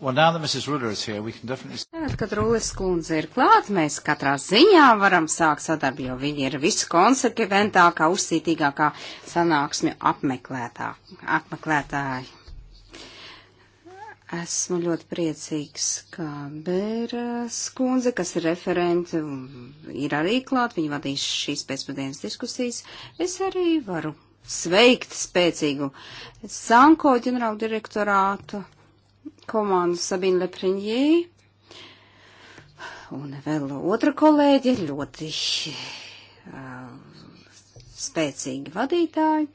Well, here, definitely... Tad, kad Rūlis kundze ir klāt, mēs katrā ziņā varam sākt sadarbi, jo viņa ir viskonsekventākā, uzsītīgākā sanāksmju apmeklētā, apmeklētāji. Esmu ļoti priecīgs, ka Bēras kundze, kas ir referente, ir arī klāt, viņa vadīs šīs pēcpēdējās diskusijas. Es arī varu sveikt spēcīgu Sanko ģenerāldirektorātu. direktorātu komandu Sabina Lepriņģī un vēl otra kolēģe, ļoti uh, spēcīgi vadītāji.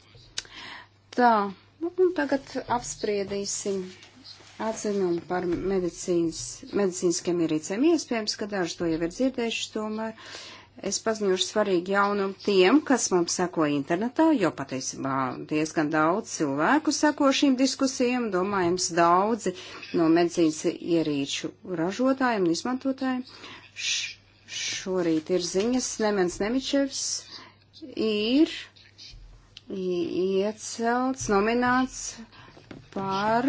Tā, un tagad apspriedīsim atzinumu par medicīnas, medicīniskiem ierīcēm. Iespējams, ka daži to jau ir dzirdējuši, tomēr es paziņošu svarīgu jaunumu tiem, kas mums seko internetā, jo patiesībā diezgan daudz cilvēku seko šīm diskusijām, domājams, daudzi no medicīnas ierīču ražotājiem un izmantotājiem. Š šorīt ir ziņas, Nemens Nemičevs ir iecelts, nomināts par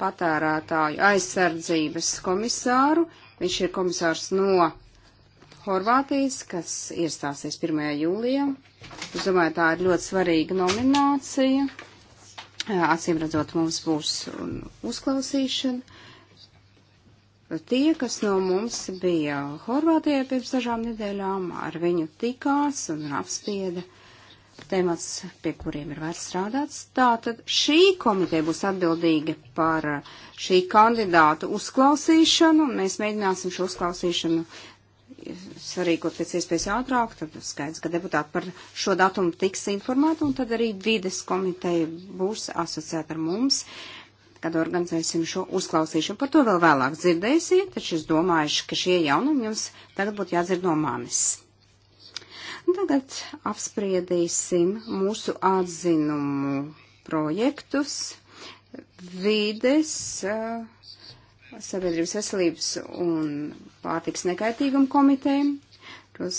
patērētāju aizsardzības komisāru. Viņš ir komisārs no Horvātijas, kas iestāsies 1. jūlijā. Es domāju, tā ir ļoti svarīga nominācija. Acīm redzot, mums būs uzklausīšana. Tie, kas no mums bija Horvātijā pirms dažām nedēļām, ar viņu tikās un apspieda temats, pie kuriem ir vairs strādāts. Tātad šī komiteja būs atbildīga par šī kandidātu uzklausīšanu, un mēs mēģināsim šo uzklausīšanu sarīkot pēc iespējas ātrāk, tad skaidrs, ka deputāti par šo datumu tiks informēti, un tad arī vides komiteja būs asociēta ar mums, kad organizēsim šo uzklausīšanu. Par to vēl vēlāk dzirdēsiet, taču es domāju, ka šie jaunumi jums tagad būtu jādzird no manis. Tagad apspriedīsim mūsu atzinumu projektus, vides. Uh, Sabiedrības veselības un pārtiks nekaitīguma komitejām, kas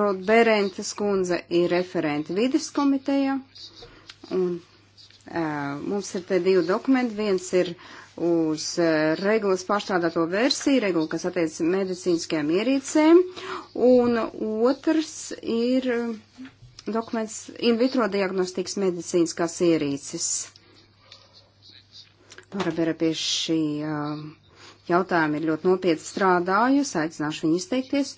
Rodberentes kundze ir referenta vides komiteja, un uh, mums ir te divi dokumenti, viens ir uz uh, regulas pārstrādāto versiju, regula, kas attiec medicīniskajām ierīcēm, un otrs ir dokuments in vitro diagnostikas medicīniskās ierīces. Barbara pie šī jautājuma ir ļoti nopietni strādājusi, aicināšu viņu izteikties.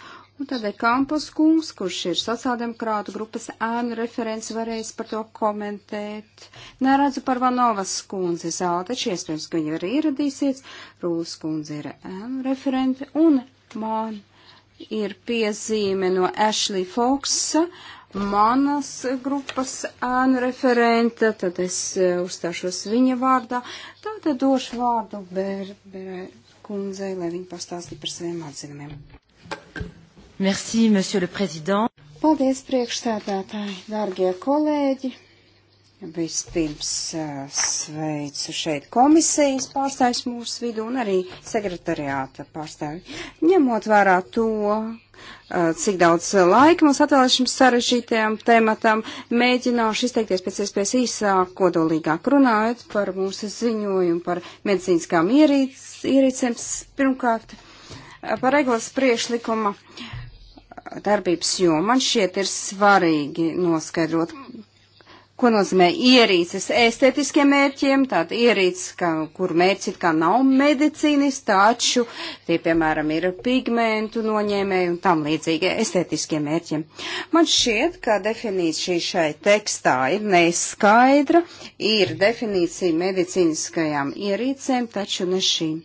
Un tad ir Kampus kungs, kurš ir sociāldemokrātu grupas ēnu referents, varēs par to komentēt. Neredzu par Vanovas kundzi zāli, taču iespējams, ka viņa arī ieradīsies. Rūlas kundze ir ēnu referente un man ir piezīme no Ashley Foksa manas grupas ēnu referenta, tad es eh, uzstāšos viņa vārdā. Tātad došu vārdu Bērē Ber, kundzei, lai viņa pastāstītu par saviem atzinumiem. Merci, monsieur le président. Paldies, priekšsēdētāji, dārgie kolēģi. Vispirms eh, sveicu šeit komisijas pārstāvis mūsu vidu un arī sekretariāta pārstāvi. Ņemot vērā to, Eh, cik daudz eh, laika mums atvēl šim sarežģītajam tematam. Mēģināšu izteikties pēc iespējas īsāk, kodolīgāk runājot par mūsu ziņojumu, par medicīniskām ierīc, ierīcēm. Pirmkārt, eh, par regulas priešlikuma darbības jomu man šķiet ir svarīgi noskaidrot, ko nozīmē ierīces estetiskiem mērķiem, tātad ierīces, ka, kur mērķis it kā nav medicīnis, taču tie, piemēram, ir pigmentu noņēmēji un tam līdzīgi estetiskiem mērķiem. Man šķiet, ka definīcija šai tekstā ir neskaidra, ir definīcija medicīniskajām ierīcēm, taču ne šīm.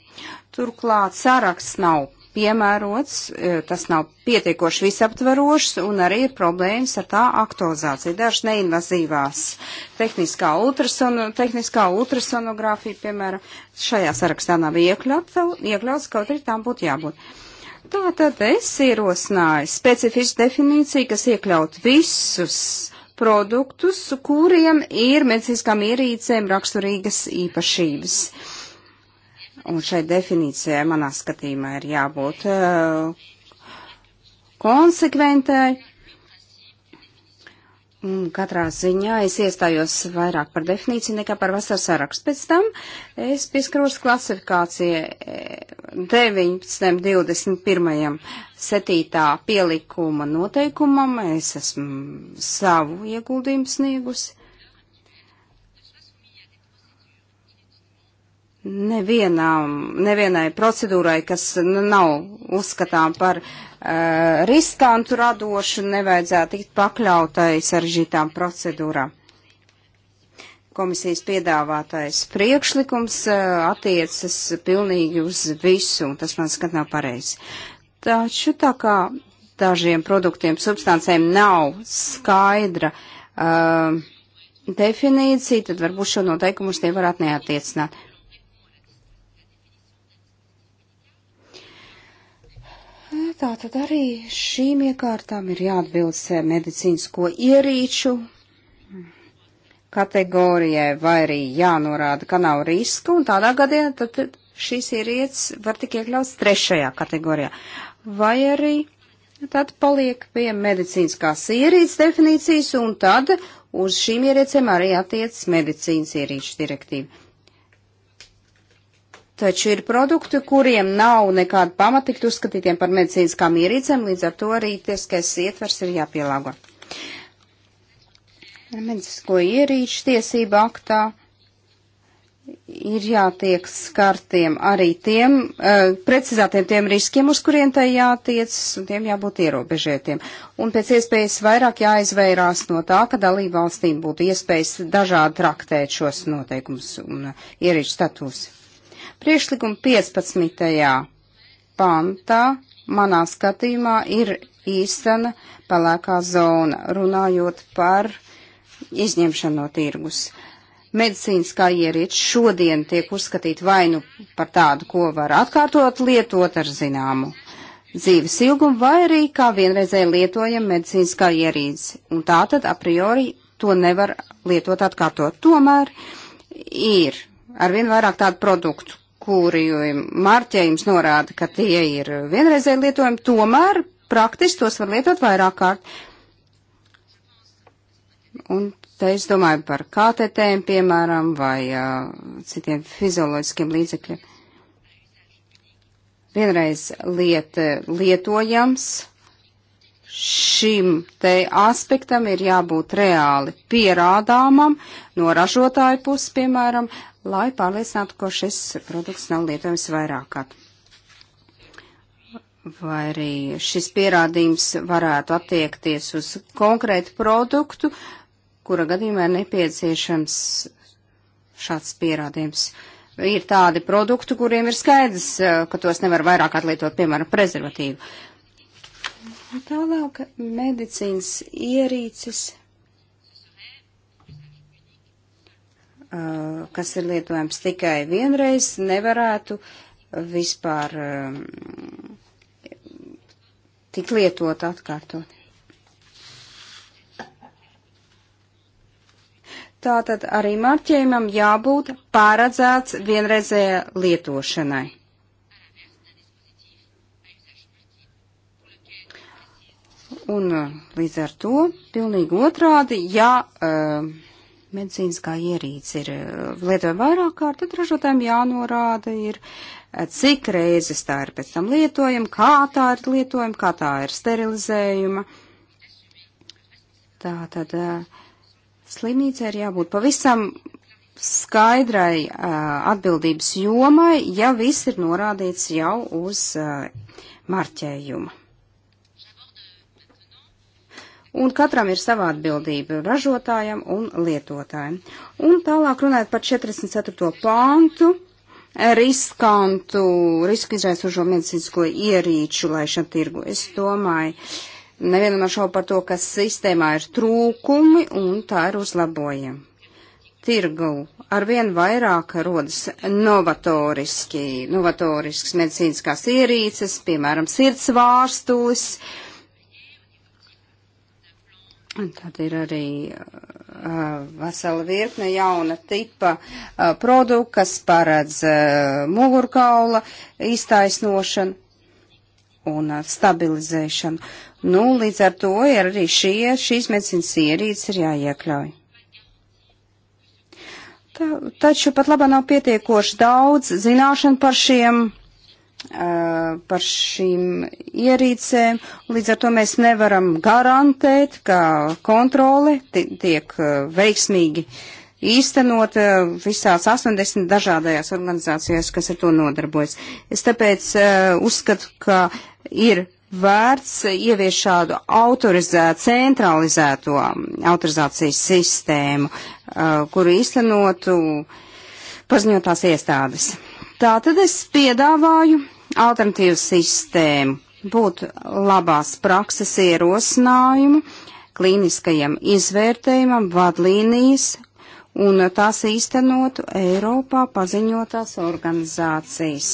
Turklāt saraksts nav piemērots, e, tas nav pietiekoši visaptverošs un arī ir problēmas ar tā aktualizāciju. Dažas neinvazīvās tehniskā ultrasonu, tehniskā ultrasonogrāfija, piemēram, šajā sarakstā nav iekļauts, kaut arī tām būtu jābūt. Tātad es ierosināju specifisku definīciju, kas iekļaut visus produktus, kuriem ir medicīniskām ierīcēm raksturīgas īpašības. Uh, Un šai definīcijai manā skatījumā ir jābūt eh, konsekventai. Un katrā ziņā es iestājos vairāk par definīciju nekā par vasaras sarakstu. Pēc tam es pieskaros klasifikācijai 19, 21, 7. pielikuma noteikumam. Es esmu savu ieguldījumu sniegusi. nevienām, nevienai procedūrai, kas nav uzskatām par uh, riskantu radošu, nevajadzētu tikt pakļautai sarežģītām procedūrām. Komisijas piedāvātais priekšlikums uh, attiecas pilnīgi uz visu, un tas man skat nav pareizi. Taču tā kā dažiem produktiem, substancēm nav skaidra uh, definīcija, tad varbūt šo noteikumus tie varētu neatiecināt. Tā tad arī šīm iekārtām ir jāatbilst medicīnisko ierīču kategorijai vai arī jānorāda, ka nav riska, un tādā gadījumā tad šīs ierīces var tik iekļauts trešajā kategorijā. Vai arī tad paliek pie medicīniskās ierīces definīcijas, un tad uz šīm ierīcēm arī attiec medicīnas ierīču direktīva. Taču ir produkti, kuriem nav nekāda pamata tikt uzskatītiem par medicīniskām ierīcēm, līdz ar to arī tieskais ietvers ir jāpielāgo. Medicisko ierīču tiesība aktā ir jātiek skartiem arī tiem, uh, precizētiem tiem riskiem, uz kuriem tai jātiecas, un tiem jābūt ierobežētiem. Un pēc iespējas vairāk jāizvairās no tā, ka dalību valstīm būtu iespējas dažādi traktēt šos noteikumus un uh, ierīču statusi. Priekšlikuma 15. pantā manā skatījumā ir īstena pelēkā zona, runājot par izņemšanu no tirgus. Medicīniskā ierīce šodien tiek uzskatīta vainu par tādu, ko var atkārtot lietot ar zināmu dzīves ilgumu vai arī kā vienreizēji lietojam medicīniskā ierīci. Un tā tad a priori to nevar lietot atkārtot. Tomēr ir arvien vairāk tādu produktu, kuri marķējums norāda, ka tie ir vienreizēji lietojami, tomēr praktiski tos var lietot vairāk kārt. Un te es domāju par KTTM, piemēram, vai uh, citiem fizioloģiskiem līdzekļiem. Vienreiz liet, lietojams, šim te aspektam ir jābūt reāli pierādāmam no ražotāju puses, piemēram, lai pārliecinātu, ka šis produkts nav lietojams vairāk kārt. Vai arī šis pierādījums varētu attiekties uz konkrētu produktu, kura gadījumā ir nepieciešams šāds pierādījums. Ir tādi produkti, kuriem ir skaidrs, eh, ka tos nevar vairāk atlietot, piemēram, prezervatīvu. Tālāk medicīnas ierīces Uh, kas ir lietojams tikai vienreiz, nevarētu vispār um, tik lietot atkārtot. Tātad arī marķējumam jābūt pārredzēts vienreizējai lietošanai. Un uh, līdz ar to pilnīgi otrādi, ja uh, medicīniskā ierīce ir eh, lietojama vairāk kārt, tad ražotājiem jānorāda ir, eh, cik reizes tā ir pēc tam lietojama, kā tā ir lietojama, kā tā ir sterilizējuma. Tā tad eh, slimnīca ir jābūt pavisam skaidrai atbildības jomai, ja viss ir norādīts jau uz marķējuma un katram ir sava atbildība - ražotājam un lietotājam. Un tālāk runājot par 44. pāntu riskantu, risku izraisušo medicīnisko ierīču laišanu tirgu. Es domāju, nevienam ar šaubu par to, ka sistēmā ir trūkumi un tā ir uzlabojama. Tirgu arvien vairāk rodas novatoriski, novatorisks medicīniskās ierīces, piemēram, sirds vārstulis, uh, Tad ir arī uh, vesela virkne jauna tipa uh, produktu, kas paredz uh, mugurkaula iztaisnošanu un uh, stabilizēšanu. Nu, līdz ar to ir arī šie, šīs medicīnas ierīces ir jāiekļauj. Tā, taču pat labā nav pietiekoši daudz zināšanu par šiem par šīm ierīcēm. Līdz ar to mēs nevaram garantēt, ka kontrole tiek veiksmīgi īstenot visās 80 dažādajās organizācijās, kas ar to nodarbojas. Es tāpēc uzskatu, ka ir vērts ievies šādu autorizētu, centralizēto autorizācijas sistēmu, kuru īstenotu paziņotās iestādes. Tātad es piedāvāju alternatīvu sistēmu, būtu labās prakses ierosinājumu, klīniskajam izvērtējumam, vadlīnijas un tās īstenotu Eiropā paziņotās organizācijas.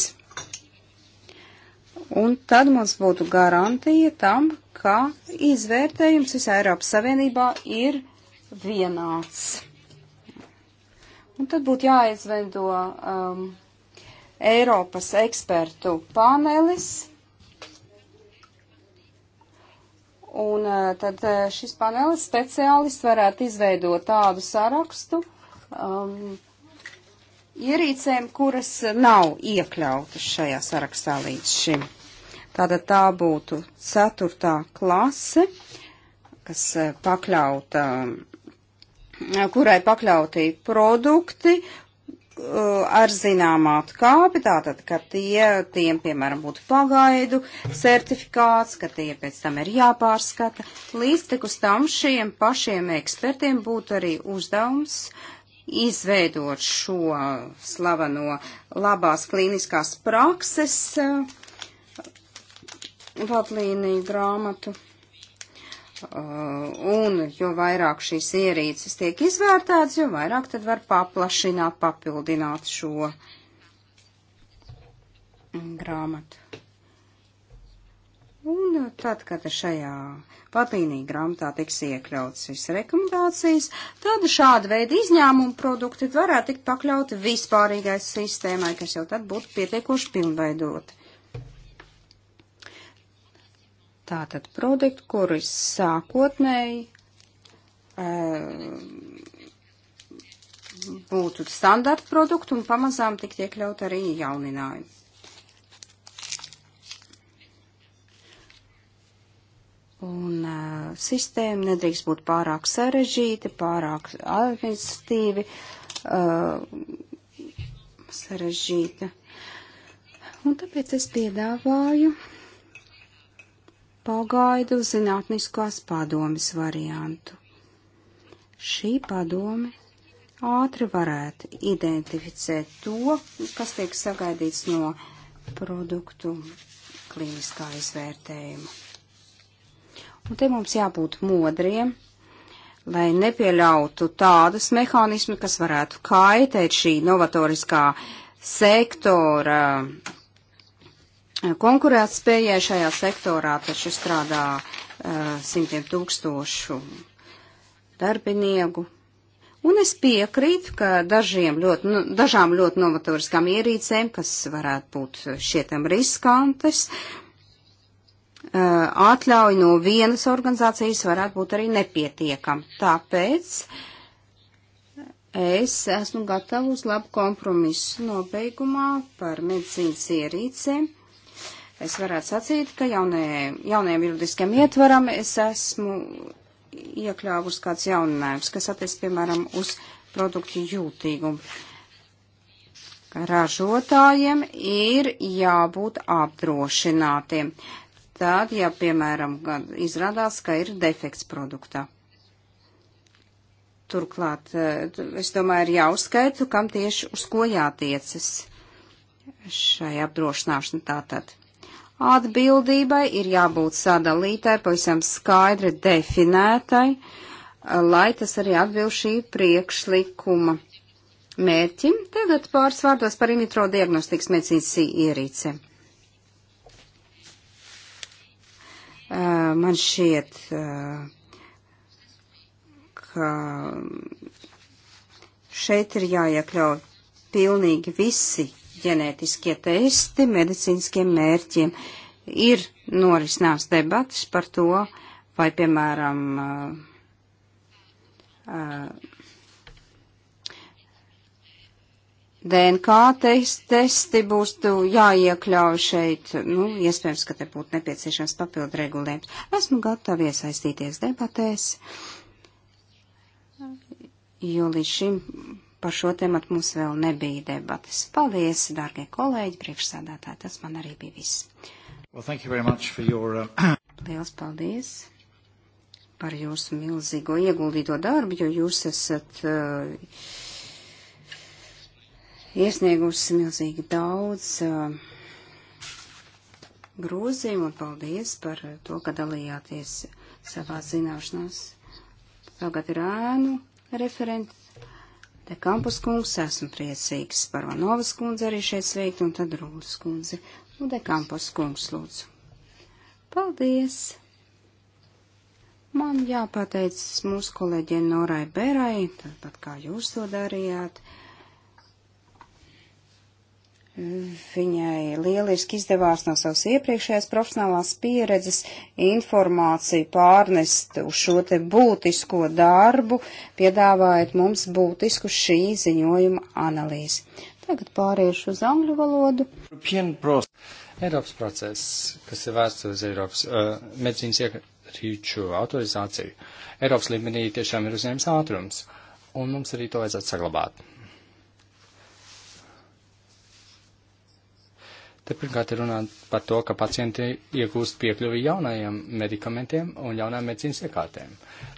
Un tad mums būtu garantija tam, ka izvērtējums visā Eiropas Savienībā ir vienāds. Un tad būtu jāizveido um, Eiropas ekspertu panelis. Un eh, tad eh, šis panelis speciālists varētu izveidot tādu sarakstu um, ierīcēm, kuras nav iekļautas šajā sarakstā līdz šim. Tātad tā būtu ceturtā klase, kas eh, pakļauta, kurai pakļauti produkti, Uh, ar zināmu atkāpi, tātad, ka tie, tiem, piemēram, būtu pagaidu certifikāts, ka tie pēc tam ir jāpārskata. Līdz tik uz tam šiem pašiem ekspertiem būtu arī uzdevums izveidot šo slaveno labās klīniskās prakses uh, vadlīniju grāmatu. Uh, un jo vairāk šīs ierīces tiek izvērtētas, jo vairāk tad var paplašināt, papildināt šo grāmatu. Un tad, kad šajā patīnīgi grāmatā tiks iekļauts šis rekomendācijas, tad šāda veida izņēmuma produkti varētu tikt pakļauti vispārīgai sistēmai, kas jau tad būtu pietiekoši pilnveidoti. Tātad produkti, kuri sākotnēji e, būtu standarta produkti un pamazām tik tiek ļaut arī jauninājumi. Un e, sistēma nedrīkst būt pārāk sarežģīta, pārāk administratīvi e, sarežģīta. Un tāpēc es piedāvāju pagaidu zinātniskās padomes variantu. Šī padome ātri varētu identificēt to, kas tiek sagaidīts no produktu klīniskā izvērtējuma. Un te mums jābūt modriem, lai nepieļautu tādas mehānismi, kas varētu kaitēt šī novatoriskā sektora uh, konkurētspējai šajā sektorā, taču strādā uh, simtiem tūkstošu darbinieku. Un es piekrītu, ka dažiem ļoti, nu, dažām ļoti novatoriskām ierīcēm, kas varētu būt šietam riskantes, uh, atļauj no vienas organizācijas varētu būt arī nepietiekam. Tāpēc es esmu gatava uz labu kompromisu nobeigumā par medicīnas ierīcēm es varētu sacīt, ka jaunie, jaunajam juridiskam ietvaram es esmu iekļāvusi kāds jauninājums, kas attiec, piemēram, uz produktu jūtīgumu. Ražotājiem ir jābūt apdrošinātiem. Tad, ja, piemēram, izrādās, ka ir defekts produktā. Turklāt, eh, es domāju, ir jāuzskaita, kam tieši uz ko jātiecas šai apdrošināšana tātad atbildībai ir jābūt sadalītai, pavisam skaidri definētai, lai tas arī atbilst šī priekšlikuma mērķim. Tagad pāris vārdos par initro diagnostikas medicīnas ierīci. Man šķiet, ka šeit ir jāiekļauj pilnīgi visi ģenētiskie testi medicīniskiem mērķiem. Ir norisinās debatas par to, vai, piemēram, DNK testi būs jāiekļauj šeit. Nu, iespējams, ka te būtu nepieciešams papildu regulējums. Esmu gatava iesaistīties debatēs, jo līdz šim par šo tematu mums vēl nebija debatas. Paldies, dārgie kolēģi, priekšsādātāji, tas man arī bija viss. Well, you your, uh... Liels paldies par jūsu milzīgo ieguldīto darbu, jo jūs esat uh, iesniegusi milzīgi daudz uh, grūzījumu un paldies par to, ka dalījāties savā zināšanās. Tagad ir ēnu referenti Te Kampus kungs, esmu priecīgs par Vanovas kundzi arī šeit sveikt, un tad Rūdas kundzi. Un nu, te Kampus kungs, lūdzu. Paldies! Man jāpateic mūsu kolēģiem Norai Berai, tāpat kā jūs to darījāt. Viņai lieliski izdevās no savas iepriekšējās profesionālās pieredzes informāciju pārnest uz šo te būtisko darbu, piedāvājot mums būtisku šī ziņojuma analīzi. Tagad pāriešu uz angļu valodu. Eiropas process, kas ir vērsts uz Eiropas uh, medicīnas iekarīču autorizāciju, Eiropas līmenī tiešām ir uzņēmis ātrums, un mums arī to vajadzētu saglabāt. Te pirmkārt ir runāt par to, ka pacienti iegūst piekļuvi jaunajiem medikamentiem un jaunām medicīnas iekārtēm.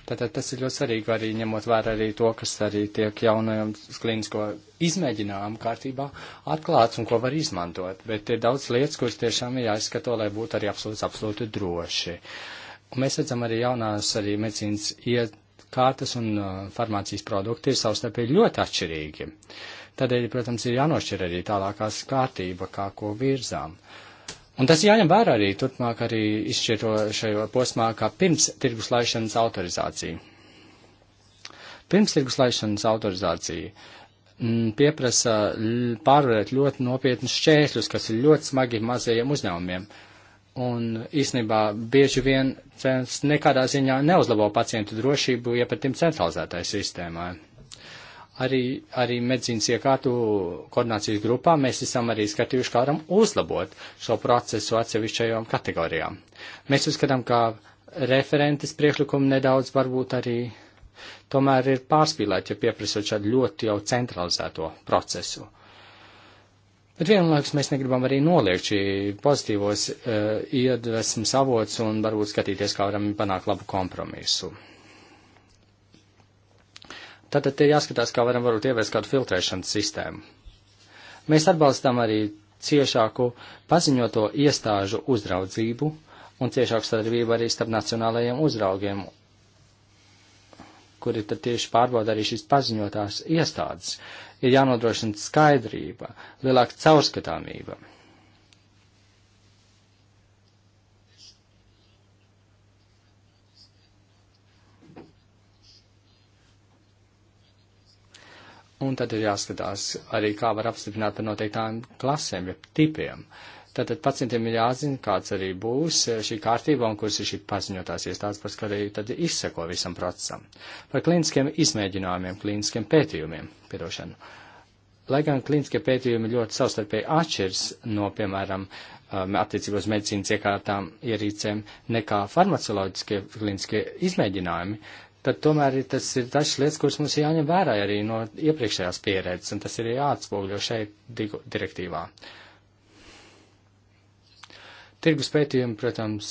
Tātad tas ir ļoti svarīgi arī ņemot vērā arī to, kas arī tiek jaunajam klīnisko izmēģinājumu kārtībā atklāts un ko var izmantot. Bet ir daudz lietas, kuras tiešām ir jāizskato, lai būtu arī absolūti, absolūti droši. Un mēs redzam arī jaunās arī medicīnas iet kārtas un uh, farmācijas produkti ir savstarpēji ļoti atšķirīgi. Tādēļ, protams, ir jānošķir arī tālākās kārtība, kā ko virzām. Un tas jāņem vērā arī turpmāk arī izšķiro šajā posmā, kā pirms tirgus laišanas autorizācija. Pirms tirgus laišanas autorizācija m, mm, pieprasa pārvarēt ļoti nopietnus šķēršļus, kas ir ļoti smagi mazajiem uzņēmumiem. Uh, Un īstenībā bieži vien cenas nekādā ziņā neuzlabo pacientu drošību, ja pat tiem centralizētai sistēmai. Arī, arī medicīnas iekārtu koordinācijas grupā mēs esam arī skatījuši, kā varam uzlabot šo procesu atsevišķajām kategorijām. Mēs uzskatām, ka referentes priekšlikumi nedaudz varbūt arī tomēr ir pārspīlēti, ja pieprasot šādu ļoti jau centralizēto procesu. Bet vienlaikus mēs negribam arī noliegt šī pozitīvos uh, iedvesmas avots un varbūt skatīties, kā varam panākt labu kompromisu. Tātad ir jāskatās, kā varam varbūt ieviest kādu filtrēšanas sistēmu. Mēs atbalstam arī ciešāku paziņoto iestāžu uzraudzību un ciešāku sadarbību arī starp nacionālajiem uzraugiem kuri tad tieši pārbauda arī šīs paziņotās iestādes, ir jānodrošina skaidrība, lielāka caurskatāmība. Un tad ir jāskatās arī, kā var apstiprināt par noteiktām klasēm, jeb tipiem. Uh, Tātad pacientiem ir jāzina, kāds arī būs šī kārtība un kuras ir šī paziņotās iestādes, par skarēju tad izseko visam procesam. Par klīniskiem izmēģinājumiem, klīniskiem pētījumiem, piedošanu. Lai gan klīniskie pētījumi ļoti savstarpēji atšķirs no, piemēram, um, attiecībos medicīnas iekārtām, ierīcēm, nekā farmacoloģiskie klīniskie izmēģinājumi, tad tomēr tas ir dažas lietas, kuras mums jāņem vērā arī no iepriekšējās pieredzes, un tas ir jāatspūgļo šeit direktīvā. Uh, Tirgus pētījumi, protams,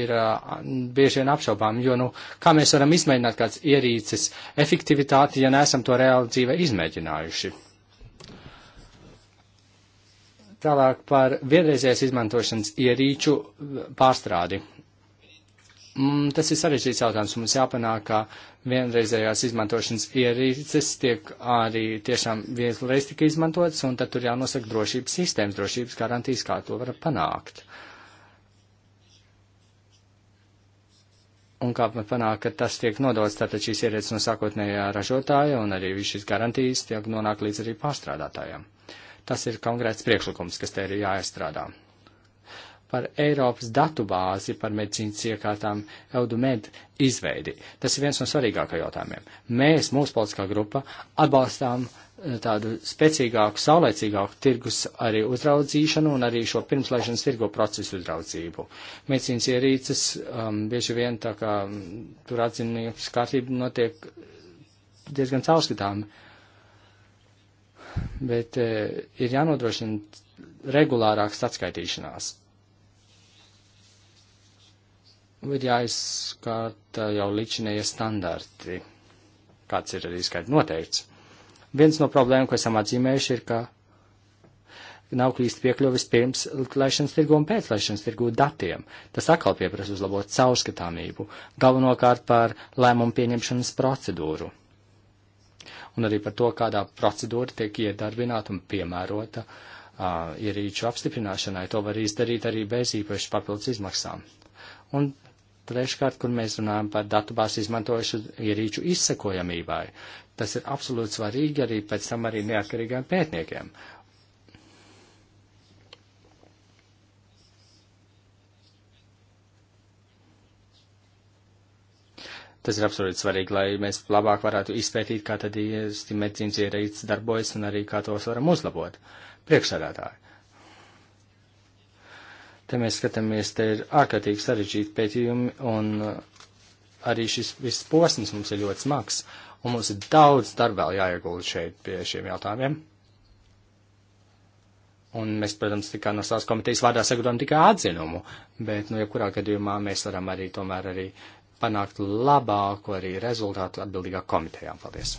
ir uh, bieži vien apšaubām, jo, nu, kā mēs varam izmēģināt kāds ierīces efektivitāti, ja neesam to reāli dzīvē izmēģinājuši. Tālāk par vienreizējas izmantošanas ierīču pārstrādi. Mm, tas ir sarežģīts jautājums. Mums jāpanāk, ka vienreizējās izmantošanas ierīces tiek arī tiešām vienreiz tika izmantotas, un tad tur jānosaka drošības sistēmas, drošības garantijas, kā to var panākt. Un kā panāk, ka tas tiek nodots, tātad šīs ierīces no sākotnējā ražotāja, un arī viss šis garantijas tiek nonāk līdz arī pārstrādātājiem. Tas ir konkrēts priekšlikums, kas te ir jāiestrādā par Eiropas datubāzi par medicīnas iekārtām EUDUMED izveidi. Tas ir viens no svarīgākajiem jautājumiem. Mēs, mūsu politiskā grupa, atbalstām eh, tādu spēcīgāku, saulēcīgāku tirgus arī uzraudzīšanu un arī šo pirmslēšanas tirgo procesu uzraudzību. Medicīnas ierīces um, bieži vien tā kā mm, tur atzinības kārtība notiek diezgan caurskatāmi. Bet e, ir jānodrošina regulārāks atskaitīšanās ir jāizskārta jau ličinie standarti, kāds ir arī skaidri noteikts. Viens no problēmu, ko esam atzīmējuši, ir, ka nav īsti piekļuvis pirms laišanas tirgu un pēc laišanas tirgu datiem. Tas atkal pieprasa uzlabot caurskatāmību, galvenokārt par lēmumu pieņemšanas procedūru. Un arī par to, kādā procedūra tiek iedarbināta un piemērota uh, ierīču apstiprināšanai. To var izdarīt arī bez īpašas papildus izmaksām. Un Treškārt, kur mēs runājam par datubāzi izmantojušu ierīču izsekojamībai. Tas ir absolūti svarīgi arī pēc tam arī neatkarīgiem pētniekiem. Tas ir absolūti svarīgi, lai mēs labāk varētu izpētīt, kā tad īsti medicīnas ierīces darbojas un arī kā tos varam uzlabot. Priekšsēdētāji. Te mēs skatāmies, te ir ārkārtīgi sarežģīti pētījumi, un uh, arī šis viss posms mums ir ļoti smags, un mums ir daudz darba vēl jāiegulda šeit pie šiem jautājumiem. Un mēs, protams, tikai no savas komitejas vārdā sagatavojam tikai atzinumu, bet, nu, jebkurā ja gadījumā mēs varam arī tomēr arī panākt labāku arī rezultātu atbildīgā komitejām. Paldies!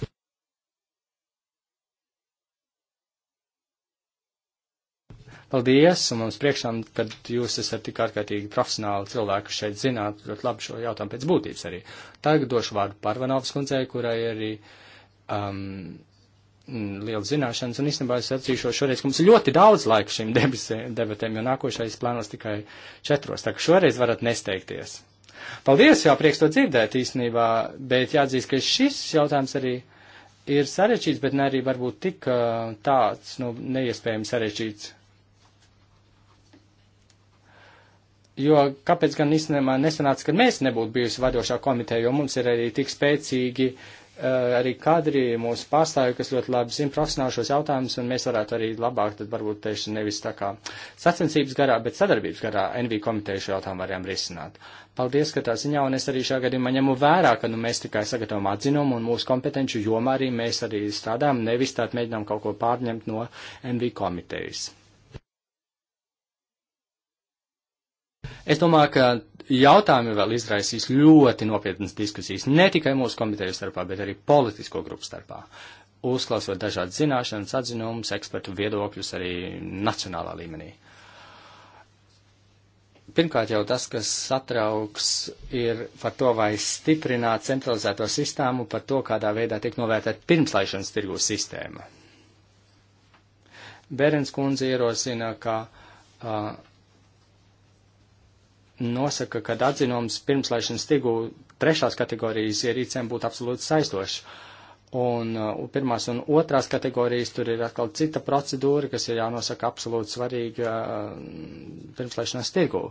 Paldies, un mums priekšām, kad jūs esat tik ārkārtīgi profesionāli cilvēki šeit zināt ļoti labi šo jautājumu pēc būtības arī. Tagad došu vārdu Parvanovas kundzei, kurai arī um, liela zināšanas, un īstenībā es atzīšos šoreiz, ka mums ir ļoti daudz laika šīm debatēm, jo nākošais plānos tikai četros, tā ka šoreiz varat nesteigties. Paldies, jā, prieks to dzirdēt īstenībā, bet jāatzīst, ka šis jautājums arī ir sarežģīts, bet ne arī varbūt tik uh, tāds, nu, neiespējami sarežģīts Jo kāpēc gan īstenībā nesanāca, ka mēs nebūtu bijusi vadošā komiteja, jo mums ir arī tik spēcīgi uh, arī kadri mūsu pārstāvju, kas ļoti labi zina profesionāli šos jautājumus, un mēs varētu arī labāk, tad varbūt tieši nevis tā kā sacensības garā, bet sadarbības garā NV komiteju šo jautājumu varējām risināt. Paldies, ka tā ziņā, un es arī šā gadījumā ņemu vērā, ka nu, mēs tikai sagatavām atzinumu, un mūsu kompetenci jomā arī mēs arī strādājam, nevis tātad mēģinām kaut ko pārņemt no NV komitejas. Es domāju, ka jautājumi vēl izraisīs ļoti nopietnas diskusijas, ne tikai mūsu komiteju starpā, bet arī politisko grupu starpā. Uzklausot dažādas zināšanas, atzinumus, ekspertu viedokļus arī nacionālā līmenī. Pirmkārt jau tas, kas satrauks, ir par to, vai stiprināt centralizēto sistēmu, par to, kādā veidā tiek novērtēta pirmslaišanas tirgu sistēma. Berens kundze ierosina, ka uh, nosaka, ka atzinums pirmslēšanas tirgu trešās kategorijas ierīcēm būtu absolūti saistošs. Un uh, pirmās un otrās kategorijas tur ir atkal cita procedūra, kas ir jānosaka absolūti svarīga uh, pirmslēšanas tirgu.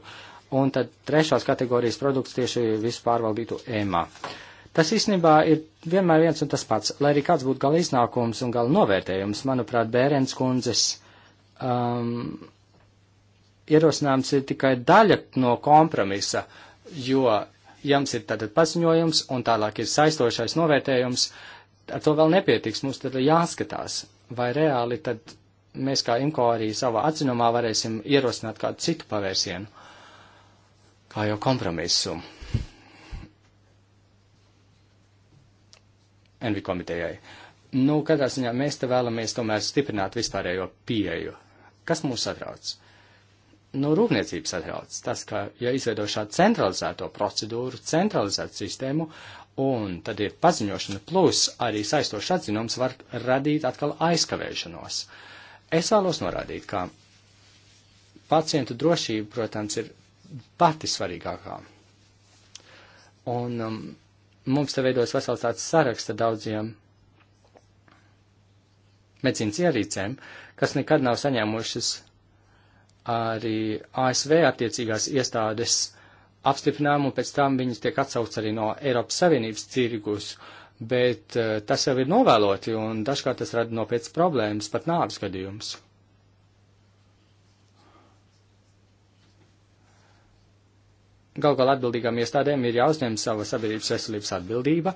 Un tad trešās kategorijas produkts tieši visu pārvaldītu ēmā. Tas īstenībā ir vienmēr viens un tas pats, lai arī kāds būtu gala iznākums un gala novērtējums, manuprāt, Bērens kundzes um, ierosināms ir tikai daļa no kompromisa, jo jums ir tātad paziņojums un tālāk ir saistošais novērtējums, ar to vēl nepietiks, mums tad jāskatās, vai reāli tad mēs kā IMCO arī savā atzinumā varēsim ierosināt kādu citu pavērsienu, kā jau kompromisu. Envi komitejai. Nu, katrā ziņā mēs te vēlamies tomēr stiprināt vispārējo pieeju. Kas mūs satrauc? no nu, rūpniecības atrauc. Tas, ka, ja izveido šādu centralizēto procedūru, centralizētu sistēmu, un tad ir paziņošana plus arī saistošs atzinums, var radīt atkal aizkavēšanos. Es vēlos norādīt, ka pacientu drošība, protams, ir pati svarīgākā. Un um, mums te veidos vesels tāds saraksta daudziem medicīnas ierīcēm, kas nekad nav saņēmušas arī ASV attiecīgās iestādes apstiprinājumu, pēc tam viņas tiek atsaukts arī no Eiropas Savienības tirgus, bet eh, tas jau ir novēloti un dažkārt tas rada nopietnas problēmas, pat nāves gadījumus. Gal galā atbildīgām iestādēm ir jāuzņem sava sabiedrības veselības atbildība,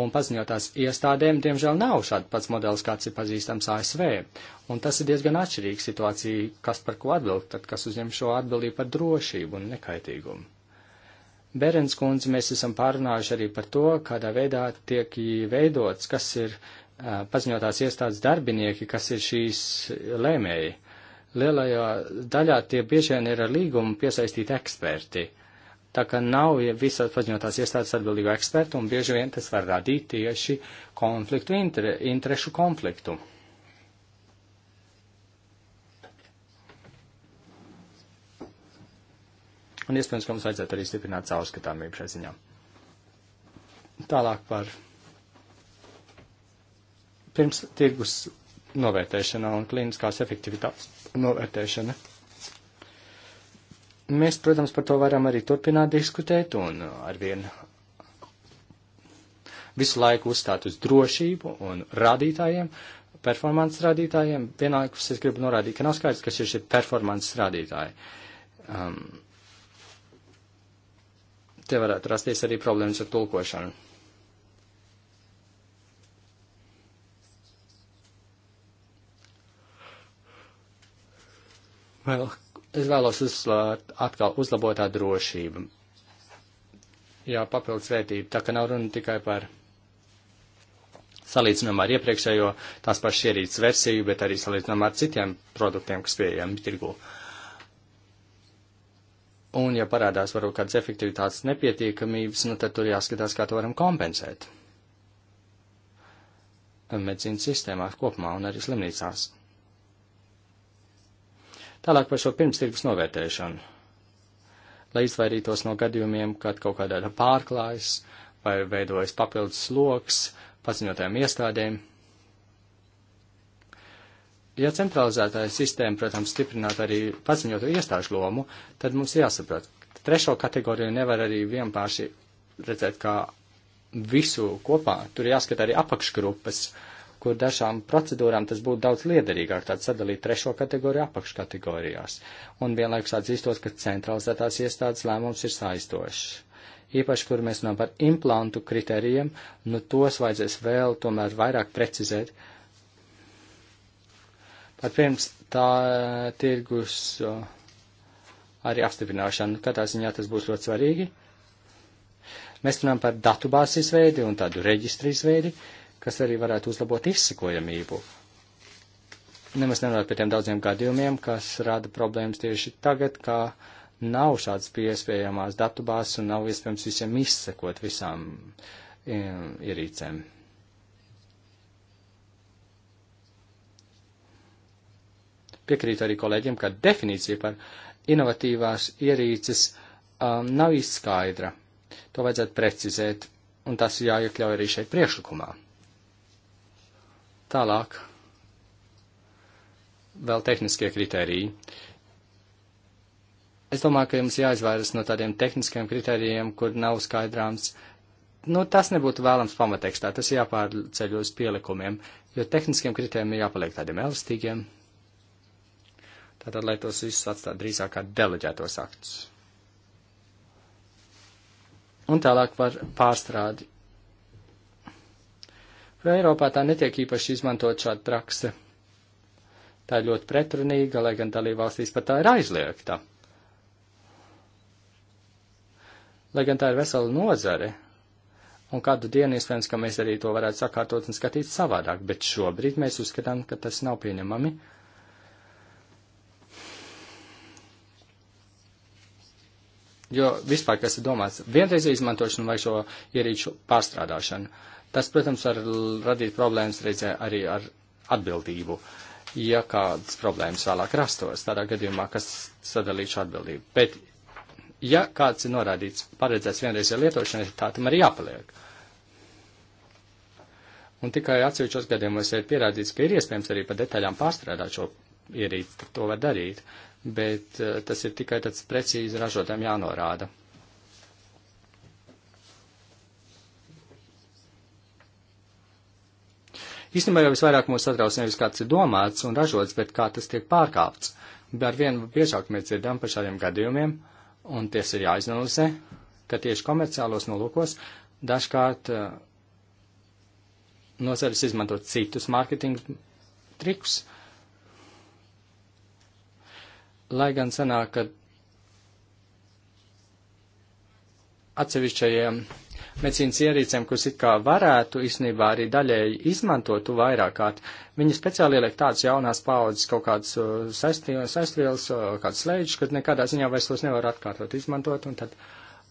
un paziņotās iestādēm, diemžēl, nav šāds pats modelis, kāds ir pazīstams ASV. Un tas ir diezgan atšķirīgs situācija, kas par ko atbild, tad kas uzņem šo atbildību par drošību un nekaitīgumu. Berens kundze, mēs esam pārunājuši arī par to, kādā veidā tiek veidots, kas ir uh, paziņotās iestādes darbinieki, kas ir šīs lēmēji. Lielajā daļā tie bieži vien ir ar līgumu piesaistīti eksperti. Uh, Tā kā nav ja visās paziņotās iestādes atbildīgo ekspertu, un bieži vien tas var radīt tieši konfliktu, inter, interešu konfliktu. Un iespējams, ka mums vajadzētu arī stiprināt caurskatāmību šai ziņā. Tālāk par pirms tirgus novērtēšana un klīniskās efektivitātes novērtēšana. Mēs, protams, par to varam arī turpināt diskutēt un arvien visu laiku uzstāt uz drošību un rādītājiem, performances rādītājiem. Vienlaikus es gribu norādīt, ka nav skaidrs, kas ir šie performances rādītāji. Um, te varētu rasties arī problēmas ar tulkošanu. Vēl es vēlos uzsvērt atkal uzlabotā drošība. Jā, papildus vērtība. Tā ka nav runa tikai par salīdzinājumu ar iepriekšējo tās pašas ierīces versiju, bet arī salīdzinājumu ar citiem produktiem, kas pieejami tirgu. Un, ja parādās varbūt kādas efektivitātes nepietiekamības, nu tad tur jāskatās, kā to varam kompensēt. Medicīnas sistēmās kopumā un arī slimnīcās. Tālāk par šo pirmstirgus novērtēšanu. Lai izvairītos no gadījumiem, kad kaut kādā pārklājas vai veidojas papildus sloks paziņotājiem iestādēm. Ja centralizētāja sistēma, protams, stiprinātu arī paziņotu iestāžu lomu, tad mums jāsaprot, trešo kategoriju nevar arī vienkārši redzēt kā visu kopā. Tur jāskat arī apakšgrupas. Uh, kur dažām procedūrām tas būtu daudz liederīgāk, tāds sadalīt trešo kategoriju apakškategorijās. Un vienlaikus atzīstos, ka centralizētās iestādes lēmums ir saistošs. Īpaši, kur mēs runājam par implantu kritērijiem, nu tos vajadzēs vēl tomēr vairāk precizēt. Pat pirms tā eh, tirgus arī apstiprināšana, nu, katrā ziņā tas būs ļoti svarīgi. Mēs runājam par datubāzes veidi un tādu reģistru izveidi. Uh, kas arī varētu uzlabot izsekojamību. Nemaz nerunājot par tiem daudziem gadījumiem, kas rada problēmas tieši tagad, kā nav šādas piespējamās datubās un nav iespējams visiem izsekot visām um, ierīcēm. Piekrītu arī kolēģiem, ka definīcija par inovatīvās ierīces um, nav izskaidra. To vajadzētu precizēt, un tas jāiekļauj arī šeit priekšlikumā. Tālāk vēl tehniskie kritēriji. Es domāju, ka jums jāizvairas no tādiem tehniskiem kritērijiem, kur nav skaidrāms. Nu, tas nebūtu vēlams pamatekstā, tas jāpārceļ uz pielikumiem, jo tehniskiem kritērijiem ir jāpaliek tādiem elastīgiem. Tātad, lai tos visus atstātu drīzāk kā deleģētos aktus. Un tālāk par pārstrādi jo Eiropā tā netiek īpaši izmantot šāda prakse. Tā ir ļoti pretrunīga, lai gan dalībvalstīs pat tā ir aizliegta. Lai gan tā ir vesela nozare, un kādu dienu iespējams, ka mēs arī to varētu sakārtot un skatīt savādāk, bet šobrīd mēs uzskatām, ka tas nav pieņemami. Jo vispār, kas ir domāts, vienreiz izmantošanu vai šo ierīču pārstrādāšanu. Tas, protams, var radīt problēmas reizē arī ar atbildību, ja kādas problēmas vēlāk rastos, tādā gadījumā, kas sadalīšu atbildību. Bet, ja kāds ir norādīts paredzēts vienreiz jau lietošanai, tā tam arī jāpaliek. Un tikai atsevišķos gadījumos ir pierādīts, ka ir iespējams arī pa detaļām pārstrādāt šo ierīci, to var darīt, bet eh, tas ir tikai tāds precīzi ražotājiem jānorāda. Īstenībā jau visvairāk mūs satrauc nevis kāds ir domāts un ražots, bet kā tas tiek pārkāpts. Ar vienu biežāk mēs dzirdam par šādiem gadījumiem, un ties ir jāizanalizē, ka tieši komerciālos nolūkos dažkārt uh, nozares izmanto citus mārketinga trikus. Lai gan sanāk, ka atsevišķajiem medicīnas ierīcēm, kuras it kā varētu īstenībā arī daļēji izmantot vairāk kārt. Viņi speciāli ieliek tādas jaunās paudzes kaut kādas uh, saistvielas, uh, kādas slēdžas, kad nekādā ziņā vairs tos nevar atkārtot izmantot, un tad,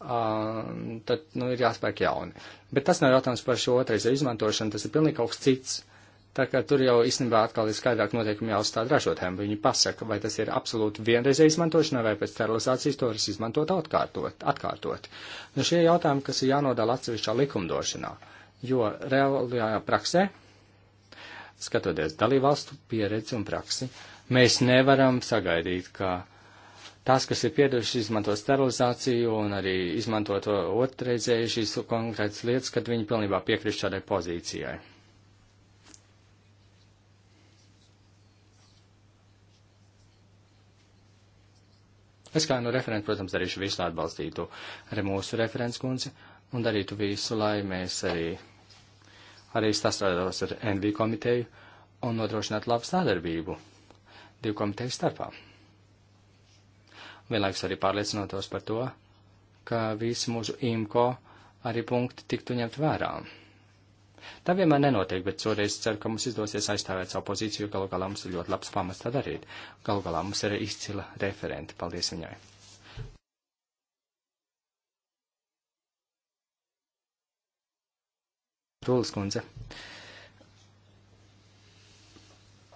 uh, tad nu, ir jāspēk jauni. Bet tas nav jautājums par šo otrreiz izmantošanu, tas ir pilnīgi kaut kas cits. Uh, Tā kā tur jau īstenībā atkal ir skaidrāk noteikumi jāuzstāda ražotājiem. Viņi pasaka, vai tas ir absolūti vienreizēja izmantošanā, vai pēc sterilizācijas to var izmantot atkārtot. atkārtot. Nu, šie jautājumi, kas ir jānodala atsevišķā likumdošanā, jo reālajā praksē, skatoties dalībvalstu pieredzi un praksi, mēs nevaram sagaidīt, ka tās, kas ir pieraduši izmantot sterilizāciju un arī izmantot otrreizēju šīs konkrētas lietas, kad viņi pilnībā piekrist šādai pozīcijai. Es kā nu referents, protams, darīšu visu, lai atbalstītu arī mūsu referents kundzi un darītu visu, lai mēs arī, arī sastrādātos ar NV komiteju un nodrošinātu labu sadarbību divu komiteju starpā. Vienlaiks arī pārliecinotos par to, ka visi mūsu IMCO arī punkti tiktu ņemt vērām. Tā vienmēr nenotiek, bet šoreiz ceru, ka mums izdosies aizstāvēt savu pozīciju, jo galu galā mums ir ļoti labs pamats tā darīt. Galu galā mums ir izcila referente. Paldies viņai! Rūlis kundze.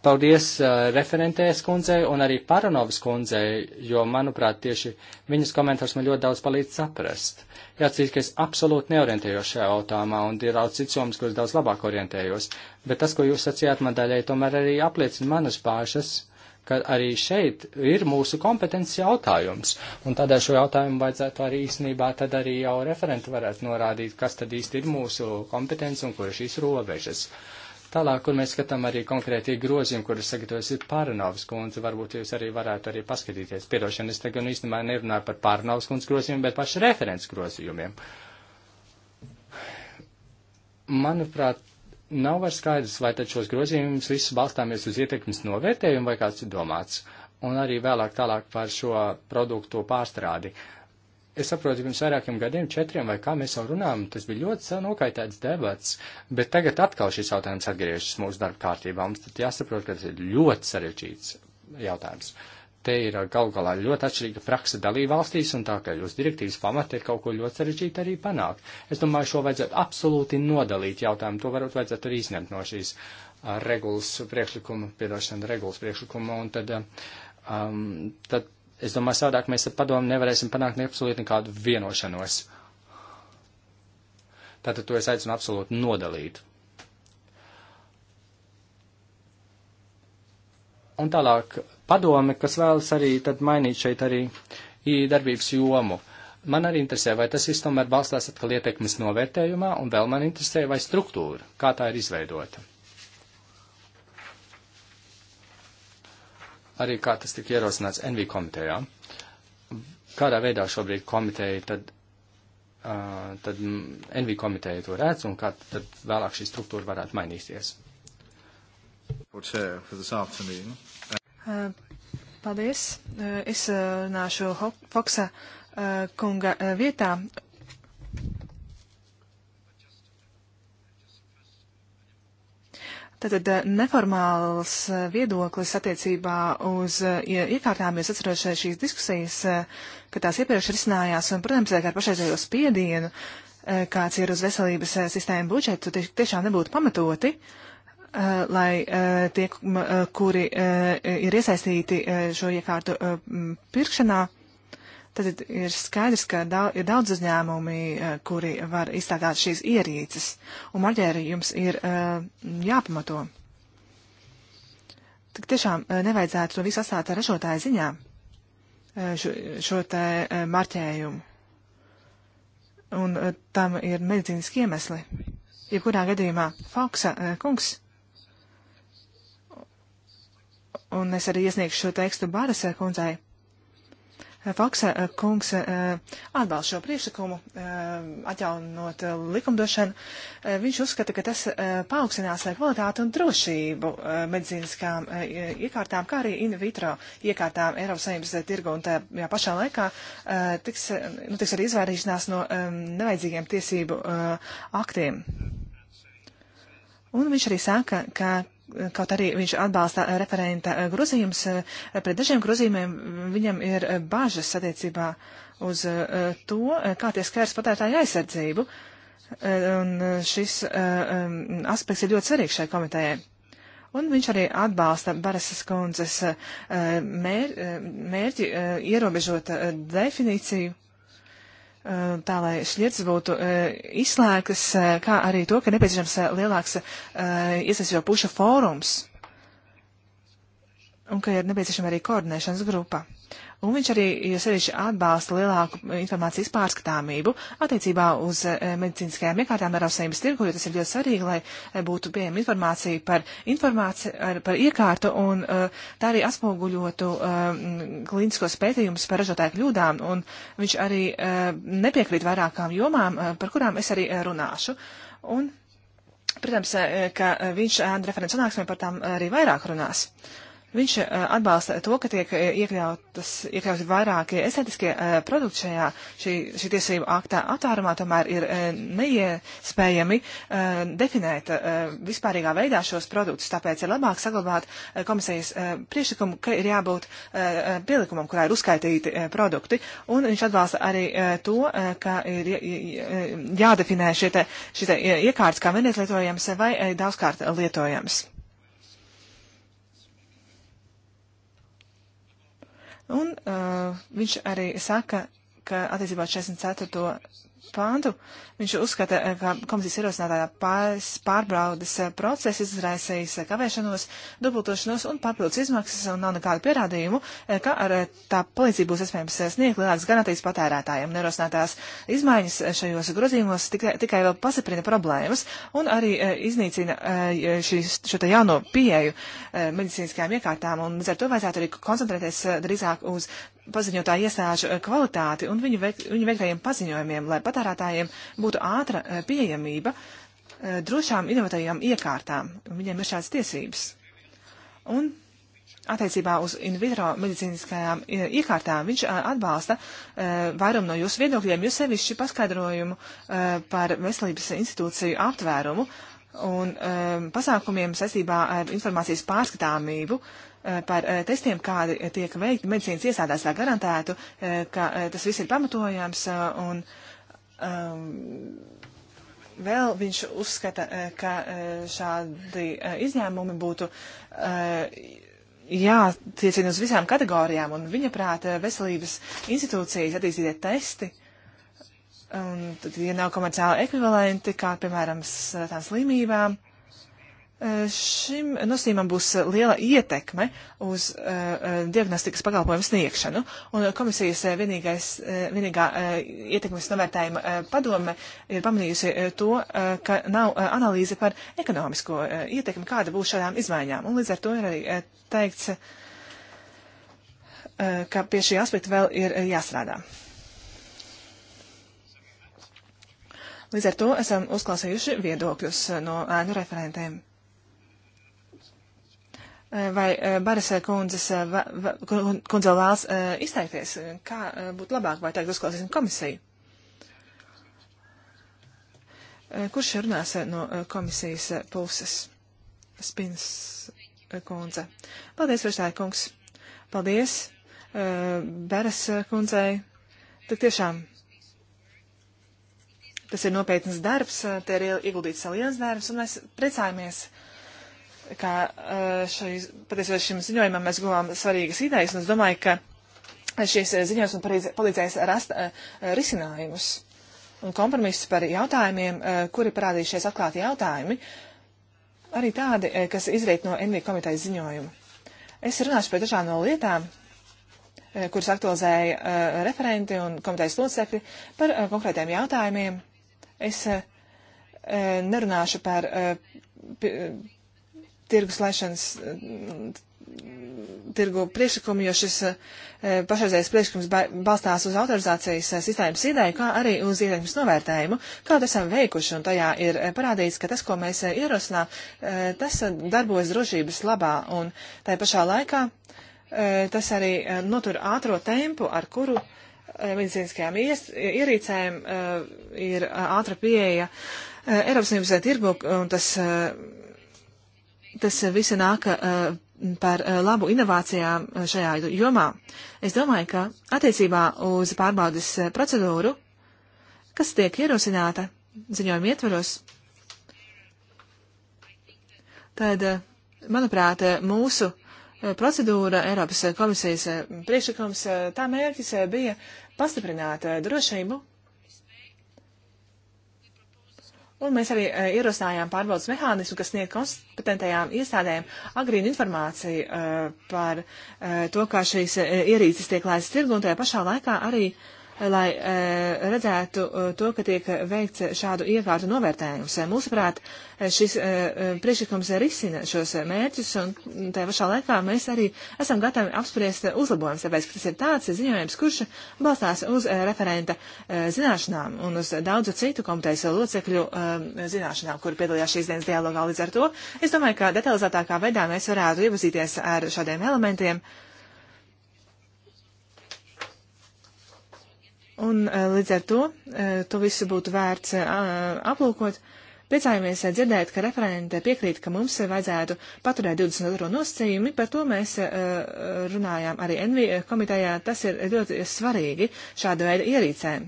Paldies uh, referentēs kundzei un arī Paranovas kundzei, jo, manuprāt, tieši viņas komentārs man ļoti daudz palīdz saprast. Jāatcīt, ka es absolūti neorientējos šajā jautājumā un ir daudz cits joms, kuras daudz labāk orientējos, bet tas, ko jūs sacījāt man daļai, tomēr arī apliecina manas pāršas, ka arī šeit ir mūsu kompetences jautājums, un tādēļ šo jautājumu vajadzētu arī īstenībā tad arī jau referenti varētu norādīt, kas tad īsti ir mūsu kompetence un kur ir šīs robežas. Uh, Tālāk, kur mēs skatām arī konkrēti grozījumi, kuras sagatavojas ir Pāranovas kundze, varbūt jūs arī varētu arī paskatīties. Piedošana, es tagad nu, īstenībā nerunāju par Pāranovas kundzes grozījumiem, bet pašu referents grozījumiem. Manuprāt, nav vairs skaidrs, vai tad šos grozījumus visus balstāmies uz ietekmes novērtējumu vai kāds ir domāts. Un arī vēlāk tālāk par šo produktu pārstrādi. Uh, Es saprotu, pirms vairākiem gadiem, četriem vai kā mēs jau runājam, tas bija ļoti nokaitēts debats, bet tagad atkal šis jautājums atgriežas mūsu darba kārtībā. Mums tad jāsaprot, ka tas ir ļoti sarežģīts jautājums. Te ir gal galā ļoti atšķirīga praksa dalībvalstīs, un tā kā jūs direktīvas pamata ir kaut ko ļoti sarežģīti arī panākt. Es domāju, šo vajadzētu absolūti nodalīt jautājumu, to varbūt vajadzētu arī izņemt no šīs uh, regulas priekšlikuma, piedošana regulas priekšlikuma, un tad, uh, um, tad Es domāju, savādāk mēs ar padomu nevarēsim panākt ne absolūti nekādu vienošanos. Tātad to es aicinu absolūti nodalīt. Un tālāk padome, kas vēlas arī tad mainīt šeit arī darbības jomu. Man arī interesē, vai tas viss tomēr balstās atkal ietekmes novērtējumā, un vēl man interesē, vai struktūra, kā tā ir izveidota. arī kā tas tika ierosināts NV komitejā. Kādā veidā šobrīd komiteja tad, uh, tad NV komiteja to redz un kā tad vēlāk šī struktūra varētu mainīties? Paldies. Es runāšu Foksa kunga vietā Tātad eh, neformāls eh, viedoklis attiecībā uz eh, iekārtām, jūs atceros šīs diskusijas, ka tās iepriekš risinājās, un, protams, ar pašreizējo spiedienu, kāds ir uz veselības sistēmu budžetu, tiešām nebūtu pamatoti, lai tie, kuri ir iesaistīti šo iekārtu pirkšanā, tad ir skaidrs, ka daudz, ir daudz uzņēmumi, eh, kuri var izstrādāt šīs ierīces, un marķēri jums ir eh, jāpamato. Tik tiešām eh, nevajadzētu to visu atstāt ražotāju ziņā, šo, šo te marķējumu. Un tam ir medicīniski iemesli. Jebkurā gadījumā Fauksa kungs un es arī iesniegšu šo tekstu Bāras kundzei. Eh, Faksa eh, kungs eh, atbalsta šo priekšlikumu, atjaunot likumdošanu. Viņš uzskata, ka tas paaugstinās kvalitāti un drošību medicīniskām iekārtām, kā arī in vitro iekārtām Eiropas Savienības tirgu, un tajā pašā laikā tiks, nu, tiks arī izvairīšanās no nevajadzīgiem tiesību aktiem. Un viņš arī saka, ka kaut arī viņš atbalsta eh, referenta eh, grozījums, eh, pret dažiem grozījumiem viņam ir bažas attiecībā uz to, kā tie skars patērētāju aizsardzību. Un šis aspekts ir ļoti svarīgs šai komitejai. Un viņš arī atbalsta Barasas kundzes mēr, mērķi ierobežot definīciju Eh, tā lai šķirts būtu eh, izslēgtas, eh, kā arī to, ka nepieciešams lielāks iesaistīto pušu fórums un ka ir nepieciešama arī koordinēšanas grupa un viņš arī sevišķi atbalsta lielāku informācijas pārskatāmību attiecībā uz eh, medicīniskajām iekārtām ar ausējums tirgu, jo tas ir ļoti svarīgi, lai eh, būtu pieejama informācija par, informāciju, ar, par iekārtu un eh, tā arī atspoguļotu klīniskos pētījumus par ražotāju kļūdām, un viņš arī nepiekrīt vairākām jomām, par kurām es arī runāšu. Un, protams, ka viņš referents sanāksmē par tām arī vairāk runās. Uh, Viņš eh, atbalsta to, ka tiek eh, iekļautas, iekļauti vairāki estētiskie eh, produkti šajā šī, šī tiesību aktā. Atvērumā tomēr ir neiespējami definēt vispārīgā veidā šos produktus, tāpēc ir labāk saglabāt komisijas priekšlikumu, ka ir jābūt pielikumam, kurā ir uzskaitīti produkti. Un viņš atbalsta arī to, ka ir jādefinē šie te, šie te iekārtas kā vienreiz lietojams vai daudzkārt lietojams. Un uh, viņš arī saka, ka attiecībā 64 pāntu, viņš uzskata, eh, ka komisijas ierosinātājā pārbraudas eh, procesa izraisīs eh, kavēšanos, dubultošanos un papildus izmaksas un nav nekādu pierādījumu, ka ar tā palīdzību būs iespējams sniegt lielākas garantijas patērētājiem. Nerosinātās izmaiņas šajos grozījumos tikai, tikai vēl pasiprina problēmas un arī iznīcina šīs, šo te jauno pieeju medicīniskajām iekārtām un līdz ar to vajadzētu arī koncentrēties drīzāk uz paziņotāju iestāžu eh, kvalitāti un viņu, veik, viņu veiktajiem paziņojumiem, lai patērētājiem būtu ātra eh, pieejamība eh, drošām inovatīvām iekārtām. Viņiem ir šādas tiesības. Un attiecībā uz in vitro medicīniskajām iekārtām viņš atbalsta vairumu no jūsu viedokļiem, jūs sevišķi paskaidrojumu par veselības institūciju aptvērumu un pasākumiem saistībā ar informācijas pārskatāmību, uh, Eh, par eh, testiem, kādi tiek veikti medicīnas iestādās, lai garantētu, eh, ka tas viss ir pamatojams. Un, um, vēl viņš uzskata, ka šādi izņēmumi būtu jātiecina uz visām kategorijām, un viņa prāta veselības institūcijas attīstītie testi, un tad, ja nav komerciāli ekvivalenti, kā, piemēram, tām slimībām, Šim nosīmam būs liela ietekme uz uh, diagnostikas pakalpojumu sniegšanu, un komisijas eh, vienīgais, vienīgā uh, ietekmes novērtējuma uh, padome ir pamanījusi to, ka nav analīze par ekonomisko ietekmi, kāda būs šādām izmaiņām, un līdz ar to ir arī teikts, ka pie šī aspekta vēl ir jāstrādā. Līdz ar to esam uzklausījuši viedokļus no ēnu referentiem. Eh, vai eh, Barasa kundzes, eh, kundze vēlas izteikties, kā būtu labāk, vai tagad uzklausīsim komisiju? Kurš runās no komisijas puses? Spins kundze. Paldies, Virstāja kungs. Paldies, Beres kundzei. Tik tiešām. Tas ir nopietnas darbs, te ir ieguldīts liels darbs, un mēs priecājamies. Uh, kā eh, šai, patiesībā šim ziņojumam mēs guvām svarīgas idejas, un es domāju, ka šīs ziņojums man palīdzēs rast eh, risinājumus un kompromisus par jautājumiem, eh, kuri parādījušies atklāti jautājumi, arī tādi, kas izriet no NV komitejas ziņojuma. Es runāšu par dažām no lietām, kuras aktualizēja referenti un komitejas locekļi par konkrētiem jautājumiem. Es nerunāšu par tirgus laišanas mm, tirgu priekšlikumu, jo šis e, pašreizējais priekšlikums balstās uz autorizācijas e, sistēmas ideju, kā arī uz ietekmes novērtējumu, kādu esam veikuši, un tajā ir e, parādīts, ka tas, ko mēs ierosinām, tas darbojas drošības labā, un tai pašā laikā tas arī notur ātro tempu, ar kuru medicīniskajām ierīcēm ir ātra pieeja Eiropas Savienības tirgu, un tas tas eh, viss nāk eh, par eh, labu inovācijām šajā jomā. Es domāju, ka attiecībā uz pārbaudas procedūru, kas tiek ierosināta ziņojuma ietvaros, tad, manuprāt, mūsu procedūra, Eiropas komisijas priekšlikums, tā mērķis bija pastiprināt drošību Un mēs arī e, ierosinājām pārbaudas mehānismu, kas sniedz kompetentajām iestādēm agrīnu informāciju e, par e, to, kā šīs ierīces tiek laistas tirgu, un tajā pašā laikā arī lai e, redzētu e, to, ka tiek veikts šādu iekārtu novērtējums. Mūsuprāt, e, šis priekšlikums risina šos mērķus, un tajā pašā laikā mēs arī esam gatavi apspriest uzlabojumus, tāpēc, ka tas ir tāds ziņojums, kurš balstās uz referenta zināšanām un uz daudzu citu komitejas locekļu zināšanām, kuri piedalījās šīs dienas dialogā. Līdz ar to es domāju, ka detalizētākā veidā mēs varētu iepazīties ar šādiem elementiem. Un eh, līdz ar to eh, to visu būtu vērts eh, aplūkot. Priecājamies dzirdēt, ka referente piekrīt, ka mums vajadzētu paturēt 22. nosacījumi, par to mēs runājām arī NV komitejā, tas ir ļoti svarīgi šāda veida ierīcēm.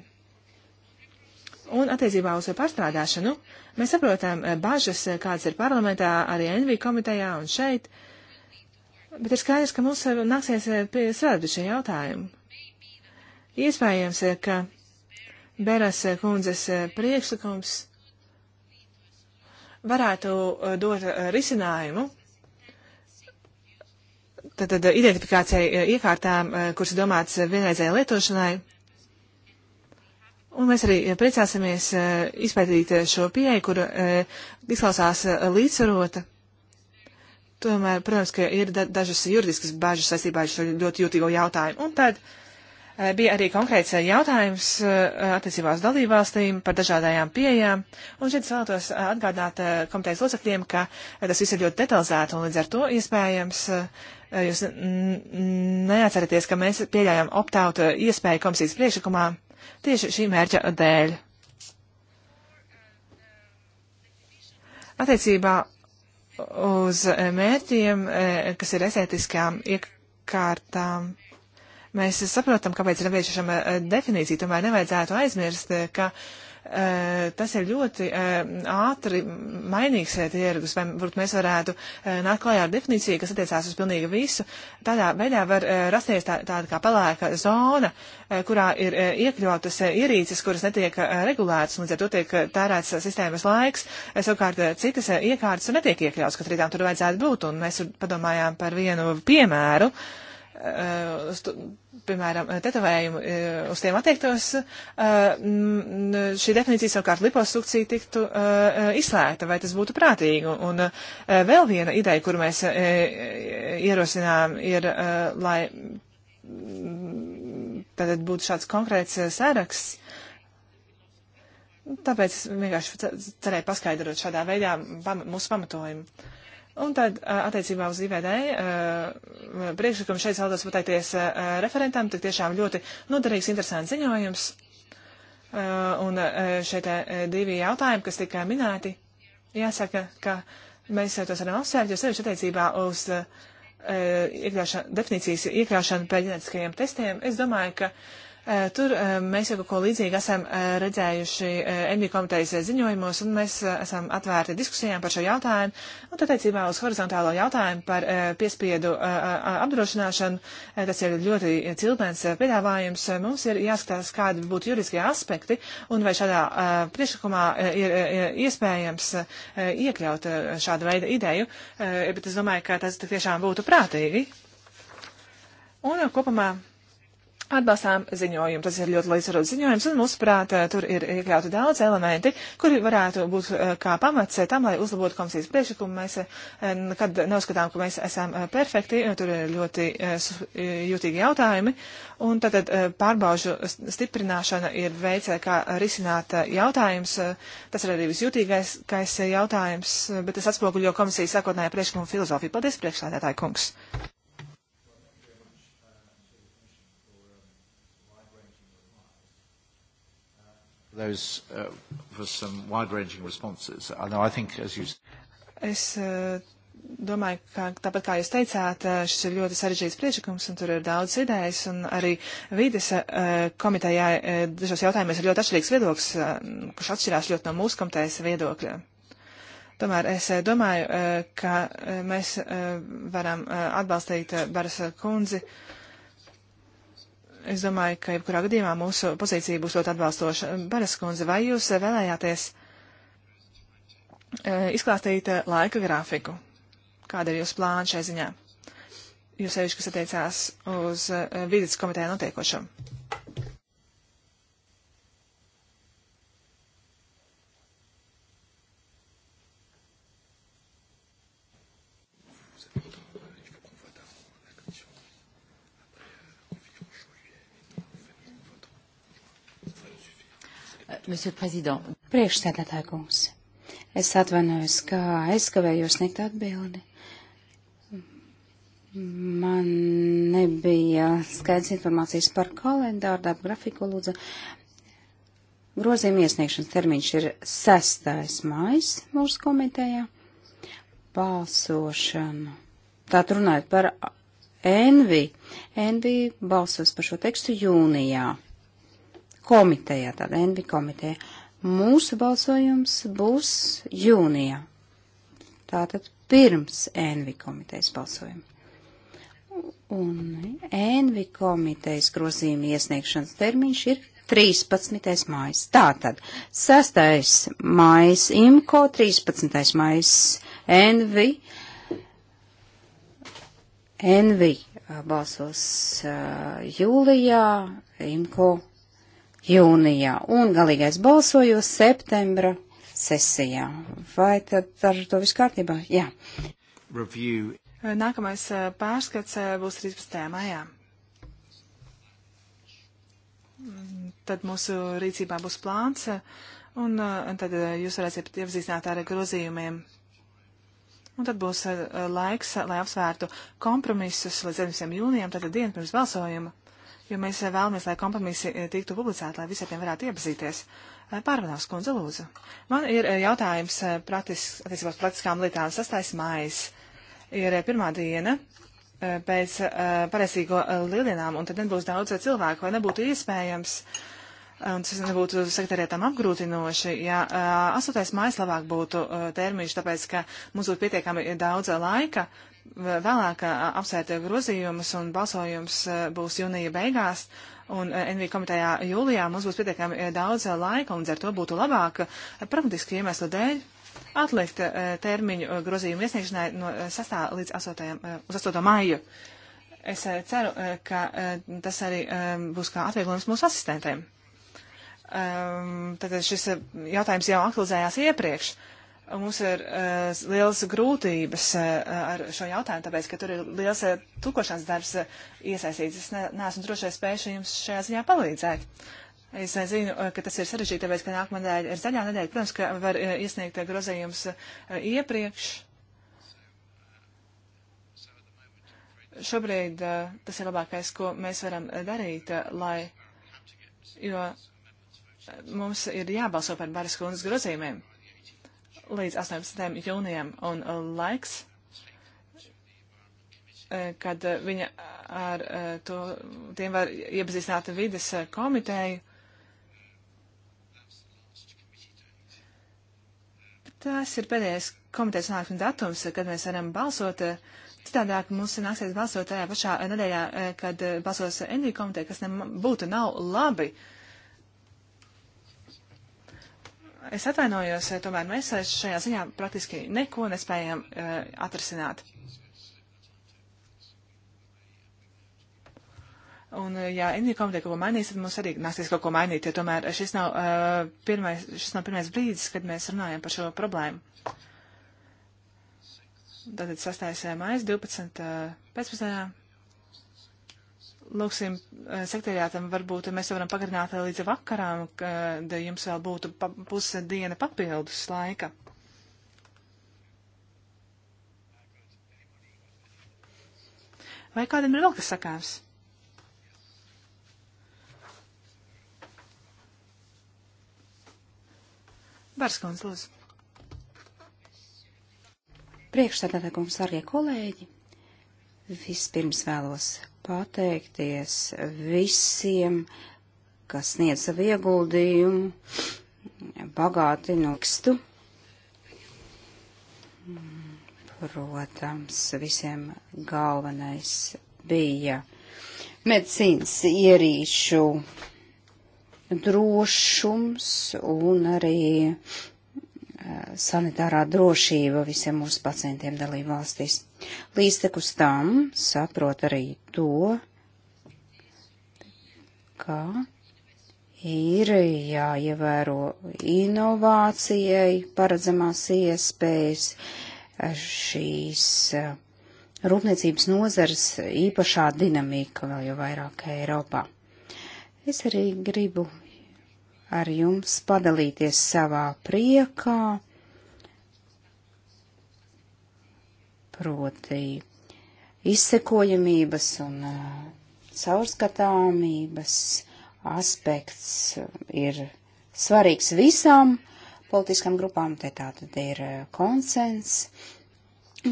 Un attiecībā uz pārstrādāšanu mēs saprotam bažas, kādas ir parlamentā, arī NV komitejā un šeit, bet ir skaidrs, ka mums nāksies pie strādāt pie šī jautājuma. Iespējams, eh, ka Beras eh, kundzes eh, priekšlikums varētu dot risinājumu tātad identifikācijai iekārtām, kuras domāts vienreizējai lietošanai. Un mēs arī priecāsimies izpētīt šo pieeju, kur izklausās līdzsvarota. Tomēr, protams, ka ir dažas juridiskas bažas saistībā ar šo ļoti jūtīgo jautājumu. Un tad uh, Eh, bija arī konkrēts eh, jautājums eh, attiecībā uz dalībvalstīm par dažādajām pieejām, un šeit es vēlētos atgādināt komitejas locekļiem, ka tas viss ir ļoti detalizēti, un līdz ar to iespējams jūs neatceraties, ka mēs pieļājām optautu iespēju komisijas priekšlikumā tieši šī mērķa dēļ. Attiecībā uz mērķiem, kas ir estētiskām iekārtām. Um, Mēs saprotam, kāpēc ir nepieciešama eh, definīcija, tomēr nevajadzētu aizmirst, eh, ka eh, tas ir ļoti ātri mainīgs tirgus, vai varbūt mēs varētu nākt klājā ar definīciju, kas attiecās uz pilnīgi visu. Tādā veidā var rasties tā, tāda kā pelēka zona, kurā ir iekļautas ierīces, kuras netiek regulētas, līdz ar to tiek tērēts sistēmas laiks, savukārt citas iekārtas netiek iekļautas, kad arī tām tur vajadzētu būt, un mēs padomājām par vienu piemēru. Uh, Eh, stu, piemēram, tetovējumu eh, uz tiem attiektos, eh, šī definīcija savukārt liposukcija tiktu izslēgta, vai tas būtu prātīgi. Un vēl viena ideja, kuru mēs ierosinām, ir, lai mm, tad būtu šāds konkrēts saraksts. Tāpēc es vienkārši cerēju paskaidrot šādā veidā pam mūsu pamatojumu. Un tad attiecībā uz IVD priekšlikumu šeit vēlos pateikties referentam, tik tiešām ļoti noderīgs, interesants ziņojums. Un šeit divi jautājumi, kas tika minēti, jāsaka, ka mēs tos varam apsvērt, jo sevišķi attiecībā uz iekļaušana, definīcijas iekļaušanu pēc ģenetiskajiem testiem, es domāju, ka uh, Eh, tur eh, mēs jau kaut ko līdzīgu esam eh, redzējuši NB komitejas ziņojumos, un mēs esam atvērti diskusijām par šo jautājumu. Un tad attiecībā uz horizontālo jautājumu par piespiedu apdrošināšanu, tas ir ļoti cilpens piedāvājums. Mums ir jāskatās, kādi būtu juridiskie aspekti, un vai šādā priekšlikumā ir iespējams iekļaut šādu veidu ideju, bet es domāju, ka tas tiešām būtu prātīgi. Un kopumā Atbalstām ziņojumu. Tas ir ļoti līdzsvarots ziņojums, un mūsuprāt, eh, tur ir iekļauti daudz elementi, kuri varētu būt eh, kā pamats eh, tam, lai uzlabotu komisijas priekšlikumu. Mēs nekad neuzskatām, ka mēs esam perfekti, tur ir ļoti jūtīgi jautājumi, un tātad pārbaužu stiprināšana ir veids, kā risināt jautājums. Tas ir arī visjūtīgais jautājums, bet tas atspoguļo komisijas sākotnējā priekšlikuma filozofiju. Paldies, priekšlēdētāji kungs! those uh, for some wide-ranging responses. I know, I think, as you... Es uh, domāju, ka tāpat kā jūs teicāt, uh, šis ir ļoti sarežģīts priekšlikums, un tur ir daudz idejas, un arī vides uh, komitejā uh, dažos jautājumos ir ļoti atšķirīgs viedoklis, uh, kurš atšķirās ļoti no mūsu komitejas viedokļa. Tomēr es domāju, ka mēs varam atbalstīt Baras kundzi. Uh, Es domāju, ka jebkurā gadījumā mūsu pozīcija būs ļoti atbalstoša. Beres kundze, vai jūs vēlējāties eh, izklāstīt eh, laika grafiku? Kāda ir jūsu plāna šai ziņā? Jūs sevišķi, kas attiecās uz eh, vidas komiteja notiekošam. Priekšsēdētāja kungs, es atvainojos, ka aizkavējos sniegt atbildi. Man nebija skaidrs informācijas par kalendāru, darba grafiku lūdzu. Grozījuma iesniegšanas termiņš ir 6. mājas mūsu komitejā. Balsošana. Tātad runājot par Envi. Envi balsos par šo tekstu jūnijā komitejā, tāda Envi komiteja. Mūsu balsojums būs jūnijā. Tātad pirms Envi komitejas balsojuma. Un Envi komitejas grozījuma iesniegšanas termiņš ir 13. mājas. Tātad 6. mājas IMKO, 13. mājas Envi. Envi balsos uh, jūlijā, IMKO jūnijā un galīgais balsojos septembra sesijā. Vai tad ar to viss kārtībā? Jā. Review. Nākamais eh, pārskats eh, būs 13. maijā. Mm, tad mūsu rīcībā būs plāns, eh, un, un tad jūs varēsiet iepazīstināt ar grozījumiem. Un tad būs laiks, lai apsvērtu kompromisus līdz 7. jūnijam, tātad dienu pirms balsojuma jo mēs eh, vēlamies, lai kompromisi eh, tiktu publicēti, lai visi ar tiem varētu iepazīties. Eh, Pārvanās kundze lūdzu. Man ir jautājums pratis, attiecībā uz praktiskām lietām. 6. mājas ir pirmā diena pēc pareizīgo lieldienām, un tad nebūs daudz cilvēku, vai nebūtu iespējams Un tas nebūtu sekretārietam apgrūtinoši, ja astotais mājas labāk būtu termiņš, tāpēc, ka mums būtu pietiekami daudz laika, vēlāk apsvērt grozījumus un balsojums būs jūnija beigās. Un NV komitejā jūlijā mums būs pietiekami daudz laika, un ar to būtu labāk pragmatiski iemeslu dēļ atlikt termiņu grozījumu iesniegšanai no 6. līdz 8. uz 8. māju. Es ceru, ka tas arī būs kā atvieglojums mūsu asistentiem. Tātad šis jautājums jau aktualizējās iepriekš. Uh, mums ir uh, liels grūtības uh, ar šo jautājumu, tāpēc, ka tur ir liels uh, eh, tukošanas darbs uh, iesaistīts. Es ne, neesmu droši, vai spējuši jums šajā ziņā palīdzēt. Es uh, zinu, uh, ka tas ir sarežģīti, tāpēc, ka nākamā nedēļa ir zaļā nedēļa. Protams, ka var uh, iesniegt uh, grozējums uh, iepriekš. Šobrīd uh, tas ir labākais, ko mēs varam darīt, uh, lai, jo mums ir jābalso par Baras kundas grozījumiem līdz 18. jūnijam, un uh, laiks, uh, kad uh, viņa ar to, tiem var iepazīstināt vides komiteju. Tas ir pēdējais komitejas sanāksmes datums, kad mēs varam balsot. Citādāk mums nāksies balsot tajā pašā nedēļā, kad balsos Endija komiteja, kas nebūtu nav labi. Uh, Es atvainojos, eh, tomēr mēs eh, šajā ziņā praktiski neko nespējam uh, eh, atrasināt. Un, ja Indija komiteja kaut ko mainīs, tad mums arī nāksies kaut ko mainīt, jo tomēr šis nav, uh, pirmais, šis nav pirmais brīdis, kad mēs runājam par šo problēmu. Tātad sastājas mājas 12. Uh, pēcpusdienā lūksim eh, sekretariātam, varbūt mēs varam pagarināt eh, līdz vakaram, kad jums vēl būtu pa, pusdiena papildus laika. Vai kādam ir vēl kas sakāms? Barskons, lūdzu. Priekšsēdētākums, arī kolēģi, vispirms vēlos pateikties visiem, kas sniedz savu ieguldījumu, bagāti nukstu. Protams, visiem galvenais bija medicīnas ierīšu drošums un arī sanitārā drošība visiem mūsu pacientiem dalību valstīs. Līdztekus tam saprot arī to, ka ir jāievēro inovācijai paredzamās iespējas šīs eh, rūpniecības nozares īpašā dinamika vēl jau vairāk Eiropā. Es arī gribu ar jums padalīties savā priekā, proti izsekojamības un uh, caurskatāmības aspekts ir svarīgs visām politiskām grupām, te tātad ir uh, konsens.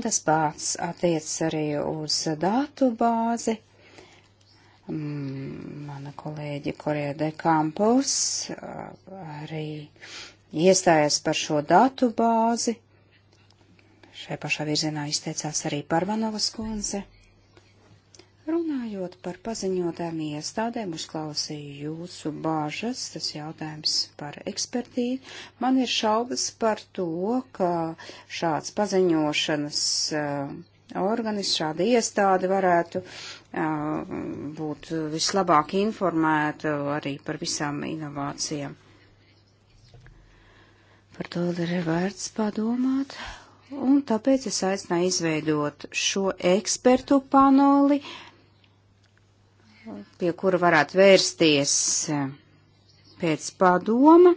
Tas pats attiec arī uz datu bāzi, Mana kolēģi Korija de Campos arī iestājās par šo datu bāzi. Šai pašā virzienā izteicās arī Parvanovas kundze. Runājot par paziņotēm iestādēm, uzklausīju jūsu bāžas, tas jautājums par ekspertīti. Man ir šaubas par to, ka šāds paziņošanas uh, organisms, šāda iestāde varētu būt vislabāk informēta arī par visām inovācijām. Par to ir vērts padomāt. Un tāpēc es aicināju izveidot šo ekspertu panoli, pie kura varētu vērsties pēc padoma,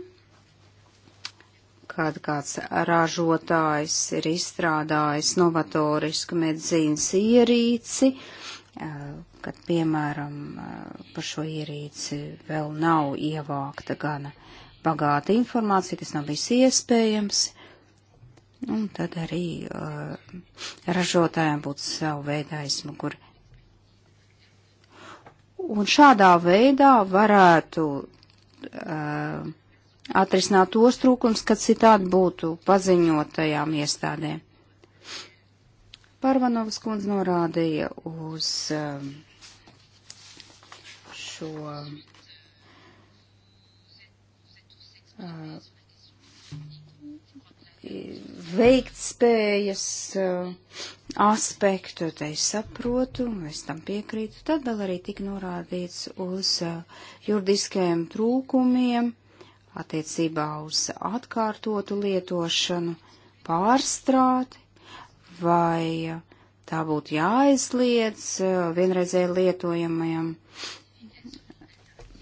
kad kāds ražotājs ir izstrādājis novatorisku medzīnas ierīci, uh, kad, piemēram, par šo ierīci vēl nav ievākta gana bagāta informācija, kas nav bijis iespējams. Un nu, tad arī uh, ražotājiem būtu savu veidu aizmuguri. Un šādā veidā varētu uh, atrisināt tos trūkums, kad citādi būtu paziņotajām iestādēm. Parvanovas kundze norādīja uz um, šo uh, veiktspējas uh, aspektu, te es saprotu, es tam piekrītu. Tad vēl arī tika norādīts uz uh, juridiskajiem trūkumiem attiecībā uz atkārtotu lietošanu, pārstrādi vai tā būtu jāaizliedz uh, vienreizēji lietojamajam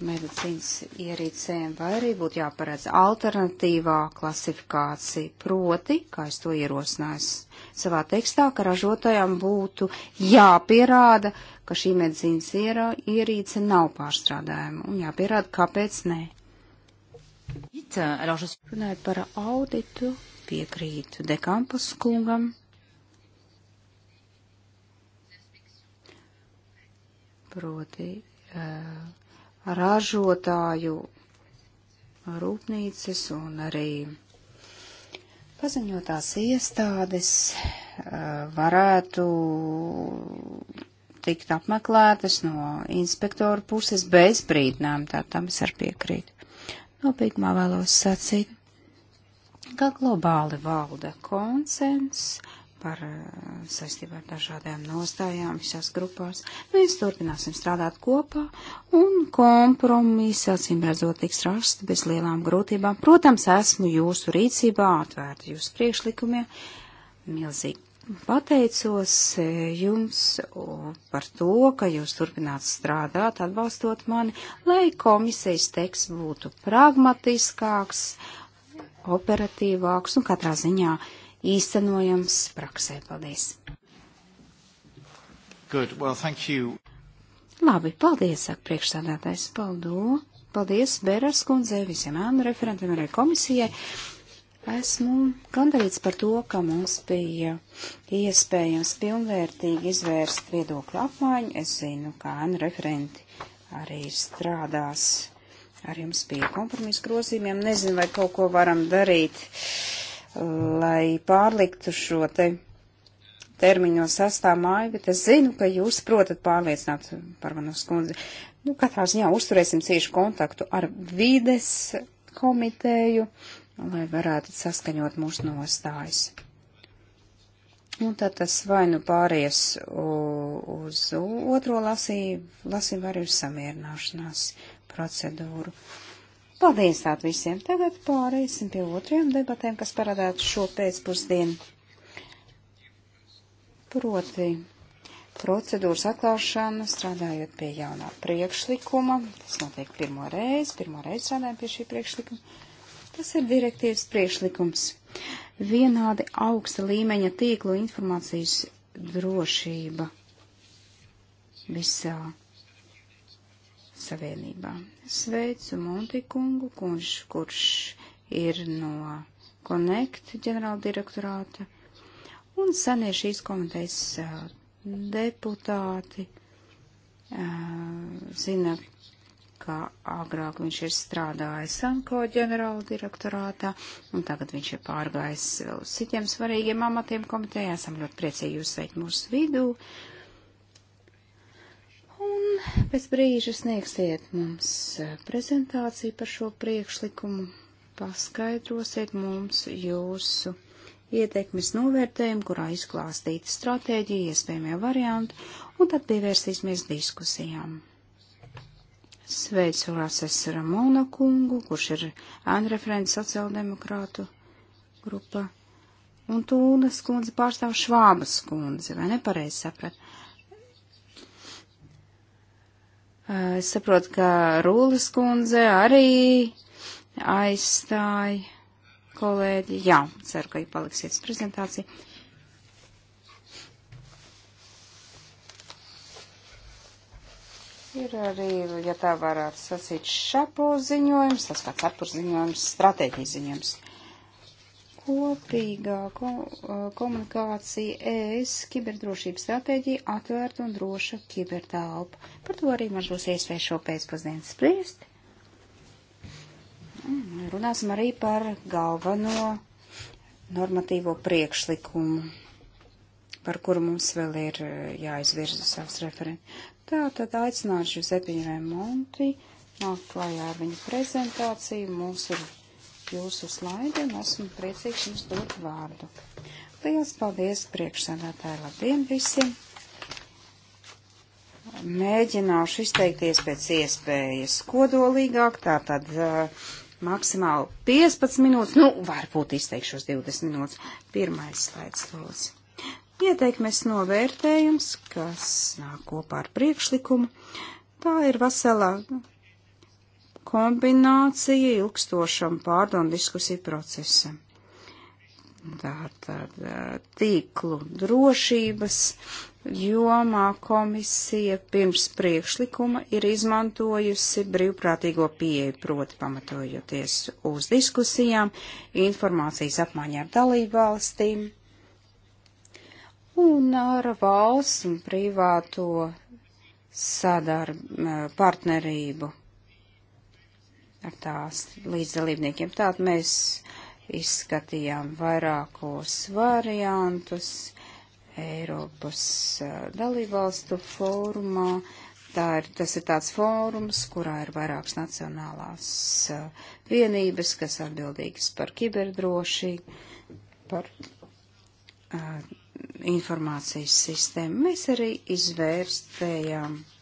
medicīnas ierīcēm, vai arī būtu jāparedz alternatīvā klasifikācija. Proti, kā es to ierosināju savā tekstā, ka ražotājam būtu jāpierāda, ka šī medicīnas ierīce nav pārstrādājama, un jāpierāda, kāpēc nē. Runājot par auditu, piekrītu Dekampus kungam. proti e, ražotāju rūpnīcas un arī paziņotās iestādes e, varētu tikt apmeklētas no inspektoru puses bez brīdinām, tā tam es ar piekrītu. Nopīkumā vēlos sacīt, ka globāli valda konsens par eh, saistībā ar dažādām nostājām visās grupās. Mēs turpināsim strādāt kopā un kompromiss, acīm redzot, tiks rasts bez lielām grūtībām. Protams, esmu jūsu rīcībā, atvērta jūsu priekšlikumiem. Milzīgi pateicos eh, jums par to, ka jūs turpināt strādāt, atbalstot mani, lai komisijas teksts būtu pragmatiskāks, operatīvāks un katrā ziņā īstenojams praksē. Paldies! Good. Well, thank you. Labi, paldies, saka priekšsādātājs. Paldu. Paldies, Bērārs kundze, visiem ēnu referentiem, arī komisijai. Esmu gandarīts par to, ka mums bija iespējams pilnvērtīgi izvērst viedokļu apmaiņu. Es zinu, ka ēnu referenti arī strādās ar jums pie kompromisu grozījumiem. Nezinu, vai kaut ko varam darīt lai pārliktu šo te termiņu no 6. māja, bet es zinu, ka jūs protat pārliecināt par manu skundzi. Nu, katrā ziņā uzturēsim ciešu kontaktu ar vides komiteju, lai varētu saskaņot mūsu nostājas. Un tad tas vai nu pāries uz otro lasīju, lasīju arī uz samierināšanās procedūru. Paldies tāt visiem. Tagad pārēsim pie otriem debatēm, kas parādētu šo pēcpusdienu. Proti procedūras atklāšana, strādājot pie jaunā priekšlikuma. Tas notiek pirmo reizi, pirmo reizi strādājam pie šī priekšlikuma. Tas ir direktīvas priekšlikums. Vienādi augsta līmeņa tīklu informācijas drošība visā Savienībā. Sveicu Montikungu, kurš, kurš ir no Connect ģenerāla direktorāta, un senie šīs komitejas deputāti zina, kā agrāk viņš ir strādājis Sanko ģenerāla direktorātā, un tagad viņš ir pārgājis uz citiem svarīgiem amatiem komitejā. Esam ļoti priecīgi jūs sveikt mūsu vidū. Uh, Un pēc brīža sniegsiet mums eh, prezentāciju par šo priekšlikumu, paskaidrosiet mums jūsu ietekmes novērtējumu, kurā izklāstīta stratēģija, iespējamie varianti, un tad pievērsīsimies diskusijām. Sveicu Rases Ramona kungu, kurš ir ēnreferents sociāldemokrātu grupa, un Tūnas kundze pārstāv Švābas kundzi, vai nepareizi saprat? Eh, es saprotu, ka Rūlas kundze arī aizstāja kolēģi. Jā, ceru, ka jūs paliksiet prezentāciju. Ir arī, ja tā varētu sacīt, šapo ziņojums, tas kā cepurziņojums, stratēģijas ziņojums. Kopīgā ko, komunikācija ES kiberdrošības stratēģija atvērta un droša kibertelpa. Par to arī mums būs iespēja šo pēcpusdienu spriest. Runāsim arī par galveno normatīvo priekšlikumu, par kuru mums vēl ir jāizvirza savs referents. Tātad aicināšu jūs Epiņevē Monti nākt klājā ar viņu prezentāciju. Mums ir jūsu slaidu un esmu priecīgs jums dot vārdu. Lielas paldies priekšsēdētāji, labdien visiem! Mēģināšu izteikties pēc iespējas kodolīgāk, tātad uh, maksimāli 15 minūtes, nu, varbūt izteikšos 20 minūtes. Pirmais slaids, lūdzu. Ieteikmes novērtējums, kas nāk kopā ar priekšlikumu. Tā ir vesela kombinācija ilgstošam pārdomu diskusiju procesam. Tātad tīklu drošības jomā komisija pirms priekšlikuma ir izmantojusi brīvprātīgo pieeju, proti pamatojoties uz diskusijām, informācijas apmaiņā ar dalību valstīm un ar valsts un privāto sadarb, partnerību ar tās līdzdalībniekiem. Tātad mēs izskatījām vairākos variantus Eiropas eh, dalībvalstu fórumā. Tā ir, tas ir tāds fórums, kurā ir vairākas nacionālās eh, vienības, kas atbildīgas par kiberdrošību, par uh, informācijas sistēmu. Mēs arī izvērstējām uh,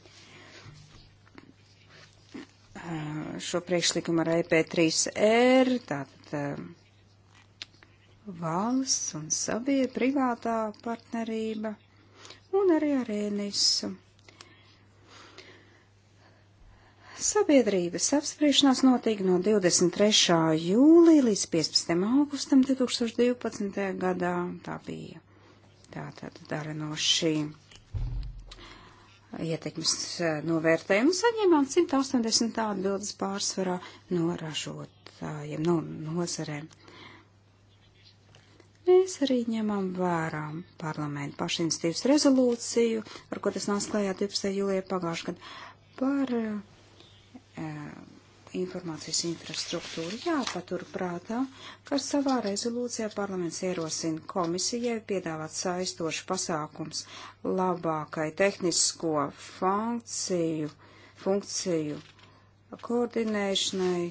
Eh, šo priekšlikumu ar EP3R, tātad eh, valsts un sabiedrība, privātā partnerība un arī ar ēnisu. Sabiedrības apspriešanās notiek no 23. jūlija līdz 15. augustam 2012. gadā. Tā bija tātad darinošī. No ietekmes eh, novērtējumu saņēmām 180 atbildes pārsvarā no ražotājiem, no nozarēm. Mēs arī ņemam vērā parlamentu pašinstīvas rezolūciju, ar ko tas nāks klājā 12. jūlijā pagājušajā gadā par uh, informācijas infrastruktūru. Jāpatur prātā, ka savā rezolūcijā parlaments ierosina komisijai piedāvāt saistošu pasākums labākai tehnisko funkciju, funkciju koordinēšanai.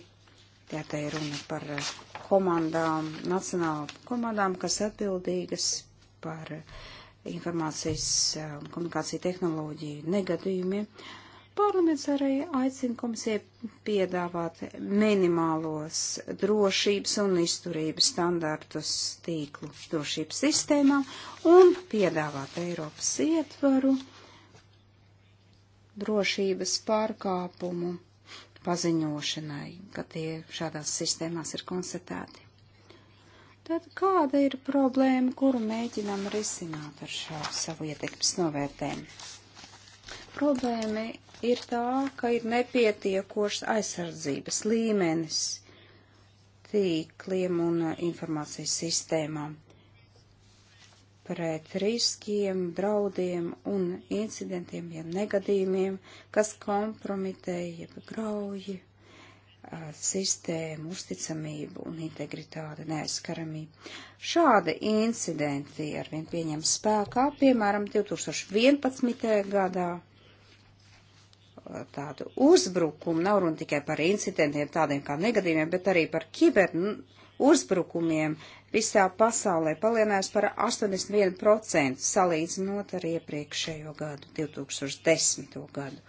Tā te ir runa par komandām, nacionālām komandām, kas atbildīgas par informācijas komunikāciju tehnoloģiju negadījumiem. Ja Parlaments arī aicina komisiju piedāvāt minimālos drošības un izturības standartus tīklu drošības sistēmām un piedāvāt Eiropas ietvaru drošības pārkāpumu paziņošanai, ka tie šādās sistēmās ir konstatēti. Tad kāda ir problēma, kuru mēģinām risināt ar šo savu ietekmes novērtējumu? Problēma ir tā, ka ir nepietiekošs aizsardzības līmenis tīkliem un informācijas sistēmām pret riskiem, draudiem un incidentiem, ja negadījumiem, kas kompromitēja, grauji sistēmu, uzticamību un integritāti, neaizskaramību. Šādi incidenti arvien pieņem spēkā, piemēram, 2011. gadā tādu uzbrukumu, nav runa tikai par incidentiem tādiem kā negadījumiem, bet arī par kiber uzbrukumiem visā pasaulē palielinājās par 81% salīdzinot ar iepriekšējo gadu, 2010. gadu.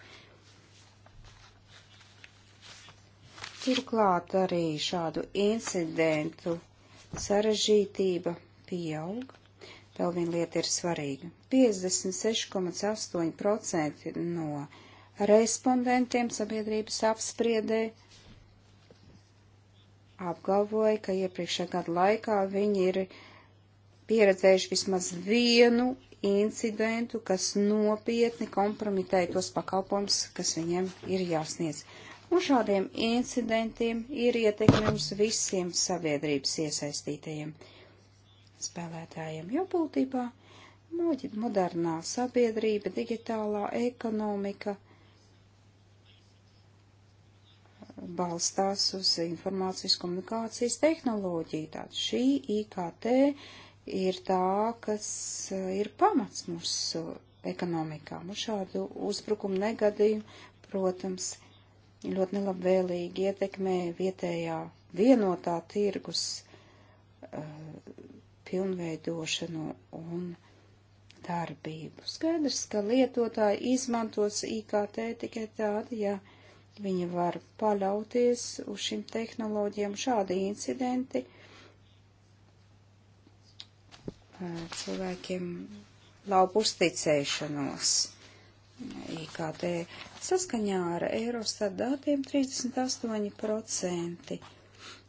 Turklāt arī šādu incidentu sarežģītība pieaug. Vēl viena lieta ir svarīga. 56,8% no respondentiem sabiedrības apspriedē apgalvoja, ka iepriekšējā gada laikā viņi ir pieredzējuši vismaz vienu incidentu, kas nopietni kompromitēja tos pakalpojums, kas viņiem ir jāsniedz. Un šādiem incidentiem ir ietekme uz visiem sabiedrības iesaistītajiem spēlētājiem, jo būtībā modernā sabiedrība, digitālā ekonomika – balstās uz informācijas komunikācijas tehnoloģiju. Tātad šī IKT ir tā, kas eh, ir pamats mūsu ekonomikā. Mums šādu uzbrukumu negadījumu, protams, ļoti nelabvēlīgi ietekmē vietējā vienotā tirgus uh, pilnveidošanu un darbību. Skaidrs, ka lietotāji izmantos IKT tikai tādi, ja Viņi var paļauties uz šīm tehnoloģijām. Šādi incidenti eh, cilvēkiem laub uzticēšanos. IKT saskaņā ar Eurostat datiem 38%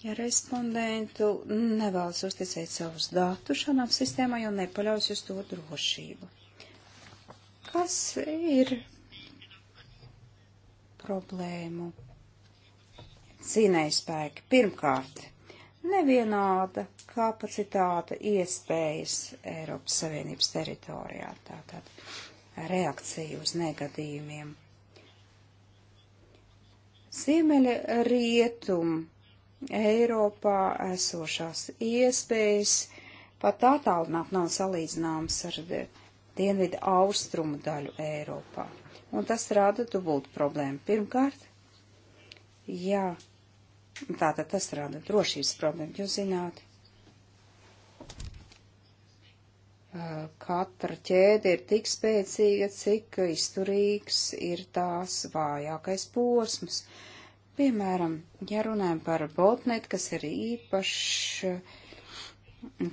ja respondentu nevēlas uzticēt savus datus šādām sistēmām, jo nepaļaujas uz to drošību. Kas ir problēmu cīnējspēki. Pirmkārt, nevienāda kapacitāte iespējas Eiropas Savienības teritorijā, tātad reakcija uz negadījumiem. Ziemeļa rietum Eiropā esošās iespējas pat attālināt nav salīdzināmas ar dienvidu austrumu daļu Eiropā un tas rada dubultu problēmu. Pirmkārt, jā, tātad tas rada drošības problēmu, jūs zināt. Katra ķēde ir tik spēcīga, cik izturīgs ir tās vājākais posms. Piemēram, ja runājam par botnetu, kas ir īpaši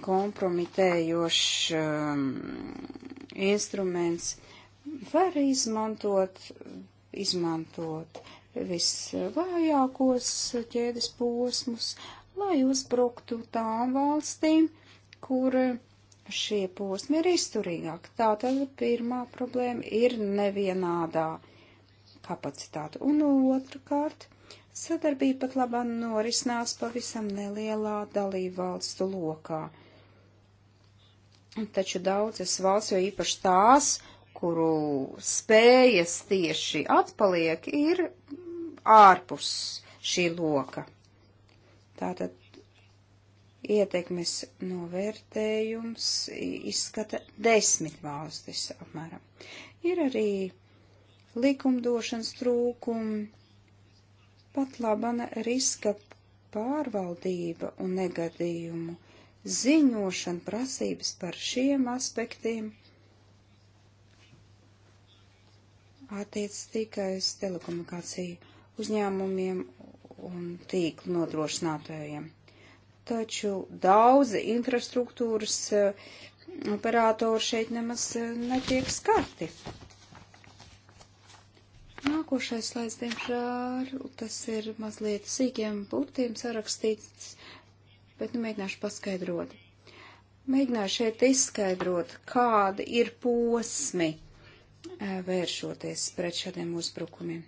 kompromitējošs um, instruments, var izmantot, izmantot visvājākos ķēdes posmus, lai uzbruktu tām valstīm, kur šie posmi ir izturīgāki. Tātad pirmā problēma ir nevienādā kapacitāte. Un otrkārt, sadarbība pat labā norisinās pavisam nelielā dalību valstu lokā. Taču daudzas valsts, jo īpaši tās, uh, kuru spējas tieši atpaliek, ir ārpus šī loka. Tātad ietekmes novērtējums izskata desmit valstis apmēram. Ir arī likumdošanas trūkumi, pat labana riska pārvaldība un negadījumu ziņošana prasības par šiem aspektiem attiec tikai uz telekomunikāciju uzņēmumiem un tīklu nodrošinātājiem. Taču daudzi infrastruktūras eh, operatori šeit nemaz eh, netiek skarti. Nākošais slaids, diemžēl, tas ir mazliet sīkiem burtiem sarakstīts, bet nu mēģināšu paskaidrot. Mēģināšu šeit izskaidrot, kādi ir posmi vēršoties pret šādiem uzbrukumiem.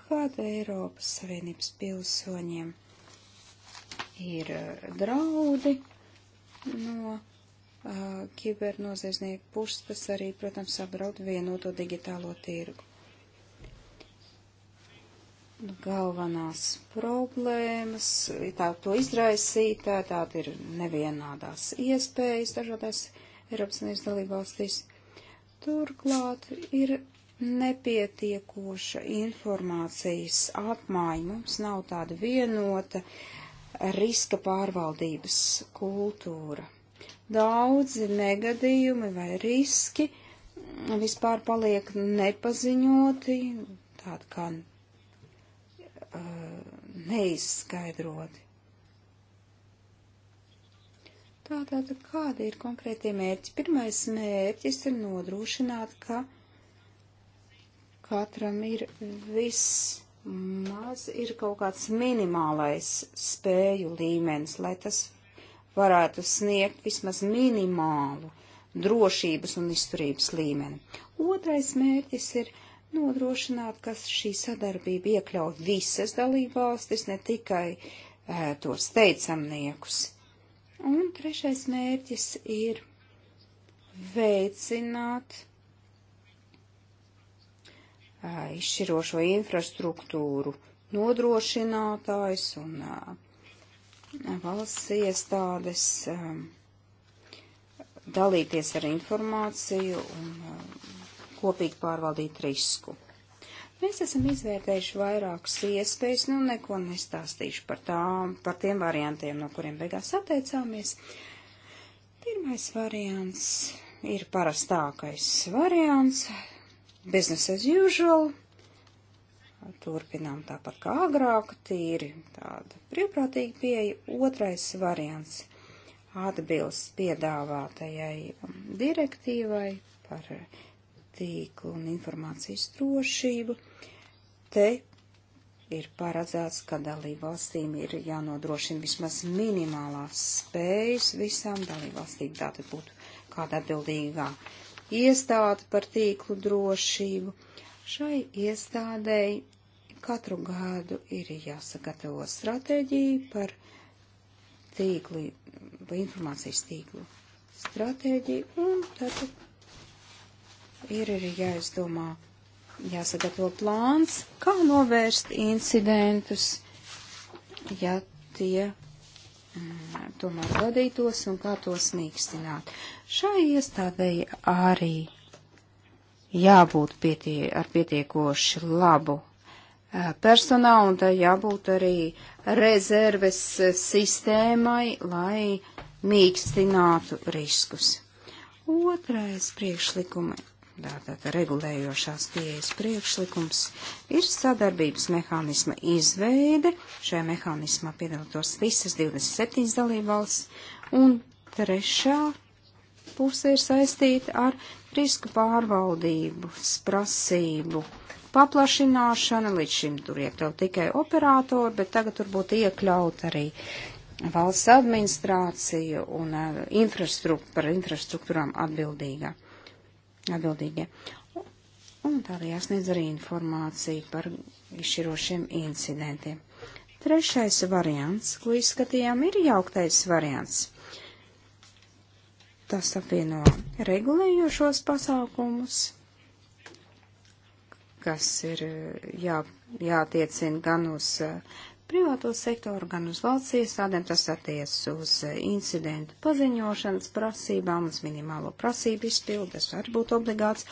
Kāda Eiropas Savienības pilsoņiem ir eh, draudi no eh, kibernoziedznieku puses, tas arī, protams, apdraud vienoto digitālo tirgu galvenās problēmas, tā to izraisītā, tā ir nevienādās iespējas dažādās Eiropas Savienības dalībvalstīs. Turklāt ir nepietiekoša informācijas apmaiņa, mums nav tāda vienota riska pārvaldības kultūra. Daudzi negadījumi vai riski vispār paliek nepaziņoti, tādi kā Uh, neizskaidroti. Tātad, kādi ir konkrētie mērķi? Pirmais mērķis ir nodrošināt, ka katram ir vismaz ir kaut kāds minimālais spēju līmenis, lai tas varētu sniegt vismaz minimālu drošības un izturības līmeni. Otrais mērķis ir nodrošināt, ka šī sadarbība iekļaut visas dalībvalstis, ne tikai e, tos teicamniekus. Un trešais mērķis ir veicināt e, izšķirošo infrastruktūru nodrošinātājs un e, valsts iestādes dalīties ar informāciju un kopīgi pārvaldīt risku. Mēs esam izvērtējuši vairākas iespējas, nu neko nestāstīšu par tām, par tiem variantiem, no kuriem beigās atteicāmies. Pirmais variants ir parastākais variants, business as usual. Turpinām tāpat kā agrāk, tīri tāda brīvprātīga pieeja. Otrais variants atbilst piedāvātajai direktīvai par tīklu un informācijas drošību. Te ir paredzēts, ka dalībvalstīm ir jānodrošina vismaz minimālās spējas visām dalībvalstīm. Tātad būtu kāda atbildīgā iestāde par tīklu drošību. Šai iestādēji katru gadu ir jāsagatavo stratēģija par tīkli, par informācijas tīklu stratēģiju, un tad ir arī jāizdomā, jāsagatavo plāns, kā novērst incidentus, ja tie mm, tomēr gadītos un kā tos mīkstināt. Šai iestādēji arī jābūt pietie, ar pietiekoši labu eh, personālu, un tai jābūt arī rezerves eh, sistēmai, lai mīkstinātu riskus. Otrais priekšlikuma tātad regulējošās pieejas priekšlikums, ir sadarbības mehānisma izveide. Šajā mehānismā piedalītos visas 27 dalībvalsts, un trešā puse ir saistīta ar risku pārvaldības prasību paplašināšana. Līdz šim tur iekļaut tikai operātori, bet tagad tur būtu iekļaut arī valsts administrācija un eh, infrastruktūra, par infrastruktūrām atbildīgā atbildīgie. Un tādā jāsniedz arī informācija par izšķirošiem incidentiem. Trešais variants, ko izskatījām, ir jauktais variants. Tas apvieno regulējošos pasākumus, kas ir jā, jātiecina gan uz privāto sektoru, gan uz valsts iestādēm. Tas attiec uz eh, incidentu paziņošanas prasībām, uz minimālo prasību izpildu, tas var būt obligāts.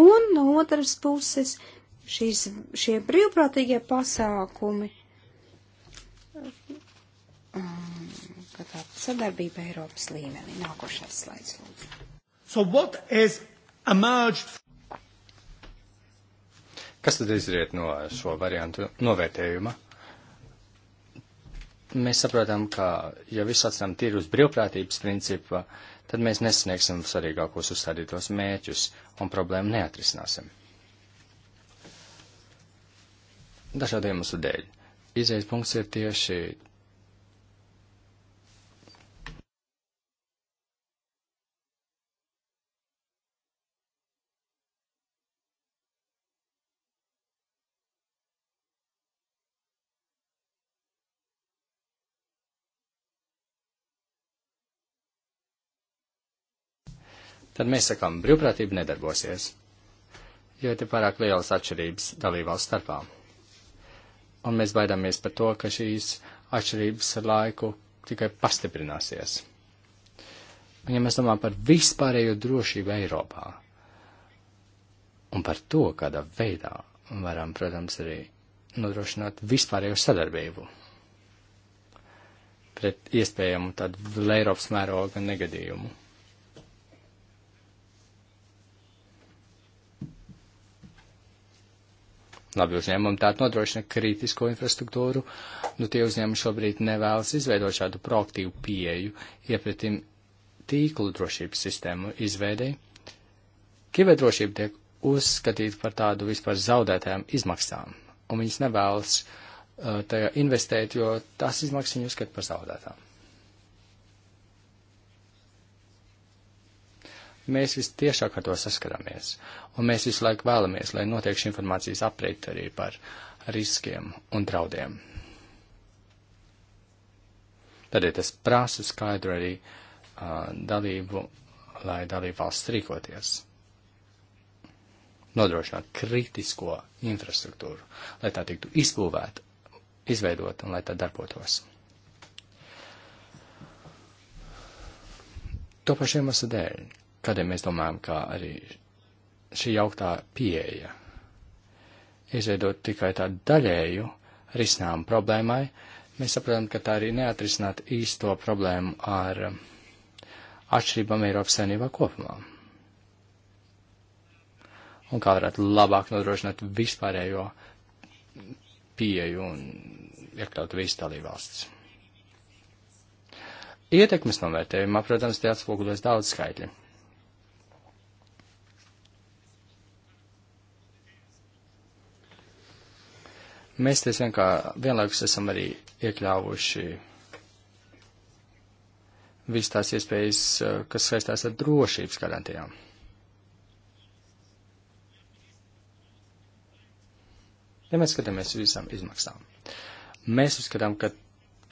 Un no otras puses šīs, šie brīvprātīgie pasākumi, um, kā tā sadarbība Eiropas līmenī. Nākošais slaids, lūdzu. So what is emerged? Kas tad izriet no eh, šo variantu novērtējuma? mēs saprotam, ka, ja visu atstājam tīri uz brīvprātības principu, tad mēs nesniegsim svarīgākos uzstādītos mēķus un problēmu neatrisināsim. Dažādiem iemeslu dēļ. Izējas punkts ir tieši tad mēs sakām, brīvprātība nedarbosies, jo ir pārāk lielas atšķirības dalībvalsts starpā. Un mēs baidāmies par to, ka šīs atšķirības ar laiku tikai pastiprināsies. Un ja mēs domājam par vispārējo drošību Eiropā un par to, kādā veidā varam, protams, arī nodrošināt vispārējo sadarbību pret iespējamu tādu Eiropas mēroga negadījumu. Labi uzņēmumi tātad nodrošina kritisko infrastruktūru, nu tie uzņēmumi šobrīd nevēlas izveidot šādu proaktīvu pieeju iepretim tīklu drošības sistēmu izveidei. Kiberdrošība tiek uzskatīta par tādu vispār zaudētām izmaksām, un viņas nevēlas uh, tajā investēt, jo tās izmaksas viņi uzskata par zaudētām. mēs vis tiešāk ar to saskaramies, un mēs visu laiku vēlamies, lai notiek šī informācijas apreit arī par riskiem un draudiem. Tādēļ tas prasa skaidru arī uh, dalību, lai dalību valsts rīkoties. Nodrošināt kritisko infrastruktūru, lai tā tiktu izbūvēta, izveidot un lai tā darbotos. To pašiem masu dēļ kādiem mēs domājam, kā arī šī jauktā pieeja. Izveidot tikai tādu daļēju risinājumu problēmai, mēs saprotam, ka tā arī neatrisināt īsto problēmu ar atšķirībām Eiropas saimnībā kopumā. Un kā varētu labāk nodrošināt vispārējo pieeju un iekļaut visu dalībvalsts. Ietekmes novērtējumā, protams, te atspoguļojas daudz skaitļi. Mēs te vienkārši vienlaikus esam arī iekļāvuši visas tās iespējas, eh, kas saistās ar drošības garantijām. Ja mēs skatāmies uz visām izmaksām, mēs uzskatām, ka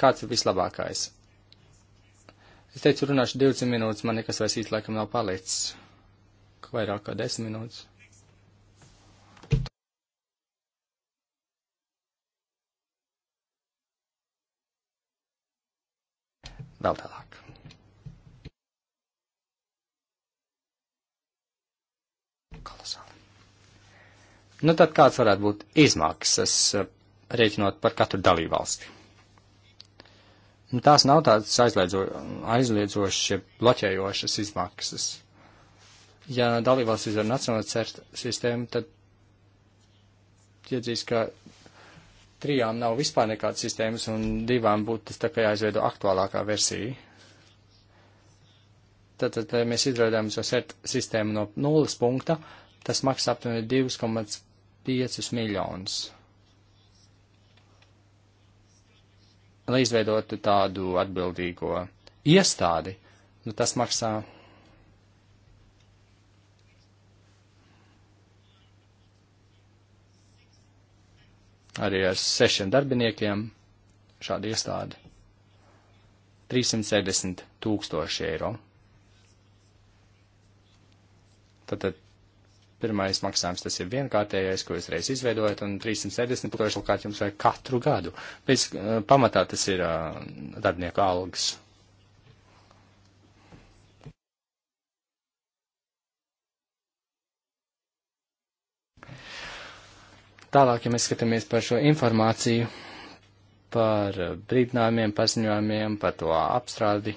kāds ir vislabākais. Es teicu, runāšu 20 minūtes, man nekas vairs īsti laikam nav palicis. Vairāk kā 10 minūtes. vēl tālāk. Kolosāli. Nu tad kāds varētu būt izmaksas, rēķinot par katru dalībvalsti? Nu, tās nav tādas aizliedzo, aizliedzošas, bloķējošas izmaksas. Ja dalībvalstis ir nacionāla sistēma, tad iedzīs, ka trijām nav vispār nekādas sistēmas, un divām būtu tas tā kā jāizveido aktuālākā versija. Tātad tā, eh, mēs izveidojam šo set sistēmu no nulles punkta, tas maksā aptuveni 2,5 miljonus. Lai izveidotu tādu atbildīgo iestādi, nu tas maksā arī ar sešiem darbiniekiem šāda iestāde. 370 tūkstoši eiro. Tātad pirmais maksājums tas ir vienkārtējais, ko jūs reiz izveidojat, un 370 tūkstoši lokāt jums vajag katru gadu. Pēc uh, eh, pamatā tas ir uh, darbinieku algas. Tālāk, ja mēs skatāmies par šo informāciju, par brīdinājumiem, paziņojumiem, par to apstrādi,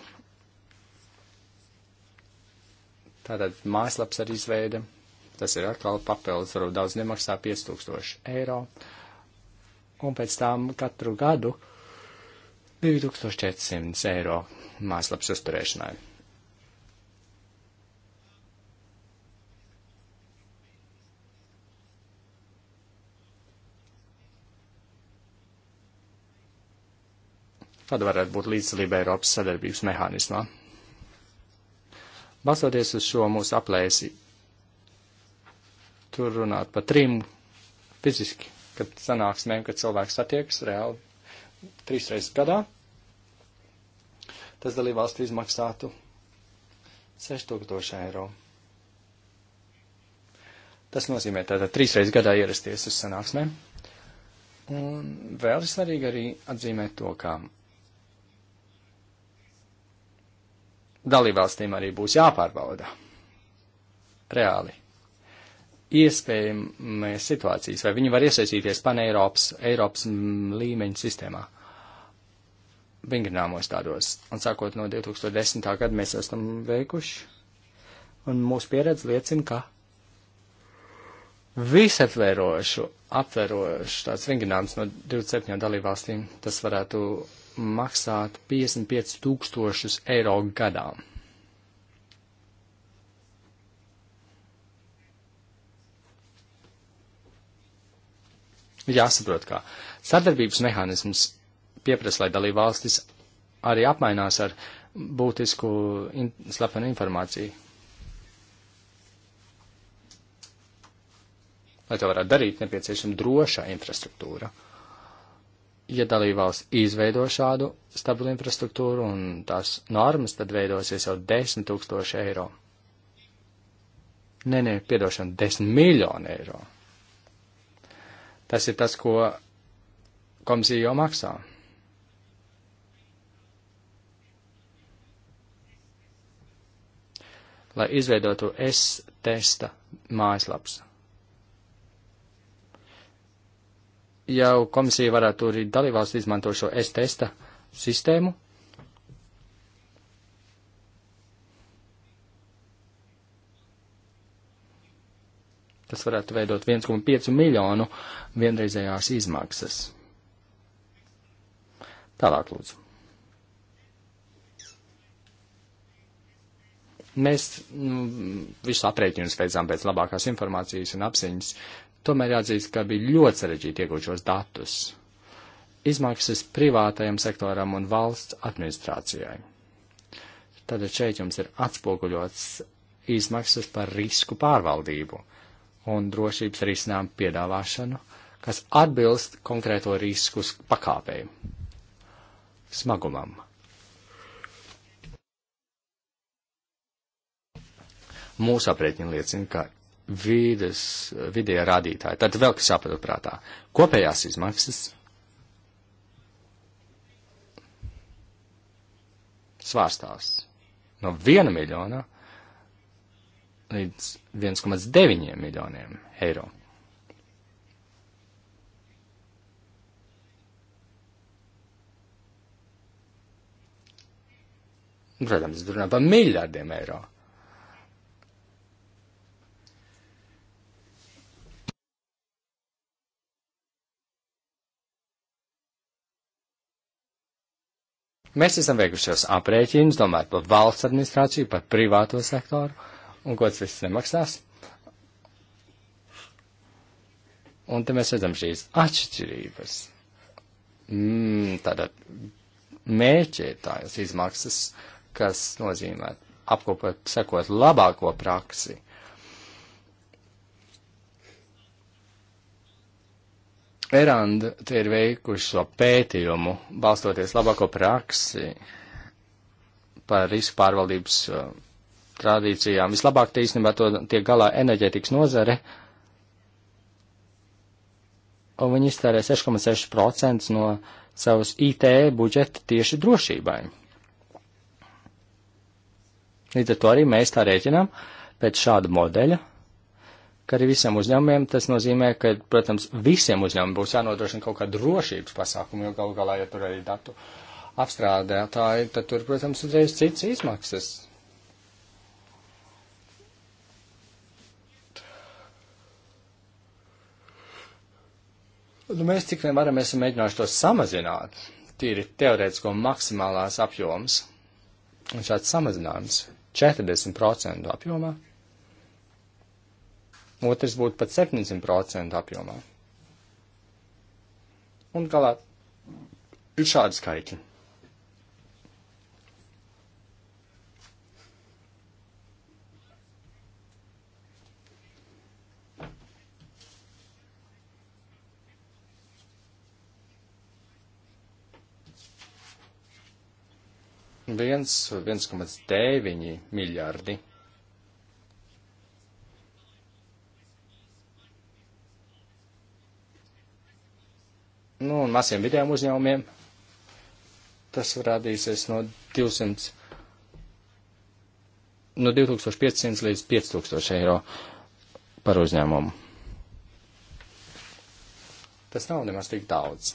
tātad mājaslaps ar izveidi, tas ir atkal papildus, varbūt daudz nemaksā 5000 eiro, un pēc tam katru gadu 2400 eiro mājaslaps uzturēšanai. Tāda varētu būt līdzdalība Eiropas sadarbības mehānismā. Balstoties uz šo mūsu aplēsi, tur runāt par trim fiziski, kad sanāksmēm, kad cilvēks satiekas reāli trīs reizes gadā, tas dalībvalstu izmaksātu 6000 eiro. Tas nozīmē tātad trīs reizes gadā ierasties uz sanāksmēm. Un vēl ir svarīgi arī atzīmēt to, ka dalībvalstīm arī būs jāpārbauda reāli iespējamas situācijas, vai viņi var iesaistīties pan-Eiropas Eiropas līmeņa sistēmā vingrinājumos tādos. Un sākot no 2010. gada mēs esam veikuši, un mūsu pieredze liecina, ka visaptverošu, aptverošu tāds vingrinājums no 27 dalībvalstīm, tas varētu maksāt 55 tūkstošus eiro gadā. Jāsaprot, kā sadarbības mehānisms pieprasa, lai dalībvalstis arī apmainās ar būtisku in slepenu informāciju. Lai to varētu darīt, nepieciešama droša infrastruktūra ja dalībvalsts izveido šādu stabilu infrastruktūru un tās normas, tad veidosies jau 10 tūkstoši eiro. Nē, nē, piedošana, 10 miljonu eiro. Tas ir tas, ko komisija jau maksā. Lai izveidotu S testa mājaslaps. jau komisija varētu arī dalībvalsts izmantot šo S-testa sistēmu. Tas varētu veidot 1,5 miljonu vienreizējās izmaksas. Tālāk, lūdzu. Mēs nu, visu aprēķinu spēcām pēc labākās informācijas un apziņas, tomēr jāatzīst, ka bija ļoti sarežģīti iegūt šos datus. Izmaksas privātajam sektoram un valsts administrācijai. Tātad šeit jums ir atspoguļots izmaksas par risku pārvaldību un drošības risinājumu piedāvāšanu, kas atbilst konkrēto risku pakāpēju smagumam. Mūsu aprēķini liecina, ka vīdes vidējā rādītāja. Tad vēl kas jāpadod prātā. Kopējās izmaksas. Svārstās no 1 miljona līdz 1,9 miljoniem eiro. Protams, runā par miljardiem eiro. Mēs esam veikušos aprēķinus, domājot par valsts administrāciju, par privāto sektoru, un ko tas viss nemaksās. Un te mēs redzam šīs atšķirības. Mm, tātad mērķētājas izmaksas, kas nozīmē apkopot, sekot labāko praksi Eranda tie ir veikuši šo pētījumu, balstoties labāko praksi par risku pārvaldības uh, tradīcijām. Vislabāk te īstenībā to tiek galā enerģētikas nozare, un viņi iztērē 6,6% no savas IT budžeta tieši drošībai. Līdz ar to arī mēs tā rēķinām pēc šāda modeļa ka arī visiem uzņēmumiem tas nozīmē, ka, protams, visiem uzņēmumiem būs jānodrošina kaut kāda drošības pasākuma, jo galu galā, ja tur arī datu apstrādētāji, tad tur, protams, uzreiz cits izmaksas. Nu, mēs cik vien varam, mēs esam mēģinājuši to samazināt, tīri teorētisko maksimālās apjoms. Un šāds samazinājums 40% apjomā otrs būtu pat 70% apjomā. Un galā ir šādi skaitļi. viens, 1,9 miljardi nu, un maziem vidējiem uzņēmumiem tas rādīsies no 200, no 2500 līdz 5000 eiro par uzņēmumu. Tas nav nemaz tik daudz,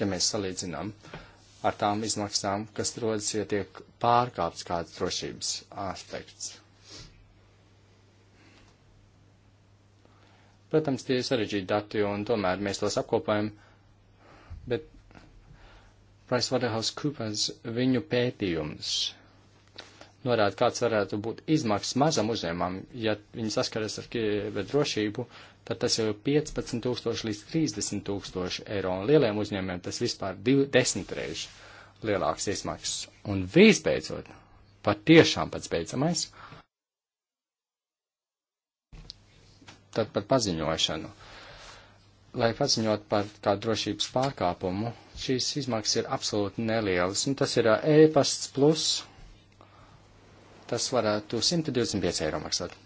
ja mēs salīdzinām ar tām izmaksām, kas rodas, ja tiek pārkāpts kāds drošības aspekts. Protams, tie ir sarežģīti dati, un tomēr mēs tos apkopējam bet PricewaterhouseCoopers viņu pētījums norāda, kāds varētu būt izmaksas mazam uzņēmumam, ja viņi saskaras ar kiberdrošību, tad tas jau ir 15 tūkstoši līdz 30 tūkstoši eiro, un lieliem uzņēmumiem tas vispār div, desmit reižu lielāks izmaksas. Un visbeidzot, patiešām pats beidzamais, tad par paziņošanu. Uh, lai paziņot par kādu drošības pārkāpumu, šīs izmaksas ir absolūti nelielas, un tas ir e-pasts plus, tas varētu 125 eiro maksāt,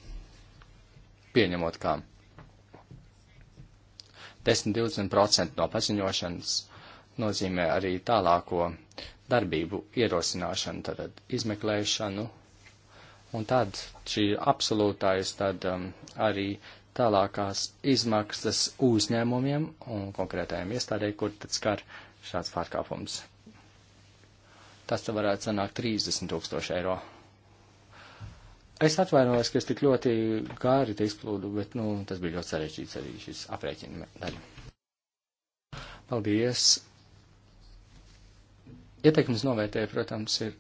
pieņemot kā 10-20% no paziņošanas nozīmē arī tālāko darbību ierosināšanu, tad izmeklēšanu, un tad šī absolūtais tad um, arī tālākās izmaksas uzņēmumiem un konkrētajiem iestādē, kur tad skar šāds pārkāpums. Tas te varētu sanākt 30 tūkstoši eiro. Es atvainojos, ka es tik ļoti gāri te izplūdu, bet, nu, tas bija ļoti sarežģīts arī šis aprēķina daļa. Paldies! Ieteikums novērtē, protams, ir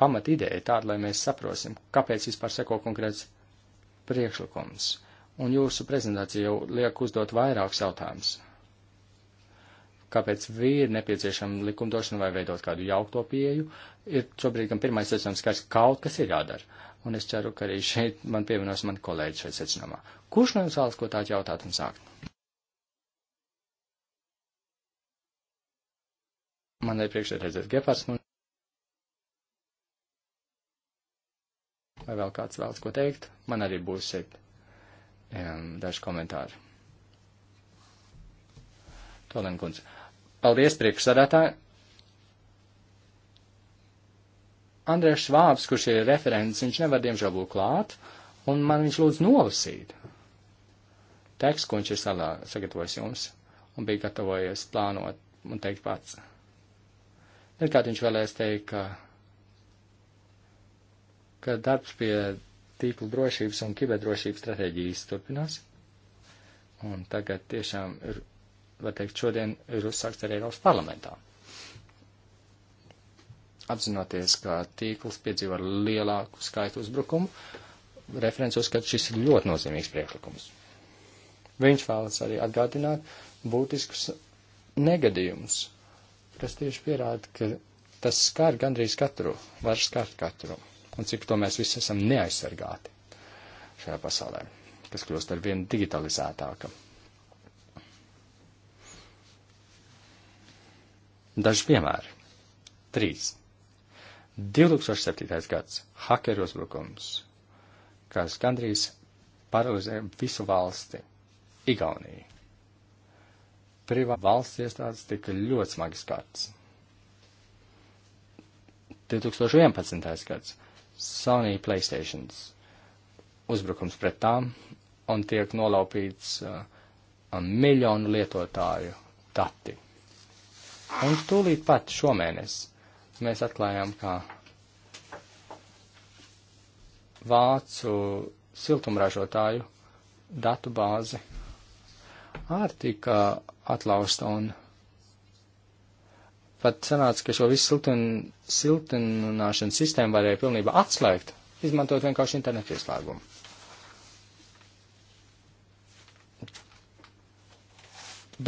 pamat ideja tāda, lai mēs saprosim, kāpēc vispār seko konkrēts priekšlikums un jūsu prezentācija jau liek uzdot vairākus jautājumus. Kāpēc ir nepieciešama likumdošana vai veidot kādu jaukto pieju, ir šobrīd gan pirmais secinājums, ka kaut kas ir jādara. Un es ceru, ka arī šeit man pievienos mani kolēģi šeit secinājumā. Kurš no jums vēlas ko tādu jautāt un sākt? Man ir priekšreizēs Gepards. Un... Vai vēl kāds vēlas ko teikt? Man arī būs šeit daži komentāri. Tolenkundze. Paldies, priekšsādātāji. Andrēs Švābs, kurš ir referents, viņš nevar diemžēl būt klāt, un man viņš lūdz nolasīt tekstu, ko viņš ir salā, sagatavojis jums, un bija gatavojies plānot un teikt pats. Pirmkārt, viņš vēlēs teikt, ka, ka darbs pie tīklu drošības un kiberdrošības stratēģijas turpinās. Un tagad tiešām ir, var teikt, šodien ir uzsākts arī Eiropas parlamentā. Apzinoties, ka tīkls piedzīvo lielāku skaitu uzbrukumu, referents uzskata, šis ir ļoti nozīmīgs priekšlikums. Viņš vēlas arī atgādināt būtiskus negadījumus, kas tieši pierāda, ka tas skar gandrīz katru, var skart katru. katru un cik to mēs visi esam neaizsargāti šajā pasaulē, kas kļūst ar vien digitalizētāka. Daži piemēri. 3. 2007. gads - hakeru uzbrukums, kas gandrīz paralizē visu valsti - Igauniju. Privā valsts iestādes tika ļoti smagi skarts. 2011. gads Sony Playstations uzbrukums pret tām un tiek nolaupīts uh, miljonu lietotāju dati. Un tūlīt pat šomēnes mēs atklājām, ka vācu siltumražotāju datu bāzi ārtika atlausta un pat sanāca, ka šo visu siltin, siltināšanas sistēmu varēja pilnībā atslēgt, izmantojot vienkārši internetu ieslēgumu.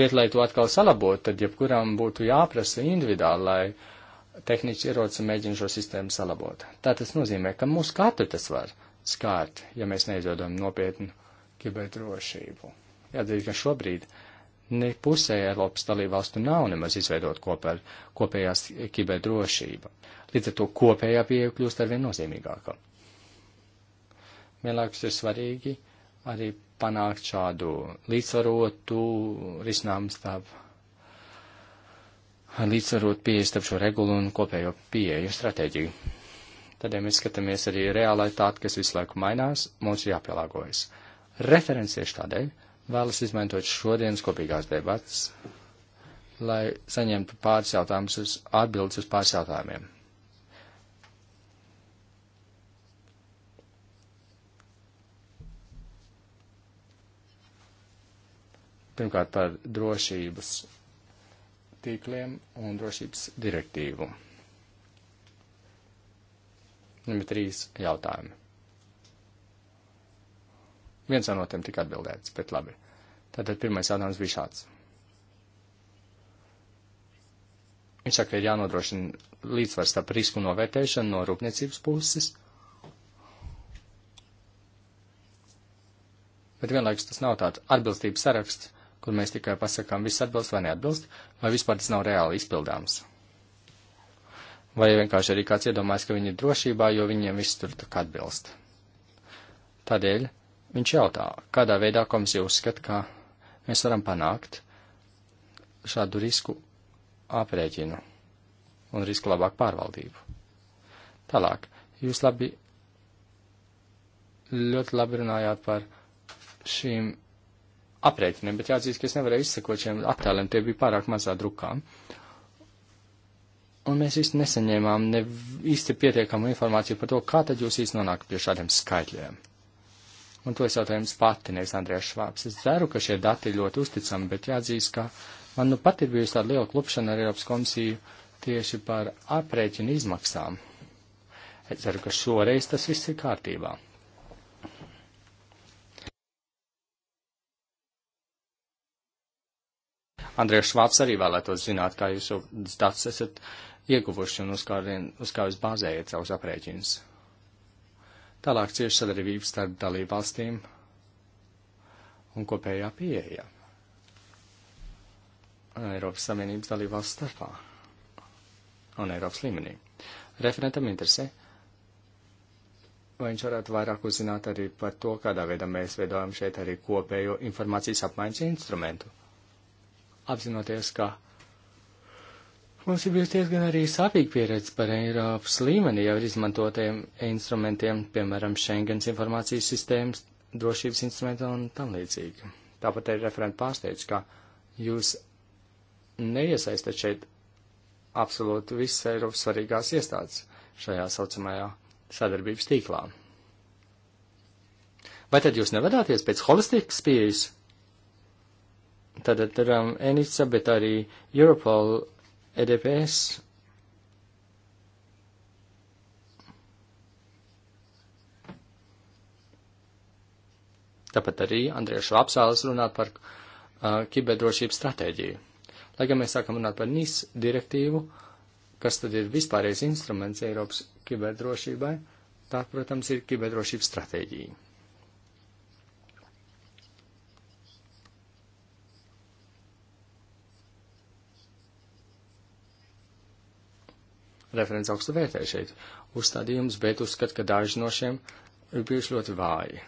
Bet, lai to atkal salabotu, tad jebkuram būtu jāprasa individuāli, lai tehniķi ieroci mēģina šo sistēmu salabot. Tā tas nozīmē, ka mūsu katru tas var skārt, ja mēs neizveidojam nopietnu kiberdrošību. Jāatzīst, ka šobrīd ne pusē Eiropas dalībvalstu nav nemaz izveidot kopēr, kopējās kiberdrošība. Līdz ar to kopējā pieeja kļūst arvien nozīmīgāka. Vienlaikus ir svarīgi arī panākt šādu līdzsvarotu risinājumu starp līdzsvarot pieeju starp šo regulu un kopējo pieeju stratēģiju. Tad, ja mēs skatāmies arī realitāti, kas visu laiku mainās, mums ir jāpielāgojas. Referents tieši tādēļ, vēlas izmantot šodienas kopīgās debatas, lai saņemtu pāris jautājumus uz atbildes uz pāris jautājumiem. Pirmkārt par drošības tīkliem un drošības direktīvu. Numur trīs jautājumi. Viens no tiem tika atbildēts, bet labi. Tātad pirmais jautājums bija šāds. Viņš saka, ka ir jānodrošina līdzsvars starp risku novērtēšanu no rūpniecības puses. Bet vienlaikus tas nav tāds atbilstības saraksts, kur mēs tikai pasakām, viss atbilst vai neatbilst, vai vispār tas nav reāli izpildāms. Vai vienkārši arī kāds iedomājas, ka viņi ir drošībā, jo viņiem viss tur tā kā atbilst. Tādēļ Viņš jautā, kādā veidā komisija uzskata, ka mēs varam panākt šādu risku aprēķinu un risku labāku pārvaldību. Tālāk, jūs labi, ļoti labi runājāt par šīm aprēķiniem, bet jāatzīst, ka es nevarēju izsekot šiem attēliem, tie bija pārāk mazā drukā. Un mēs īsti nesaņēmām ne īsti pietiekamu informāciju par to, kā tad jūs īsti nonākat pie šādiem skaitļiem. Un to es jautāju jums pati, nevis Andrēs Švāps. Es ceru, ka šie dati ir ļoti uzticami, bet jāatzīst, ka man nu pat ir bijusi tāda liela klupšana ar Eiropas komisiju tieši par aprēķinu izmaksām. Es ceru, ka šoreiz tas viss ir kārtībā. Andrēs Švāps arī vēlētos zināt, kā jūs jau datus esat ieguvuši un uz kā, uz kā jūs bāzējat savus aprēķinus. Tālāk cieši sadarbība starp dalību valstīm un kopējā pieeja Eiropas Savienības dalību valsts starpā un Eiropas līmenī. Referentam interesē, vai viņš varētu vairāk uzzināt arī par to, kādā veidā mēs veidojam šeit arī kopējo informācijas apmaiņas instrumentu. Apzinoties, ka Mums ir bijusi diezgan arī sāpīga pieredze par Eiropas līmenī jau izmantotiem instrumentiem, piemēram, Schengens informācijas sistēmas, drošības instrumenta un tam līdzīgi. Tāpat arī referenta pārsteidz, ka jūs neiesaistat šeit absolūti visas Eiropas svarīgās iestādes šajā saucamajā sadarbības tīklā. Vai tad jūs nevadāties pēc holistiskas pieejas? Tātad ir um, ENISA, bet arī Europol EDPS Tāpat arī Andrēs Švāps vēlas runāt par uh, kiberdrošības stratēģiju. Lai gan mēs sākam runāt par NIS direktīvu, kas tad ir vispārējais instruments Eiropas kiberdrošībai, tā, protams, ir kiberdrošības stratēģija. referents augstu vērtē šeit uzstādījumus, bet uzskat, ka daži no šiem ir bijuši ļoti vāji.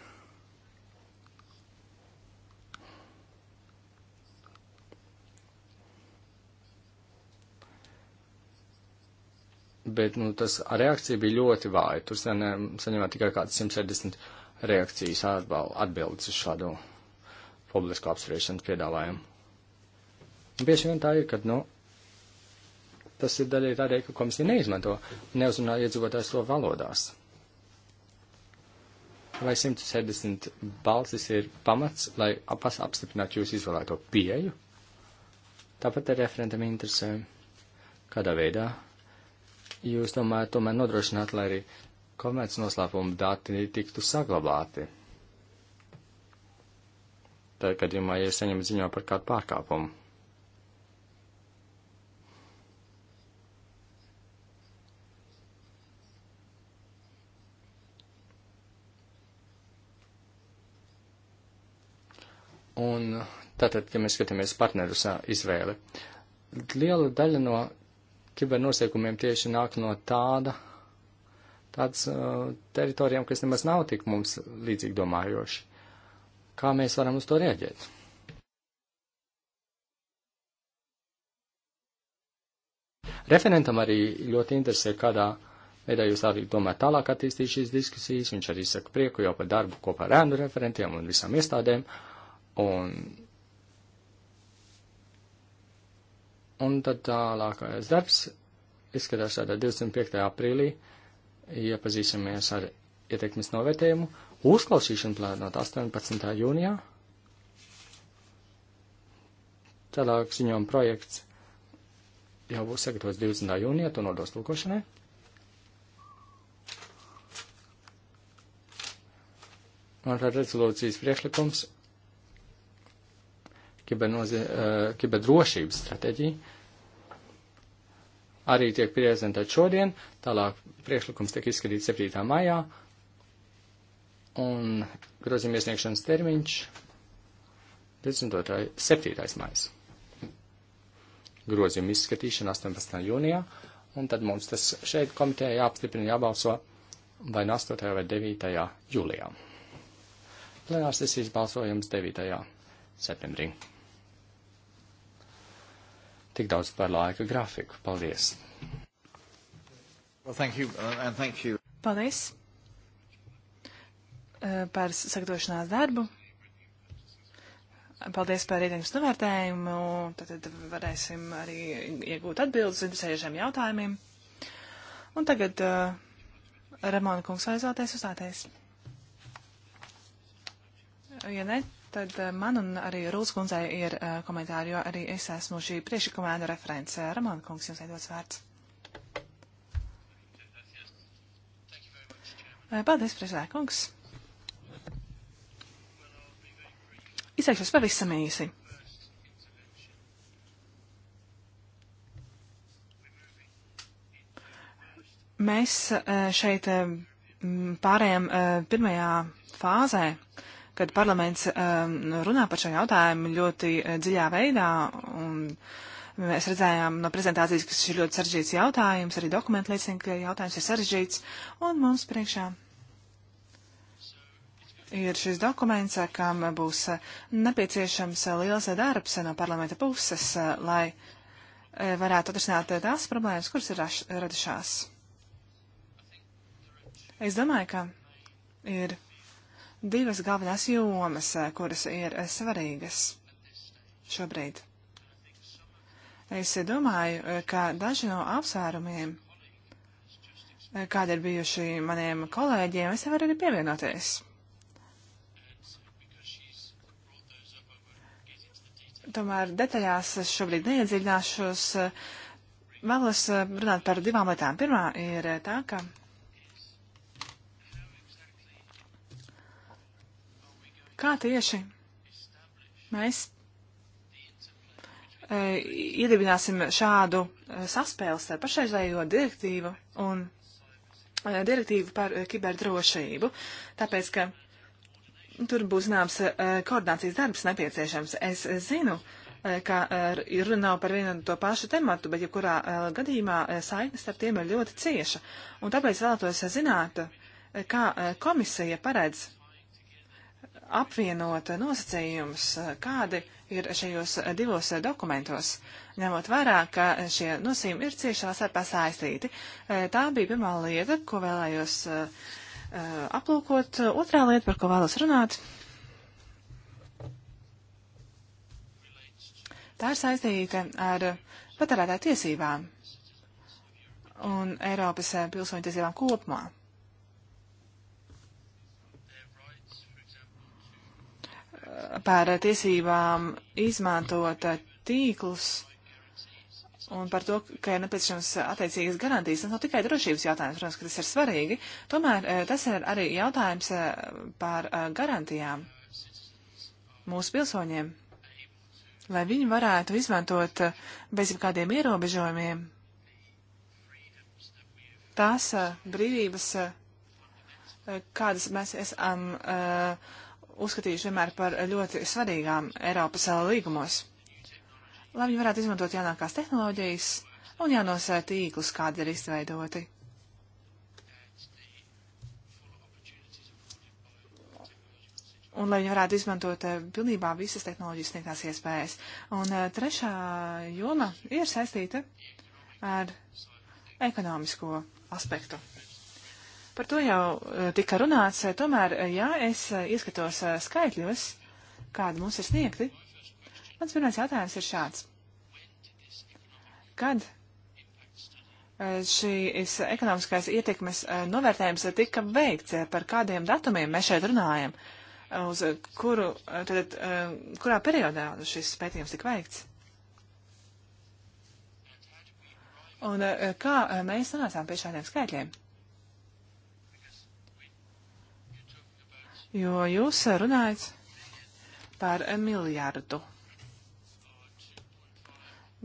Bet, nu, tas reakcija bija ļoti vāja. Tur saņemā tikai kāds 160 reakcijas atbildes uz šādu publisku apspriešanu piedāvājumu. Bieži vien tā ir, kad, nu, Tas ir daļai tādēļ, ka komisija neizmanto, neuzrunā iedzīvotājs to valodās. Vai 170 balsis ir pamats, lai apstiprinātu jūsu izvēlēto pieeju? Tāpat ar referentam interesē, kādā veidā jūs domājat tomēr nodrošināt, lai arī komerc noslēpuma dati tiktu saglabāti. Tad, kad jums ir saņemta ziņā par kādu pārkāpumu. Un tātad, ja mēs skatāmies partnerus izvēli, liela daļa no kibernosiekumiem tieši nāk no tāda, tādas uh, teritorijām, kas nemaz nav tik mums līdzīgi domājoši. Kā mēs varam uz to rēģēt? Referentam arī ļoti interesē, kādā veidā jūs arī domājat tālāk attīstīt šīs diskusijas. Viņš arī saka prieku jau par darbu kopā ar ēnu referentiem un visām iestādēm. Uh, Un, un tad tālākais darbs izskatās tādā 25. aprīlī, iepazīsimies ar ieteikmes novērtējumu, uzklausīšanu plānot 18. jūnijā. Tālāk ziņojuma projekts jau būs sagatavots 20. jūnijā, to nodos tulkošanai. Man ir rezolūcijas priekšlikums Eh, kiberdrošības stratēģija. Arī tiek prezentēta šodien, tālāk priekšlikums tiek izskatīts 7. maijā, un grozījuma iesniegšanas termiņš 22. 7. maijs. Grozījuma izskatīšana 18. jūnijā, un tad mums tas šeit komitē jāapstiprina, jābalso vai 8. Nu vai 9. jūlijā. Plenārsesijas balsojums 9. septembrī. Tik daudz par laika grafiku. Paldies! Well, thank you, uh, and thank you. Paldies uh, par sagatavošanās darbu. Paldies par ietekmes novērtējumu. Tad, tad varēsim arī iegūt atbildes interesējušiem jautājumiem. Un tagad uh, Ramona kungs vēlēties uzstāties. Ja ne, Tad eh, man un arī Rūs kundzei ir eh, komentāri, jo arī es esmu šī priekšlikumēna referents. Eh, Ramon kungs, jums iedots vārds. Paldies, priekšlēkungs. kungs. Izteikšos pavisam īsi. Mēs šeit pārējām pirmajā fāzē, kad parlaments um, runā par šo jautājumu ļoti uh, dziļā veidā. Un, Mēs redzējām no prezentācijas, ka šis ir ļoti sarežģīts jautājums, arī dokumenti liecina, ka jautājums ir sarežģīts, un mums priekšā ir šis dokuments, uh, kam būs uh, nepieciešams liels darbs no parlamenta puses, lai varētu atrisināt tās problēmas, kuras ir radušās. Es domāju, ka ir divas galvenās jomas, eh, kuras ir eh, svarīgas šobrīd. Es domāju, eh, ka daži no apsvērumiem, kādi ir bijuši maniem kolēģiem, es nevaru arī pievienoties. tomēr detaļās es šobrīd neiedziļināšos. Vēlos runāt par divām lietām. Pirmā ir tā, ka Kā tieši mēs e, iedibināsim šādu e, saspēli starp pašreizējo direktīvu un e, direktīvu par kiberdrošību, tāpēc, ka tur būs zināms koordinācijas darbs nepieciešams. Es zinu, ka runa nav par vienu un to pašu tematu, bet jebkurā gadījumā saikne starp tiem ir ļoti cieša. Un tāpēc vēlētos zināt, kā komisija paredz apvienot nosacījumus, kādi ir šajos divos dokumentos, ņemot vērā, ka šie nosacījumi ir ciešā starpā saistīti. E, tā bija pirmā lieta, ko vēlējos e, e, aplūkot. Otrā lieta, par ko vēlos runāt, tā ir saistīta ar patērētāju tiesībām un Eiropas pilsoņu tiesībām kopumā. par tiesībām izmantot tīklus un par to, ka ir nepieciešams attiecīgas garantijas. Tas nav tikai drošības jautājums, protams, ka tas ir svarīgi, tomēr eh, tas ir arī jautājums eh, par eh, garantijām mūsu pilsoņiem, lai viņi varētu izmantot bez jebkādiem ierobežojumiem tās brīvības, kādas mēs esam uh, uzskatījuši vienmēr par ļoti svarīgām Eiropas līgumos. Lai viņi varētu izmantot jaunākās tehnoloģijas un jaunos tīklus, kādi ir izveidoti. un lai viņi varētu izmantot pilnībā visas tehnoloģijas sniegtās iespējas. Un trešā joma ir saistīta ar ekonomisko aspektu. Par to jau eh, tika runāts, eh, tomēr, eh, ja es ieskatos skaitļos, kādi mums ir sniegti, mans pirmais jautājums ir šāds. Kad šīs ekonomiskās ietekmes novērtējums tika veikts, par kādiem datumiem mēs šeit runājam, uz kuru, tad, kurā periodā šis pētījums tika veikts? Un kā mēs nonācām pie šādiem skaitļiem? jo jūs eh, runājat par miljārdu.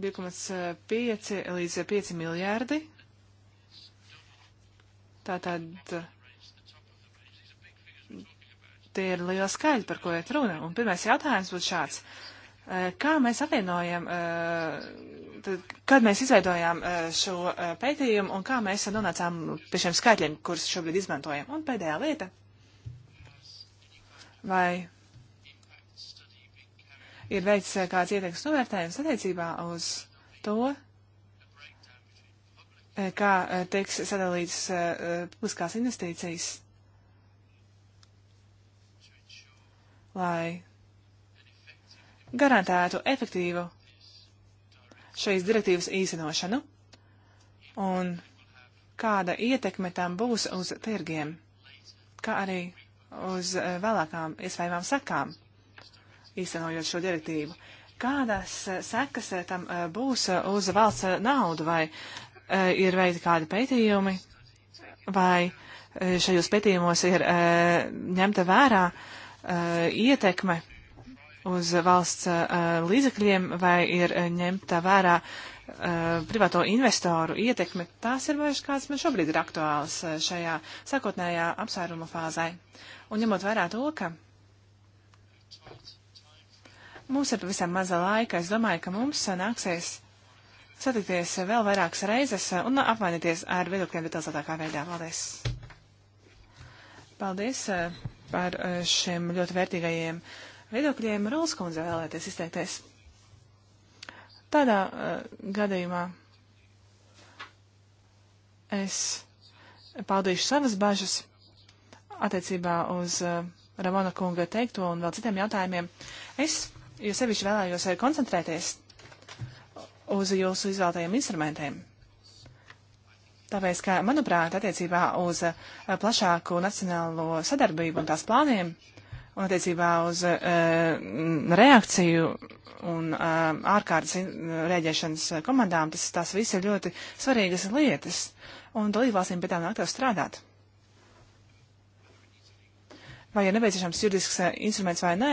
2,5 līdz 5 miljārdi. Tātad tie ir liela skaļi, par ko iet runa. Un pirmais jautājums būtu šāds. Eh, kā mēs apvienojam, eh, tad, kad mēs izveidojām šo pētījumu un kā mēs nonācām pie šiem skaitļiem, kurus šobrīd izmantojam? Un pēdējā lieta vai ir veids eh, kāds ieteikts novērtējums attiecībā uz to, eh, kā eh, tiks sadalīts publiskās investīcijas, lai garantētu efektīvu šīs direktīvas īstenošanu un kāda ietekme tam būs uz tirgiem, kā arī uz eh, vēlākām iespējamām sekām, īstenojot šo direktīvu. Kādas eh, sekas eh, tam būs uz valsts naudu, vai ir veikti kādi pētījumi, vai šajos pētījumos ir ņemta vērā ietekme uz valsts līdzekļiem, vai ir ņemta vērā uh, Uh, privāto investoru ietekme, tās ir vairs kāds man šobrīd ir aktuāls uh, šajā sākotnējā apsvēruma fāzē. Un ņemot vērā to, ka mums ir pavisam maza laika, es domāju, ka mums nāksies satikties vēl vairākas reizes un apmainīties ar viedokļiem detalizētākā veidā. Paldies! Paldies uh, par šiem ļoti vērtīgajiem viedokļiem. Rolskundze vēlēties izteikties. Tādā uh, gadījumā es paudīšu savas bažas attiecībā uz uh, Ramona kunga teikto un vēl citiem jautājumiem. Es, jo sevišķi vēlējos arī eh, koncentrēties uz jūsu izvēltajiem instrumentiem. Tāpēc, ka, manuprāt, attiecībā uz uh, plašāku nacionālo sadarbību un tās plāniem, uh, Un attiecībā uz eh, reakciju un eh, ārkārtas rēģēšanas komandām, tas tās viss ir ļoti svarīgas lietas. Un dalībvalstīm pie tām nāktos strādāt. Vai ir nepieciešams juridisks eh, instruments vai nē,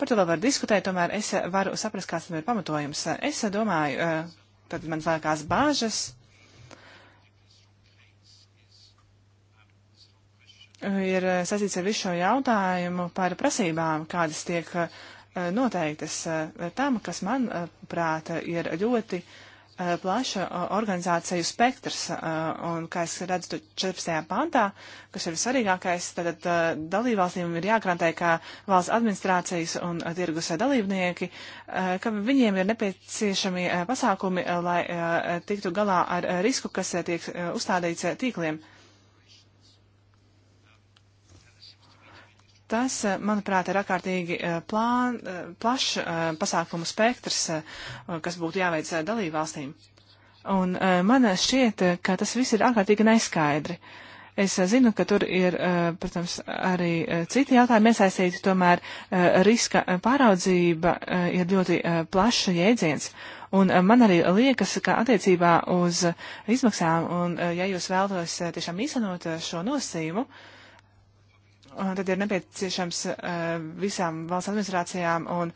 par to vēl var diskutēt, tomēr es varu saprast, kāds tam ir pamatojums. Es domāju, tad man liekas bāžas ir eh, saistīts ar visu šo jautājumu par prasībām, kādas tiek eh, noteiktas eh, tam, kas man prāta ir ļoti plaša organizāciju spektrs, un kā es redzu 14. pantā, kas ir svarīgākais, tad dalībvalstīm ir jāgarantē, ka valsts administrācijas un tirgus dalībnieki, ka viņiem ir nepieciešami pasākumi, lai tiktu galā ar risku, kas tiek uzstādīts tīkliem. Tas, eh, manuprāt, ir ārkārtīgi eh, plān, eh, plašs pasākumu spektrs, kas būtu jāveic dalībvalstīm. Un man šķiet, ka tas viss ir ārkārtīgi neskaidri. Es zinu, ka tur ir, protams, arī citi jautājumi iesaistīti, tomēr riska pāraudzība ir ļoti plaša jēdziens. Un man arī liekas, ka attiecībā uz izmaksām, un ja jūs vēlaties tiešām īstenot šo nosīmu, uh, Un tad ir nepieciešams eh, visām valsts administrācijām un,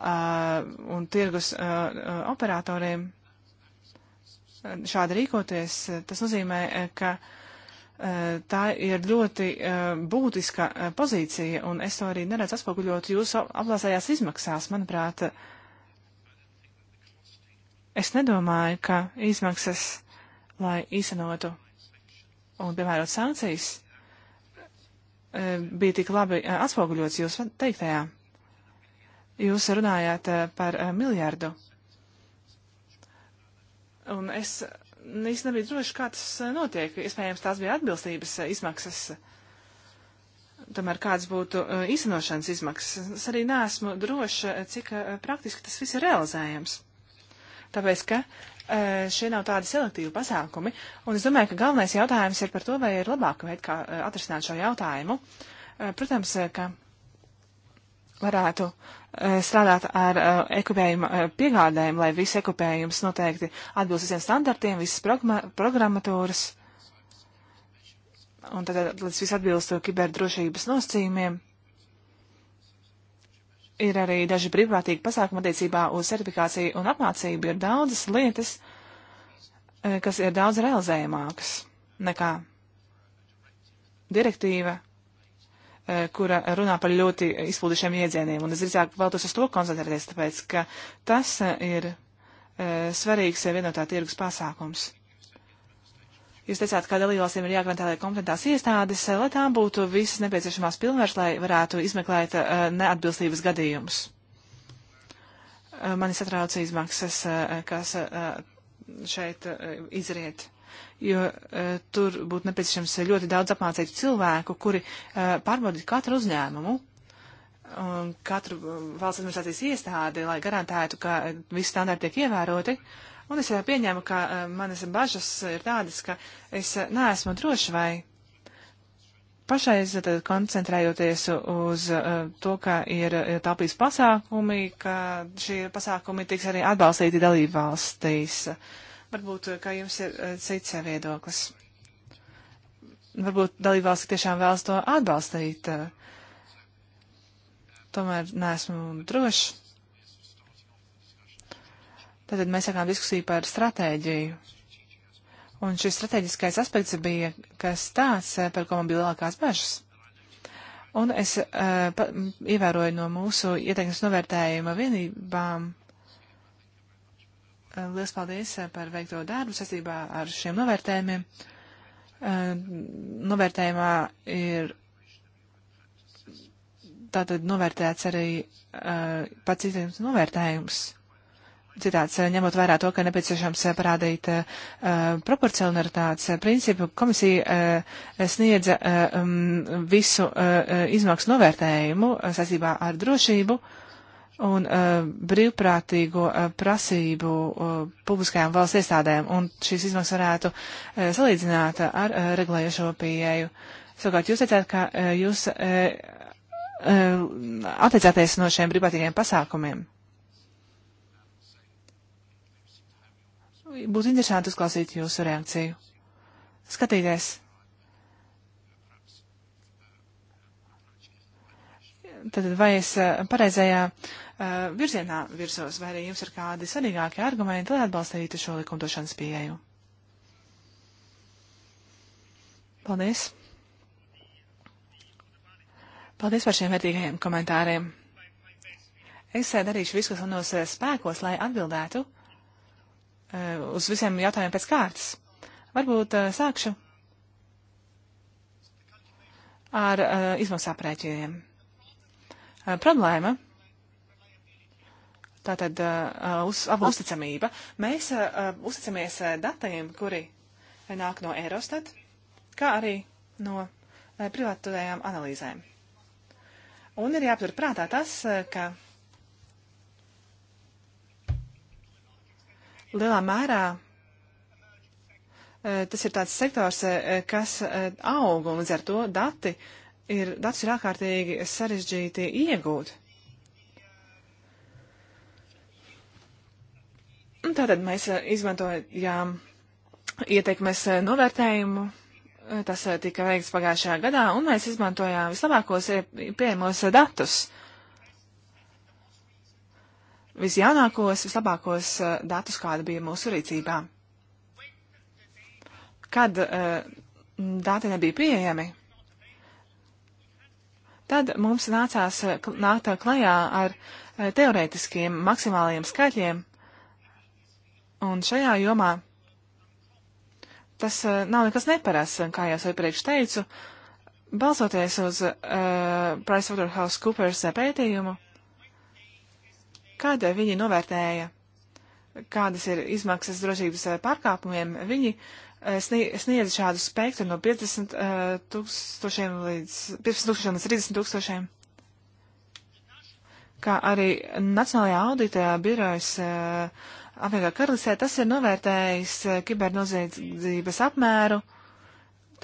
eh, un tirgus eh, operatoriem šādi rīkoties. Tas nozīmē, ka tā ir ļoti būtiska pozīcija, un es to arī neredzu atspoguļot jūsu aplāsējās izmaksās. Manuprāt, es nedomāju, ka izmaksas, lai īstenotu un piemērot sankcijas, E, bija tik labi e, atspoguļots jūsu teiktajā. Jūs runājāt e, par miljārdu. Un es īsti nebiju droši, kā tas notiek. Iespējams, tās bija atbilstības izmaksas. Tomēr kādas būtu īstenošanas izmaksas. Es arī neesmu droša, cik praktiski tas viss ir realizējams. Tāpēc, ka šie nav tādi selektīvi pasākumi, un es domāju, ka galvenais jautājums ir par to, vai ir labāk veids, kā atrisināt šo jautājumu. Protams, ka varētu strādāt ar ekopējuma piegādēm, lai viss ekopējums noteikti atbilst visiem standartiem, visas programmatūras, un tad, tad viss atbilstu kiberdrošības nosacījumiem. Ir arī daži brīvprātīgi pasākumi attiecībā uz certifikāciju un apmācību. Ir daudzas lietas, eh, kas ir daudz realizējamākas nekā direktīva, eh, kura runā par ļoti izpildīšiem iedzieniem. Un es drīzāk vēlos uz to koncentrēties, tāpēc, ka tas eh, ir svarīgs vienotā tirgus pasākums. Jūs teicāt, ka dalībvalstīm ir jāgarantē kompetentās iestādes, eh, lai tām būtu visas nepieciešamās pilnvaras, lai varētu izmeklēt uh, neatbilstības gadījumus. Uh, mani satrauc izmaksas, uh, kas šeit izriet, jo tur būtu nepieciešams ļoti daudz apmācītu cilvēku, kuri pārbaudītu katru uzņēmumu, katru valsts administrācijas iestādi, lai garantētu, ka visi standarti tiek ievēroti. Uh, Un es eh, pieņēmu, ka eh, manas bažas eh, ir tādas, ka es neesmu droši vai pašreiz tad, koncentrējoties uz uh, to, ka ir tāpīs pasākumi, ka šie pasākumi tiks arī atbalstīti dalību valstīs. Varbūt, ka jums ir uh, cits viedoklis. Varbūt dalību valsti tiešām vēlas to atbalstīt. Tomēr neesmu drošs. Tad mēs sākām diskusiju par stratēģiju. Un šis strateģiskais aspekts bija kas tāds, eh, par ko man bija lielākās bažas. Un es uh, pa, ievēroju no mūsu ieteikums novērtējuma vienībām. Uh, eh, Lielas paldies par veikto darbu saistībā ar šiem novērtējumiem. Uh, novērtējumā ir tātad novērtēts arī uh, pats ieteikums novērtējums citāts, eh, ņemot vērā to, ka nepieciešams eh, parādīt uh, proporcionalitātes principu, komisija uh, sniedza uh, um, visu uh, izmaksu novērtējumu uh, saistībā ar drošību un uh, brīvprātīgo uh, prasību uh, publiskajām valsts iestādēm, un šīs izmaksas varētu uh, salīdzināt ar uh, regulējošo pieeju. Savukārt, jūs teicāt, ka uh, jūs uh, uh, atteicāties no šiem brīvprātīgiem pasākumiem. Būtu interesanti uzklausīt jūsu reakciju. Skatīties. Tad vai es eh, pareizajā eh, virzienā virzos, vai arī jums ir kādi svarīgākie argumenti, lai atbalstītu šo likumdošanas pieeju? Paldies! Paldies par šiem vērtīgajiem komentāriem! Es eh, darīšu visu, kas manos spēkos, lai atbildētu Eh, uz visiem jautājumiem pēc kārtas. Varbūt eh, sākšu ar eh, izmaksu aprēķiniem. Problēma. Tātad uz, uzticamība. Mēs uzticamies datiem, kuri nāk no Eurostat, kā arī no privātajām analīzēm. Un ir jāpatur prātā tas, ka lielā mērā eh, tas ir tāds sektors, eh, kas eh, aug, un līdz ar to dati ir, datus ir ārkārtīgi sarežģīti iegūt. Un tātad mēs izmantojām ieteikumes novērtējumu. Tas tika veikts pagājušajā gadā, un mēs izmantojām vislabākos pieejamos datus. Uh, visjaunākos, vislabākos eh, datus, kāda bija mūsu rīcībā. Kad eh, dati nebija pieejami, tad mums nācās eh, nākt klajā ar teorētiskiem maksimālajiem skaitļiem, un šajā jomā tas nav nekas neparasts, kā jau iepriekš teicu, balsoties uz uh, PricewaterhouseCoopers pētījumu Kad viņi novērtēja, kādas ir izmaksas drošības eh, pārkāpumiem, viņi eh, sniedz šādu spektru no 50 eh, tūkstošiem līdz 15 tūkstošiem līdz 30 tūkstošiem. Kā arī Nacionālajā audita birojas apvienotā karalistē, tas ir novērtējis kibernoziedzības apmēru.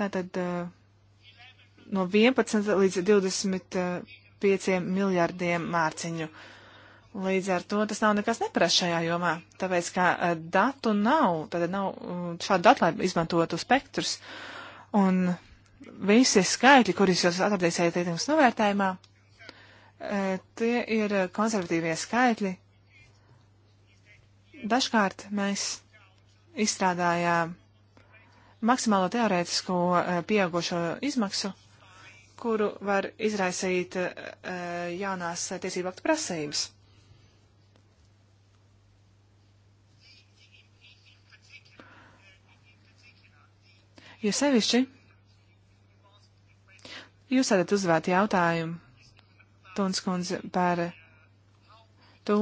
Tātad no 11 līdz 25 miljardiem mārciņu. Uh, Līdz ar to tas nav nekas neprasa šajā jomā, tāpēc ka eh, datu nav, tad nav eh, šādu datu, lai izmantotu spektrus. Un visi skaitļi, kurus jūs atradīsiet ietekmes novērtējumā, eh, tie ir konservatīvie skaitļi. Dažkārt mēs izstrādājām maksimālo teorētisko pieaugušo izmaksu, kuru var izraisīt jaunās tiesību aktu prasības. Jo sevišķi jūs varat uzvēt jautājumu, Tunskundze, par to,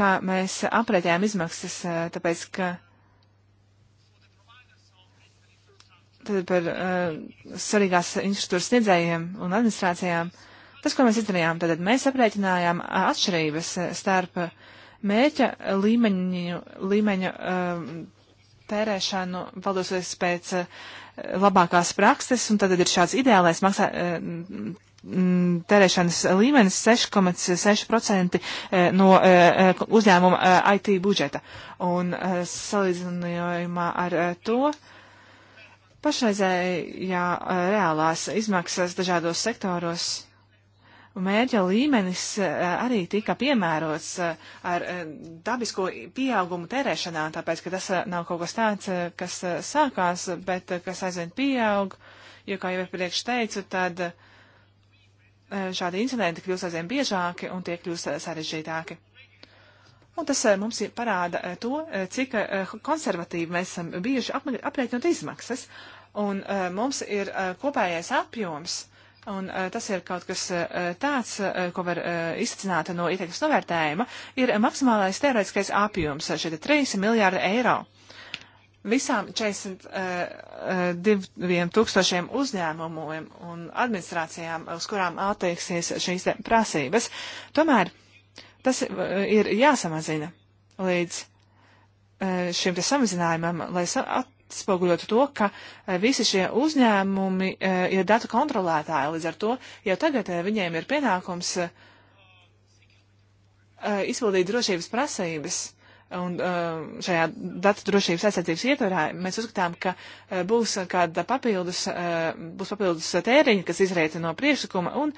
kā mēs aprēķējām izmaksas, eh, tāpēc, ka tad par uh, svarīgās infrastruktūras sniedzējiem un administrācijām. Tas, ko mēs izdarījām, tad mēs aprēķinājām eh, atšķirības starp mērķa līmeņu, līmeņu uh, tērēšanu valdoties pēc eh, labākās prakses, un tad ir šāds ideālais maksā, eh, tērēšanas līmenis 6,6% eh, no uzņēmuma IT budžeta. Un salīdzinājumā ar to. Pašreizējā reālās izmaksas dažādos sektoros mērķa līmenis eh, arī tika piemērots eh, ar eh, dabisko pieaugumu tērēšanā, tāpēc, ka tas nav kaut kas tāds, kas sākās, bet kas aizvien pieaug, jo, kā jau iepriekš teicu, tad šādi incidenti kļūst aizvien biežāki un tie kļūst sarežģītāki. Un tas mums parāda to, cik konservatīvi mēs esam bieži aprēķinot izmaksas, un mums ir kopējais apjoms Un uh, tas ir kaut kas uh, tāds, uh, ko var uh, izcināt no ietekmes novērtējuma, ir maksimālais teorētiskais apjoms, šie 3 miljārdi eiro. Visām 42 tūkstošiem uzņēmumiem un administrācijām, uz kurām attieksies šīs prasības, tomēr tas ir jāsamazina līdz šim te samazinājumam, lai sa at atspoguļot to, ka eh, visi šie uzņēmumi eh, ir datu kontrolētāji. Līdz ar to jau tagad eh, viņiem ir pienākums izpildīt drošības prasības. Un šajā datu drošības aizsardzības ietvarā mēs uzskatām, ka būs kāda papildus, būs papildus tēriņa, kas izrieta no priekšlikuma, un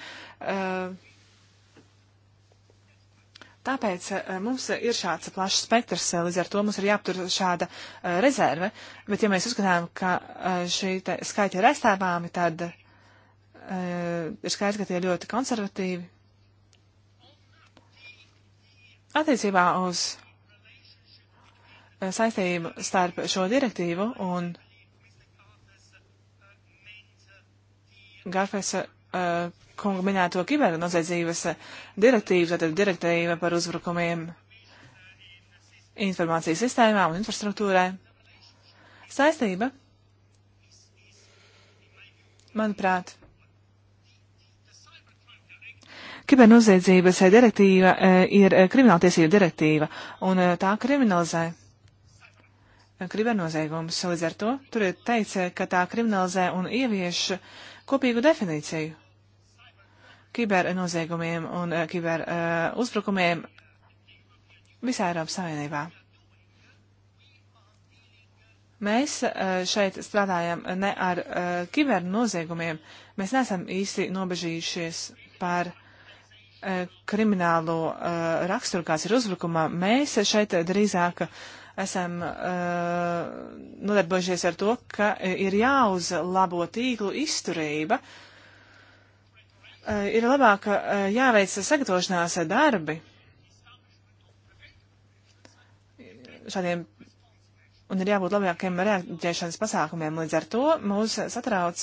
Tāpēc eh, mums ir šāds plašs spektrs, eh, līdz ar to mums ir jāaptur šāda eh, rezerve, bet ja mēs uzskatām, ka šī skaita ir aizstāvāmi, tad ir skaidrs, ka tie ir ļoti konservatīvi. Attiecībā uz saistību starp šo direktīvu un Garfesa uh, kungu minēto kibernoziedzības direktīvu, tātad direktīva par uzbrukumiem informācijas sistēmām un infrastruktūrai. Saistība, manuprāt, kibernoziedzības direktīva e, ir e, krimināltiesība direktīva, un e, tā kriminalizē kibernoziegums. Līdz ar to tur ir teica, ka tā kriminalizē un ievieš kopīgu definīciju kibernoziegumiem un eh, kiberuzbrukumiem eh, visā Eiropas Savienībā. Mēs eh, šeit strādājam ne ar kibernoziegumiem, mēs neesam īsti nobežījušies par kriminālo uh, raksturu, kāds ir uzbrukumā, mēs šeit drīzāk esam uh, nodarbojušies ar to, ka ir jāuzlabo tīklu izturība, Eh, ir labāk eh, jāveic sagatavošanās darbi šādiem un ir jābūt labākiem reaģēšanas pasākumiem. Līdz ar to mūs satrauc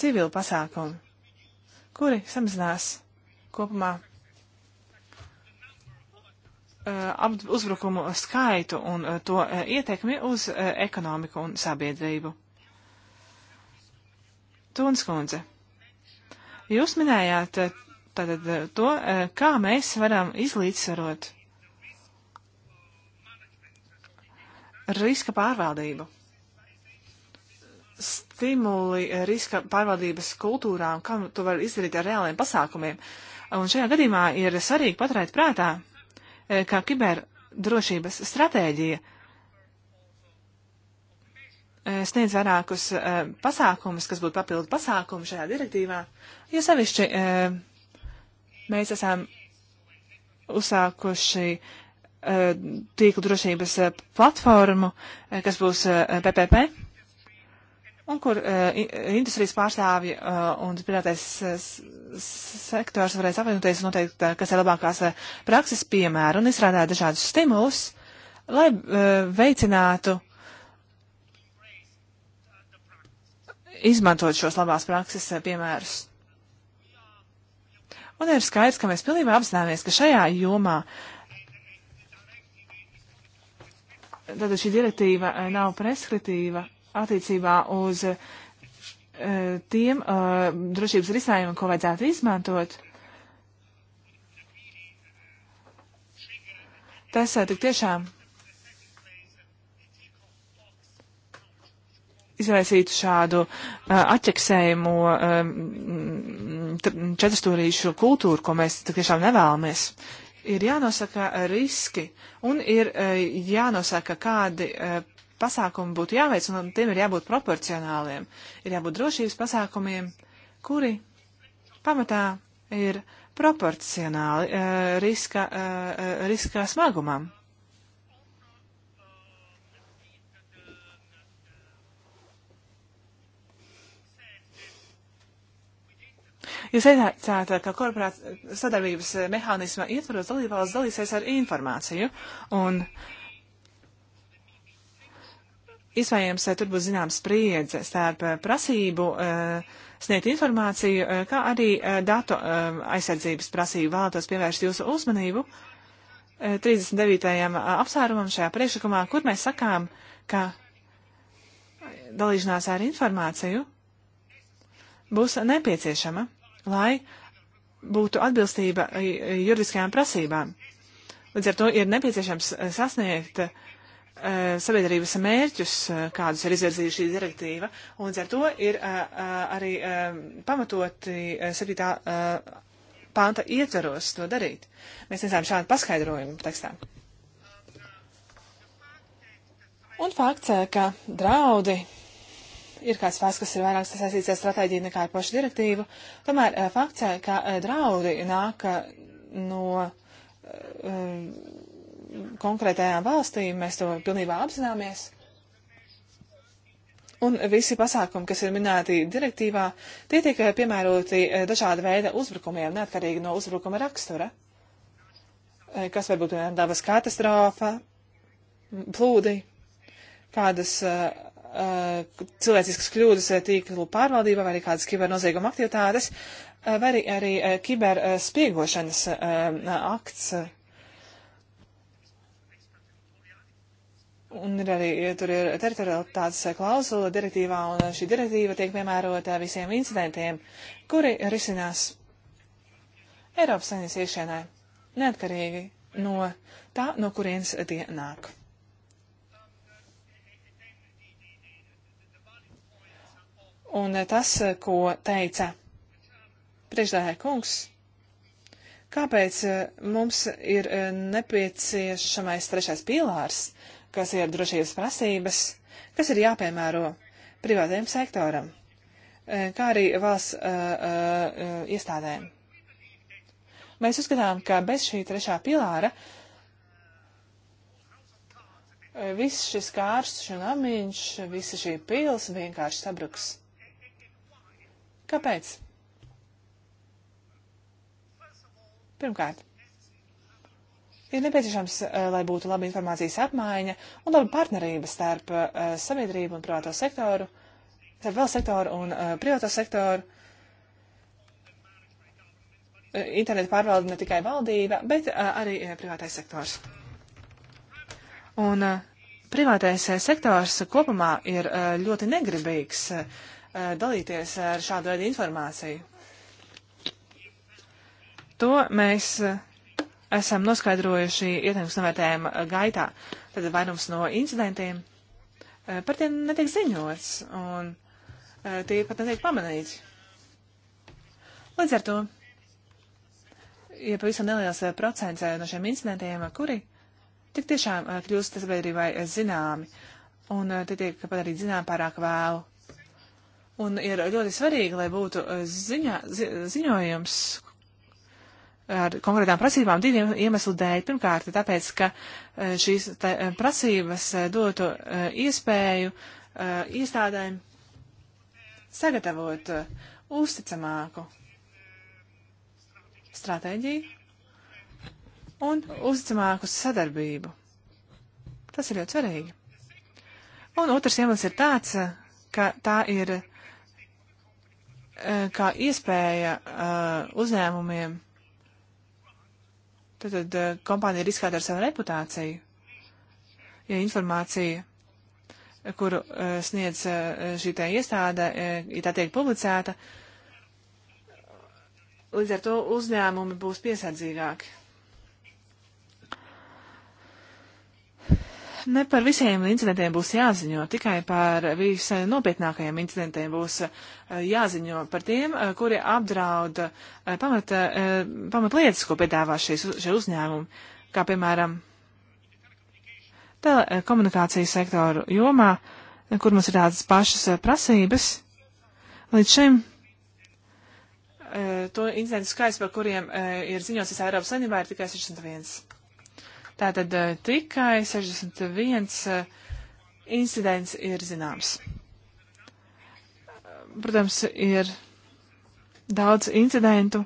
civilu pasākumi, kuri samazinās kopumā eh, uzbrukumu skaitu un to ietekmi uz ekonomiku un sabiedrību. Tūnskundze. Jūs minējāt eh, tātad eh, to, eh, kā mēs varam izlīdzsvarot riska pārvaldību. Stimuli riska pārvaldības kultūrā un kā to var izdarīt ar reāliem pasākumiem. Un šajā gadījumā ir svarīgi paturēt prātā, kā kiberdrošības stratēģija Eh, sniedz vairākus eh, pasākumus, kas būtu papildu pasākumi šajā direktīvā, jo sevišķi eh, mēs esam uzsākuši tīkla drošības platformu, kas būs PPP, un kur industrijas pārstāvji un privātais sektors varēs apvienoties un noteikt, kas ir labākās prakses piemēra un izstrādāt dažādus stimulus, lai veicinātu izmantot šos labās prakses eh, piemērus. Un ir skaidrs, ka mēs pilnībā apzināmies, ka šajā jomā tātad šī direktīva eh, nav preskritīva attiecībā uz uh, tiem uh, drošības risinājumiem, ko vajadzētu izmantot. Tas uh, tik tiešām izraisītu šādu uh, atķeksējumu uh, četrstūrīšu kultūru, ko mēs tiešām nevēlamies. Ir jānosaka riski un ir uh, jānosaka, kādi uh, pasākumi būtu jāveic, un tiem ir jābūt proporcionāliem. Ir jābūt drošības pasākumiem, kuri pamatā ir proporcionāli uh, riska, uh, uh riska smagumam. Jūs teicāt, ka korporāts sadarbības mehānisma ietvaros dalībvalsts dalīsies ar informāciju un iespējams tur būs zināms spriedze starp eh, prasību eh, sniegt informāciju, eh, kā arī datu aizsardzības prasību vēlētos pievērst jūsu uzmanību 39. apsvērumam šajā priekšlikumā, kur mēs sakām, ka dalīšanās ar informāciju būs nepieciešama lai būtu atbilstība juridiskajām prasībām. Līdz ar to ir nepieciešams e, sasniegt uh, sabiedrības mērķus, e, kādus ir izvirzījuši šī direktīva, un līdz ar to ir uh, arī uh, pamatoti 7. panta ietveros to darīt. Mēs nesam šādu paskaidrojumu tekstā. Un fakts, ka draudi ir kāds fakts, kas ir vairāk sasaistīts ar stratēģiju nekā ar pašu direktīvu. Tomēr eh, fakts, eh, ka eh, draudi nāk no konkrētajām valstīm, mēs to pilnībā apzināmies. Un visi pasākumi, kas ir minēti direktīvā, tie tiek piemēroti dažāda veida uzbrukumiem, neatkarīgi no uzbrukuma rakstura. Kas var būt dabas katastrofa, plūdi, kādas uh, Uh, cilvēciskas kļūdas uh, tīklu pārvaldībā vai arī kādas kibernozieguma aktivitātes, uh, vai arī, arī kiberspiegošanas akts. Un ir arī, tur ir teritorialitātes klauzula direktīvā, un šī direktīva tiek piemērota visiem incidentiem, kuri risinās Eiropas saimnes iekšienē, neatkarīgi no tā, no kurienes tie nāk. Un tas, ko teica priekšdēhē kungs, kāpēc eh, mums ir eh, nepieciešamais trešais pīlārs, kas ir drošības prasības, kas ir jāpiemēro privātajam sektoram, eh, kā arī valsts uh, uh, iestādēm. Mēs uzskatām, ka bez šī trešā pilāra viss šis kārs, šis namiņš, visa šī pils vienkārši sabruks. Kāpēc? Pirmkārt, ir nepieciešams, eh, lai būtu laba informācijas apmaiņa un laba partnerība starp eh, sabiedrību un privāto sektoru, starp valsts sektoru un eh, privāto sektoru. Internetu pārvalda ne tikai valdība, bet arī privātais sektors. Un privātais sektors kopumā ir ļoti negribīgs Eh, dalīties ar šādu veidu informāciju. To mēs eh, esam noskaidrojuši ietekmes novērtējuma gaitā. Tad vairums no incidentiem eh, par tiem netiek ziņots un tie pat netiek pamanīti. Līdz ar to ir pavisam neliels procents no šiem incidentiem, kuri tik tiešām kļūst sabiedrībai zināmi un tie tiek padarīti zinām pārāk vēlu. Un ir ļoti svarīgi, lai būtu eh, ziņā, zi, ziņojums ar konkrētām prasībām diviem iemeslu dēļ. Pirmkārt, tāpēc, ka eh, šīs tā, eh, prasības dotu iespēju iestādēm sagatavot uzticamāku stratēģiju un uzticamāku sadarbību. Tas ir ļoti svarīgi. Un otrs iemesls ir tāds, ka tā ir Eh, kā iespēja eh, uzņēmumiem. Tad eh, kompānija ir izkāda ar savu reputāciju. Ja informācija, kuru sniedz šī tā iestāde, ja tā tiek publicēta, līdz ar to uzņēmumi būs piesardzīgāki. ne par visiem incidentiem būs jāziņo, tikai par visnopietnākajiem eh, incidentiem būs eh, jāziņo par tiem, eh, kuri apdraud pamata, pamata lietas, ko piedāvā šīs, šie uzņēmumi, kā piemēram telekomunikācijas sektoru jomā, kur mums ir tādas pašas prasības. Līdz šim to incidentu skaits, par kuriem ir ziņots visā Eiropas saimnībā, ir tikai 61. Tātad eh, tikai 61 eh, incidents ir zināms. Protams, ir daudz incidentu.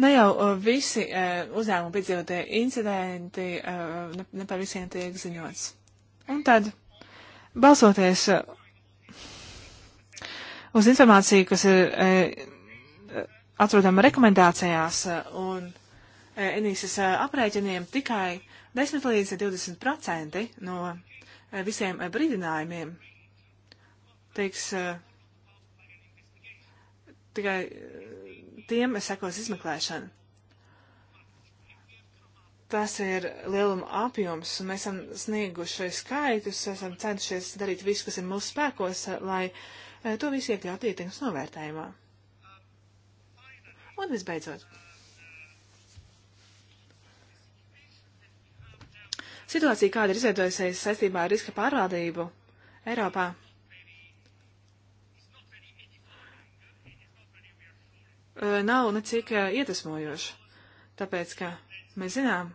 Ne jau eh, visi uzņēmumu piedzīvotie incidenti, ne par visiem tiek ziņots. Un tad, balsoties uz informāciju, kas ir atrodam rekomendācijās eh, un eh, enīsas eh, aprēķiniem tikai 10 līdz 20% no visiem brīdinājumiem tiks tikai tiem sekos izmeklēšana. Tas ir lieluma apjoms, un mēs esam snieguši skaitus, esam centušies darīt visu, kas ir mūsu spēkos, lai to visu iekļautu ietekmes novērtējumā. Un visbeidzot. Situācija, kāda ir izveidojusies saistībā ar riska pārvaldību Eiropā, eh, nav necik eh, iedvesmojoša, tāpēc, ka mēs zinām,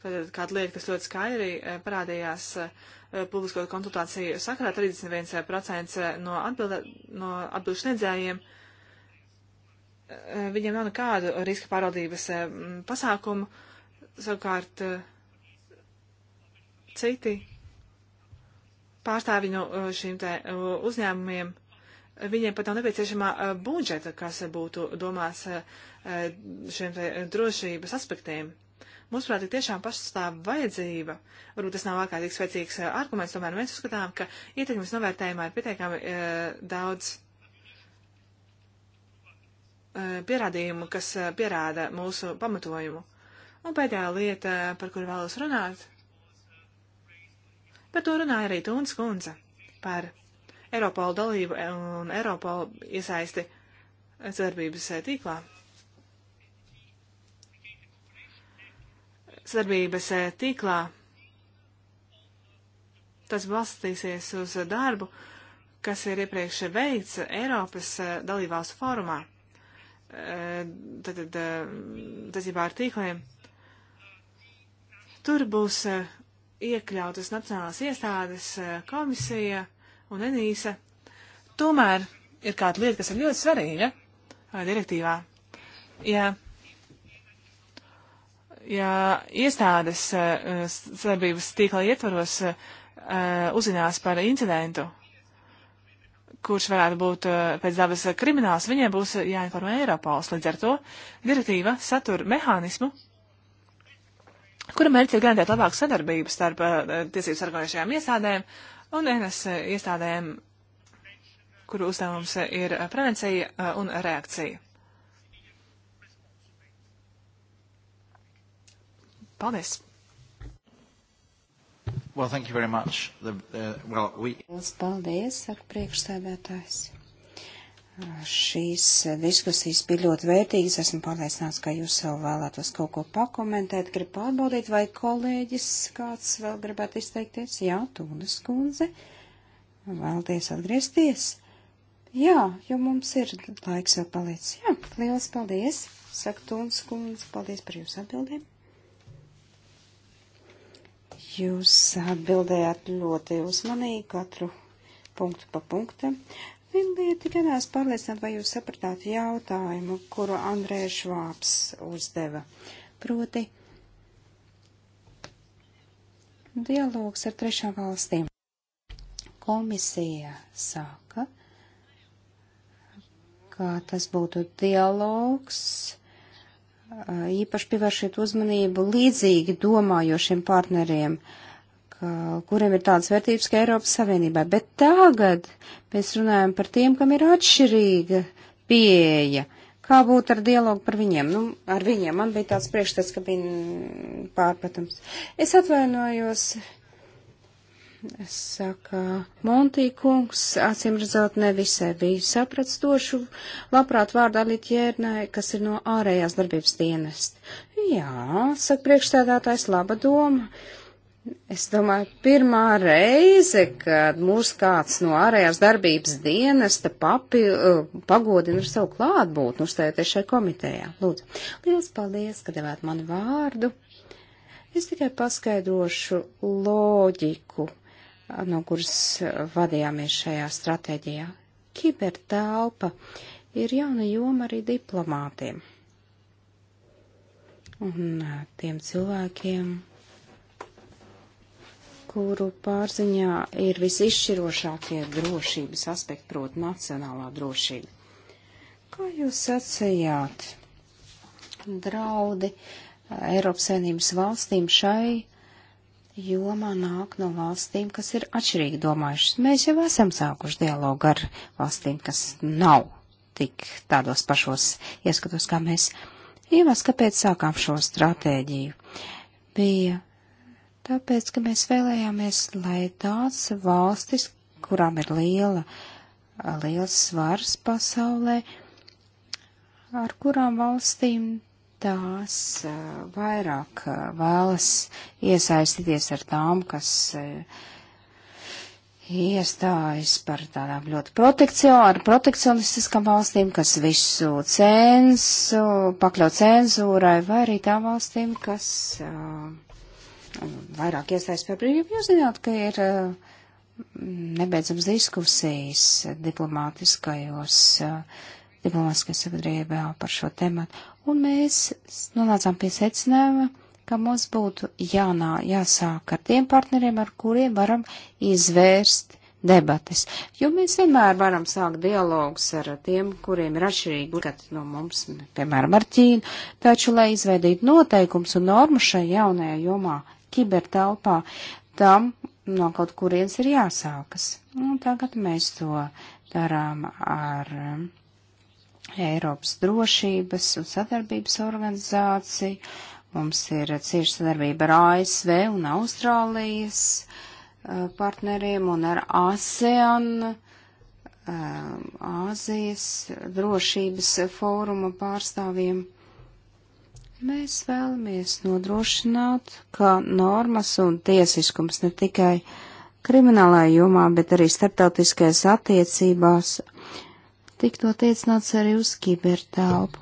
Tad, eh, kāda liek, tas ļoti skaidri parādījās publisko konsultāciju sakarā 31% no, atbilda, no atbildu sniedzējiem uh, Eh, viņiem nav nekādu riska pārvaldības eh, pasākumu, savukārt eh, citi pārstāvi no šīm te uzņēmumiem, viņiem pat nav nepieciešamā budžeta, kas būtu domās šiem te drošības aspektiem. Mūsuprāt, ir tiešām pastāv vajadzība. Varbūt tas nav ārkārtīgi spēcīgs arguments, tomēr mēs uzskatām, ka ietekmes novērtējumā ir pietiekami daudz E, pierādījumu, kas e, pierāda mūsu pamatojumu. Un pēdējā lieta, par kuru vēlos runāt, par to runāja arī Tūns Kunze, par Eiropolu dalību un Eiropolu iesaisti sadarbības e, tīklā. Sadarbības tīklā tas balstīsies uz darbu, kas ir iepriekš veikts Eiropas dalībvalstu fórumā tātad tazībā eh, ar tīkliem. Tur būs eh, iekļautas Nacionālās iestādes eh, komisija un Enīsa. Tomēr ir kāda lieta, kas ir ļoti svarīga direktīvā. Ja, ja iestādes sadarbības tīkla ietvaros uzzinās par incidentu kurš varētu būt eh, pēc dabas krimināls, viņiem būs jāinformē Eiropols. Līdz ar to direktīva satur mehānismu, kura mērķi ir garantēt labāku sadarbību starp eh, tiesību sargājušajām iestādēm un NS iestādēm, kuru uzdevums ir eh, prevencija un reakcija. Paldies! Well, thank you very much. The, uh, well, we... Paldies, saka priekšsēdētājs. Šīs diskusijas bija ļoti vērtīgas. Esmu pārliecināts, ka jūs vēl vēlētos kaut ko pakomentēt. Gribu pārbaudīt, vai kolēģis kāds vēl gribētu izteikties. Jā, Tūnas kundze. Vēlties atgriezties. Jā, jo mums ir laiks vēl palicis. Jā, liels paldies. Saka Tūnas kundze, paldies par jūsu atbildību. Jūs atbildējāt ļoti uzmanīgi katru punktu pa punktam. Viena lieta tikai nās pārliecināt, vai jūs sapratāt jautājumu, kuru Andrēs Švāps uzdeva. Proti, dialogs ar trešām valstīm. Komisija saka, ka tas būtu dialogs īpaši pievēršiet uzmanību līdzīgi domājošiem partneriem, ka, kuriem ir tādas vērtības kā Eiropas Savienībā. Bet tagad mēs runājam par tiem, kam ir atšķirīga pieeja. Kā būtu ar dialogu par viņiem? Nu, ar viņiem man bija tāds priekšstats, ka bija pārpratums. Es atvainojos. Saka, Montī kungs, acīm redzot, nevisai bija sapratstošu, labprāt vārdā Liķērnai, kas ir no ārējās darbības dienest. Jā, saka priekšstādātājs, laba doma. Es domāju, pirmā reize, kad mūs kāds no ārējās darbības dienesta papi, eh, pagodina ar savu klātbūtni, uzstājoties šai komitejā. Lūdzu, liels paldies, ka devāt man vārdu. Es tikai paskaidrošu loģiku no kuras eh, vadījāmies šajā stratēģijā. Kibertelpa ir jauna joma arī diplomātiem un eh, tiem cilvēkiem, kuru pārziņā ir visizšķirošākie drošības aspekti, proti, nacionālā drošība. Kā jūs sacījāt, draudi eh, Eiropas saimnības valstīm šai jomā nāk no valstīm, kas ir atšķirīgi domājušas. Mēs jau esam sākuši dialogu ar valstīm, kas nav tik tādos pašos ieskatos, kā mēs. Iemesls, kāpēc sākām šo stratēģiju, bija tāpēc, ka mēs vēlējāmies, lai tās valstis, kurām ir liela, liels svars pasaulē, ar kurām valstīm tās vairāk vēlas iesaistīties ar tām, kas iestājas par tādām ļoti protekcion, protekcionistiskām valstīm, kas visu censu, pakļaut cenzūrai, vai arī tām valstīm, kas vairāk iestājas par brīvību. Jūs zināt, ka ir nebeidzams diskusijas diplomātiskajos uh, diplomātiskajā sabiedrībā par šo tematu, un mēs nonācām pie secinājuma, ka mums būtu jānā, jāsāk ar tiem partneriem, ar kuriem varam izvērst debates, jo mēs vienmēr varam sākt dialogus ar tiem, kuriem ir atšķirīgi uzskati no mums, piemēram, ar Ķīnu, taču, lai izveidītu noteikums un normu šai jaunajā jomā, kibertelpā, tam no kaut kurienes ir jāsākas. Un tagad mēs to darām ar um, Eiropas drošības un sadarbības organizāciju, mums ir cieša sadarbība ar ASV un Austrālijas partneriem un ar ASEAN, Āzijas drošības fóruma pārstāvjiem. Mēs vēlamies nodrošināt, ka normas un tiesiskums ne tikai kriminālā jomā, bet arī starptautiskajās attiecībās tiktu attiecināts arī uz kibertelpu.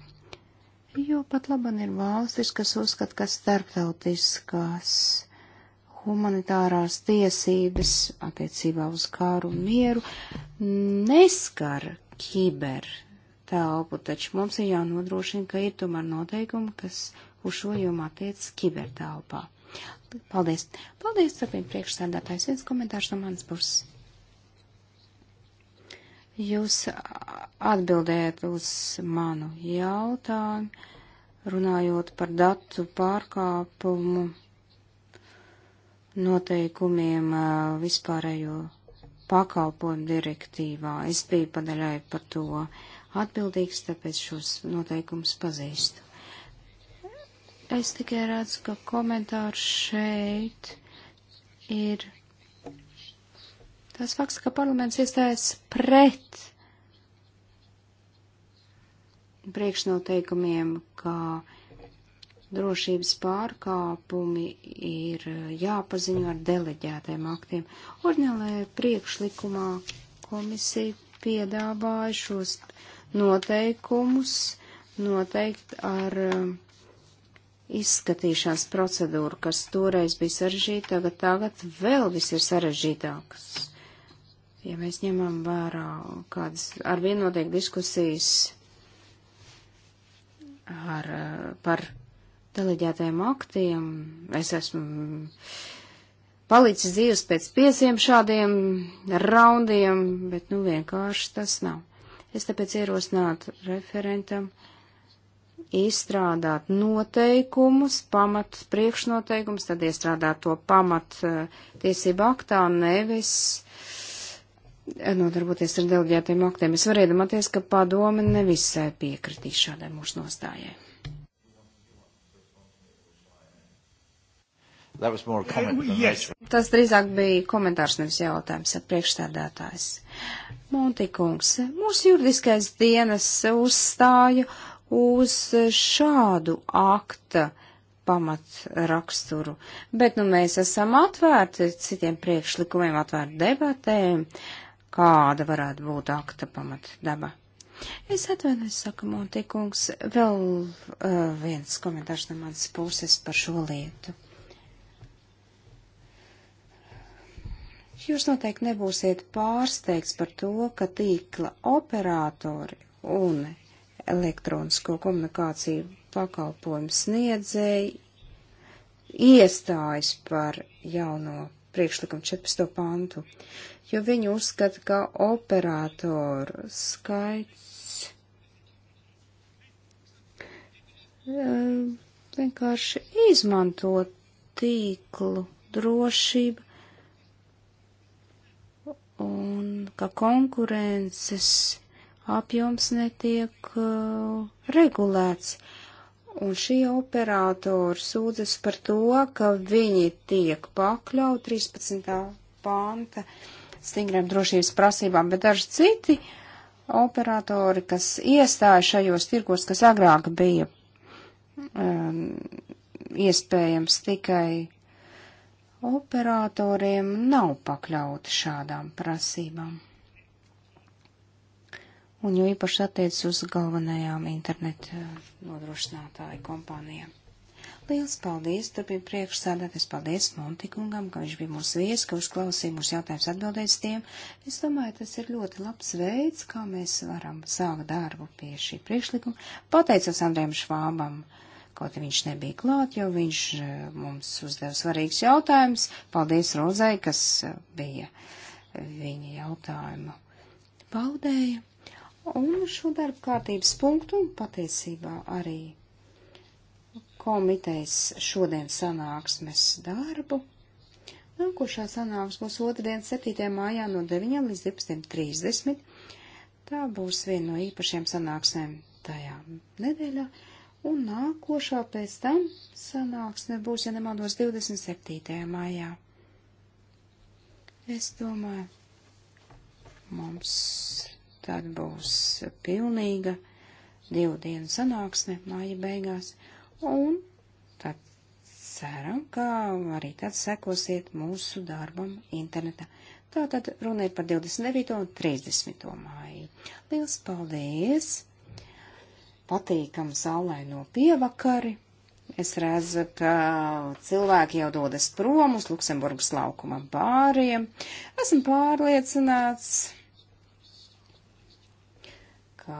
Jo pat laban ir valstis, kas uzskata, ka starptautiskās humanitārās tiesības attiecībā uz kāru un mieru neskar kiber telpu, taču mums ir jānodrošina, ka ir tomēr noteikumi, kas uz šo jomu attiec kiber telpā. Paldies! Paldies, starpiem priekšsēdētājs, viens komentārs no manas puses. Jūs atbildējat uz manu jautājumu, runājot par datu pārkāpumu noteikumiem vispārējo pakalpojumu direktīvā. Es biju padaļai par to atbildīgs, tāpēc šos noteikumus pazīstu. Es tikai redzu, ka komentārs šeit ir Tas fakts, ka parlaments iestājas pret priekšnoteikumiem, ka drošības pārkāpumi ir jāpaziņo ar deleģētiem aktiem. Orģinālajā priekšlikumā komisija piedāvāja šos noteikumus noteikt ar um, izskatīšanas procedūru, kas toreiz bija sarežģīta, tagad, tagad vēl viss ir sarežģītāks ja mēs ņemam vērā kādas ar vienu notiek diskusijas ar, eh, par deleģētajiem aktiem, es esmu palicis dzīves pēc pieciem šādiem raundiem, bet nu vienkārši tas nav. Es tāpēc ierosinātu referentam izstrādāt noteikumus, pamat priekšnoteikumus, tad iestrādāt to pamat eh, tiesību aktā, nevis uh, nodarboties ar delģētiem aktiem. Es varēju domāties, ka padome nevisai piekritīs šādai mūsu nostājai. Yes. Tas drīzāk bija komentārs, nevis jautājums, priekšstādātājs. Montikungs, mūsu juridiskais dienas uzstāja uz šādu akta pamatraksturu, bet nu mēs esam atvērti citiem priekšlikumiem, atvērti debatēm. Uh, kāda varētu būt akta pamatdaba. Es atvainojos, saka Montikungs, vēl uh, viens komentārs no manas puses par šo lietu. Jūs noteikti nebūsiet pārsteigts par to, ka tīkla operatori un elektronisko komunikāciju pakalpojumu sniedzēji iestājas par jauno priekšlikumu 14. pantu, jo viņi uzskata, ka operātoru skaits eh, vienkārši izmanto tīklu drošību un ka konkurences apjoms netiek eh, regulēts. Uh, Un šie operātori sūdzas par to, ka viņi tiek pakļaut 13. panta stingriem drošības prasībām, bet daži citi operatori, kas iestāja šajos tirgos, kas agrāk bija um, iespējams tikai operatoriem, nav pakļauti šādām prasībām un jo īpaši attiecas uz galvenajām interneta eh, nodrošinātāju kompānijām. Liels paldies, turpina priekšsādātais, paldies Montikungam, ka viņš bija mūsu viesis, ka uzklausīja mūsu jautājumus atbildēs tiem. Es domāju, tas ir ļoti labs veids, kā mēs varam sākt darbu pie šī priekšlikuma. Pateicos Andriem Švābam, kaut arī viņš nebija klāt, jo viņš eh, mums uzdeva svarīgs jautājums. Paldies Rozai, kas eh, bija viņa jautājuma paudēja un šo darba kārtības punktu patiesībā arī komitejas šodien sanāksmes darbu. Nākošā sanāks būs otrdien 7. mājā no 9 līdz 12.30. Tā būs viena no īpašiem sanāksmēm tajā nedēļā. Un nākošā pēc tam sanāksme būs, ja nemaldos, 27. mājā. Es domāju, mums Tad būs pilnīga divu dienu sanāksme māja beigās. Un tad ceram, ka arī tad sekosiet mūsu darbam internetā. Tātad runa ir par 29. un 30. māju. Liels paldies! Patīkam saulaino pievakari. Es redzu, ka cilvēki jau dodas prom uz Luksemburgas laukuma bāriem. Esmu pārliecināts ka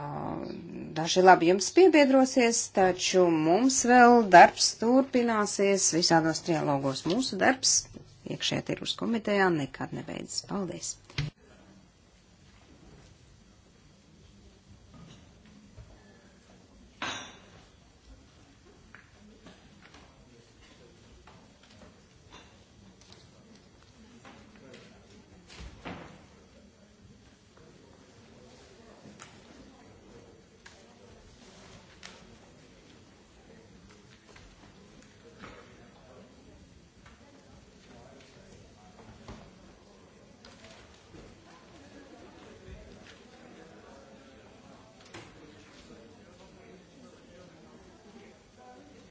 daži labi jums piebiedrosies, taču mums vēl darbs turpināsies visādos trialogos. Mūsu darbs iekšē tirgus komitejā nekad nebeidzas. Paldies!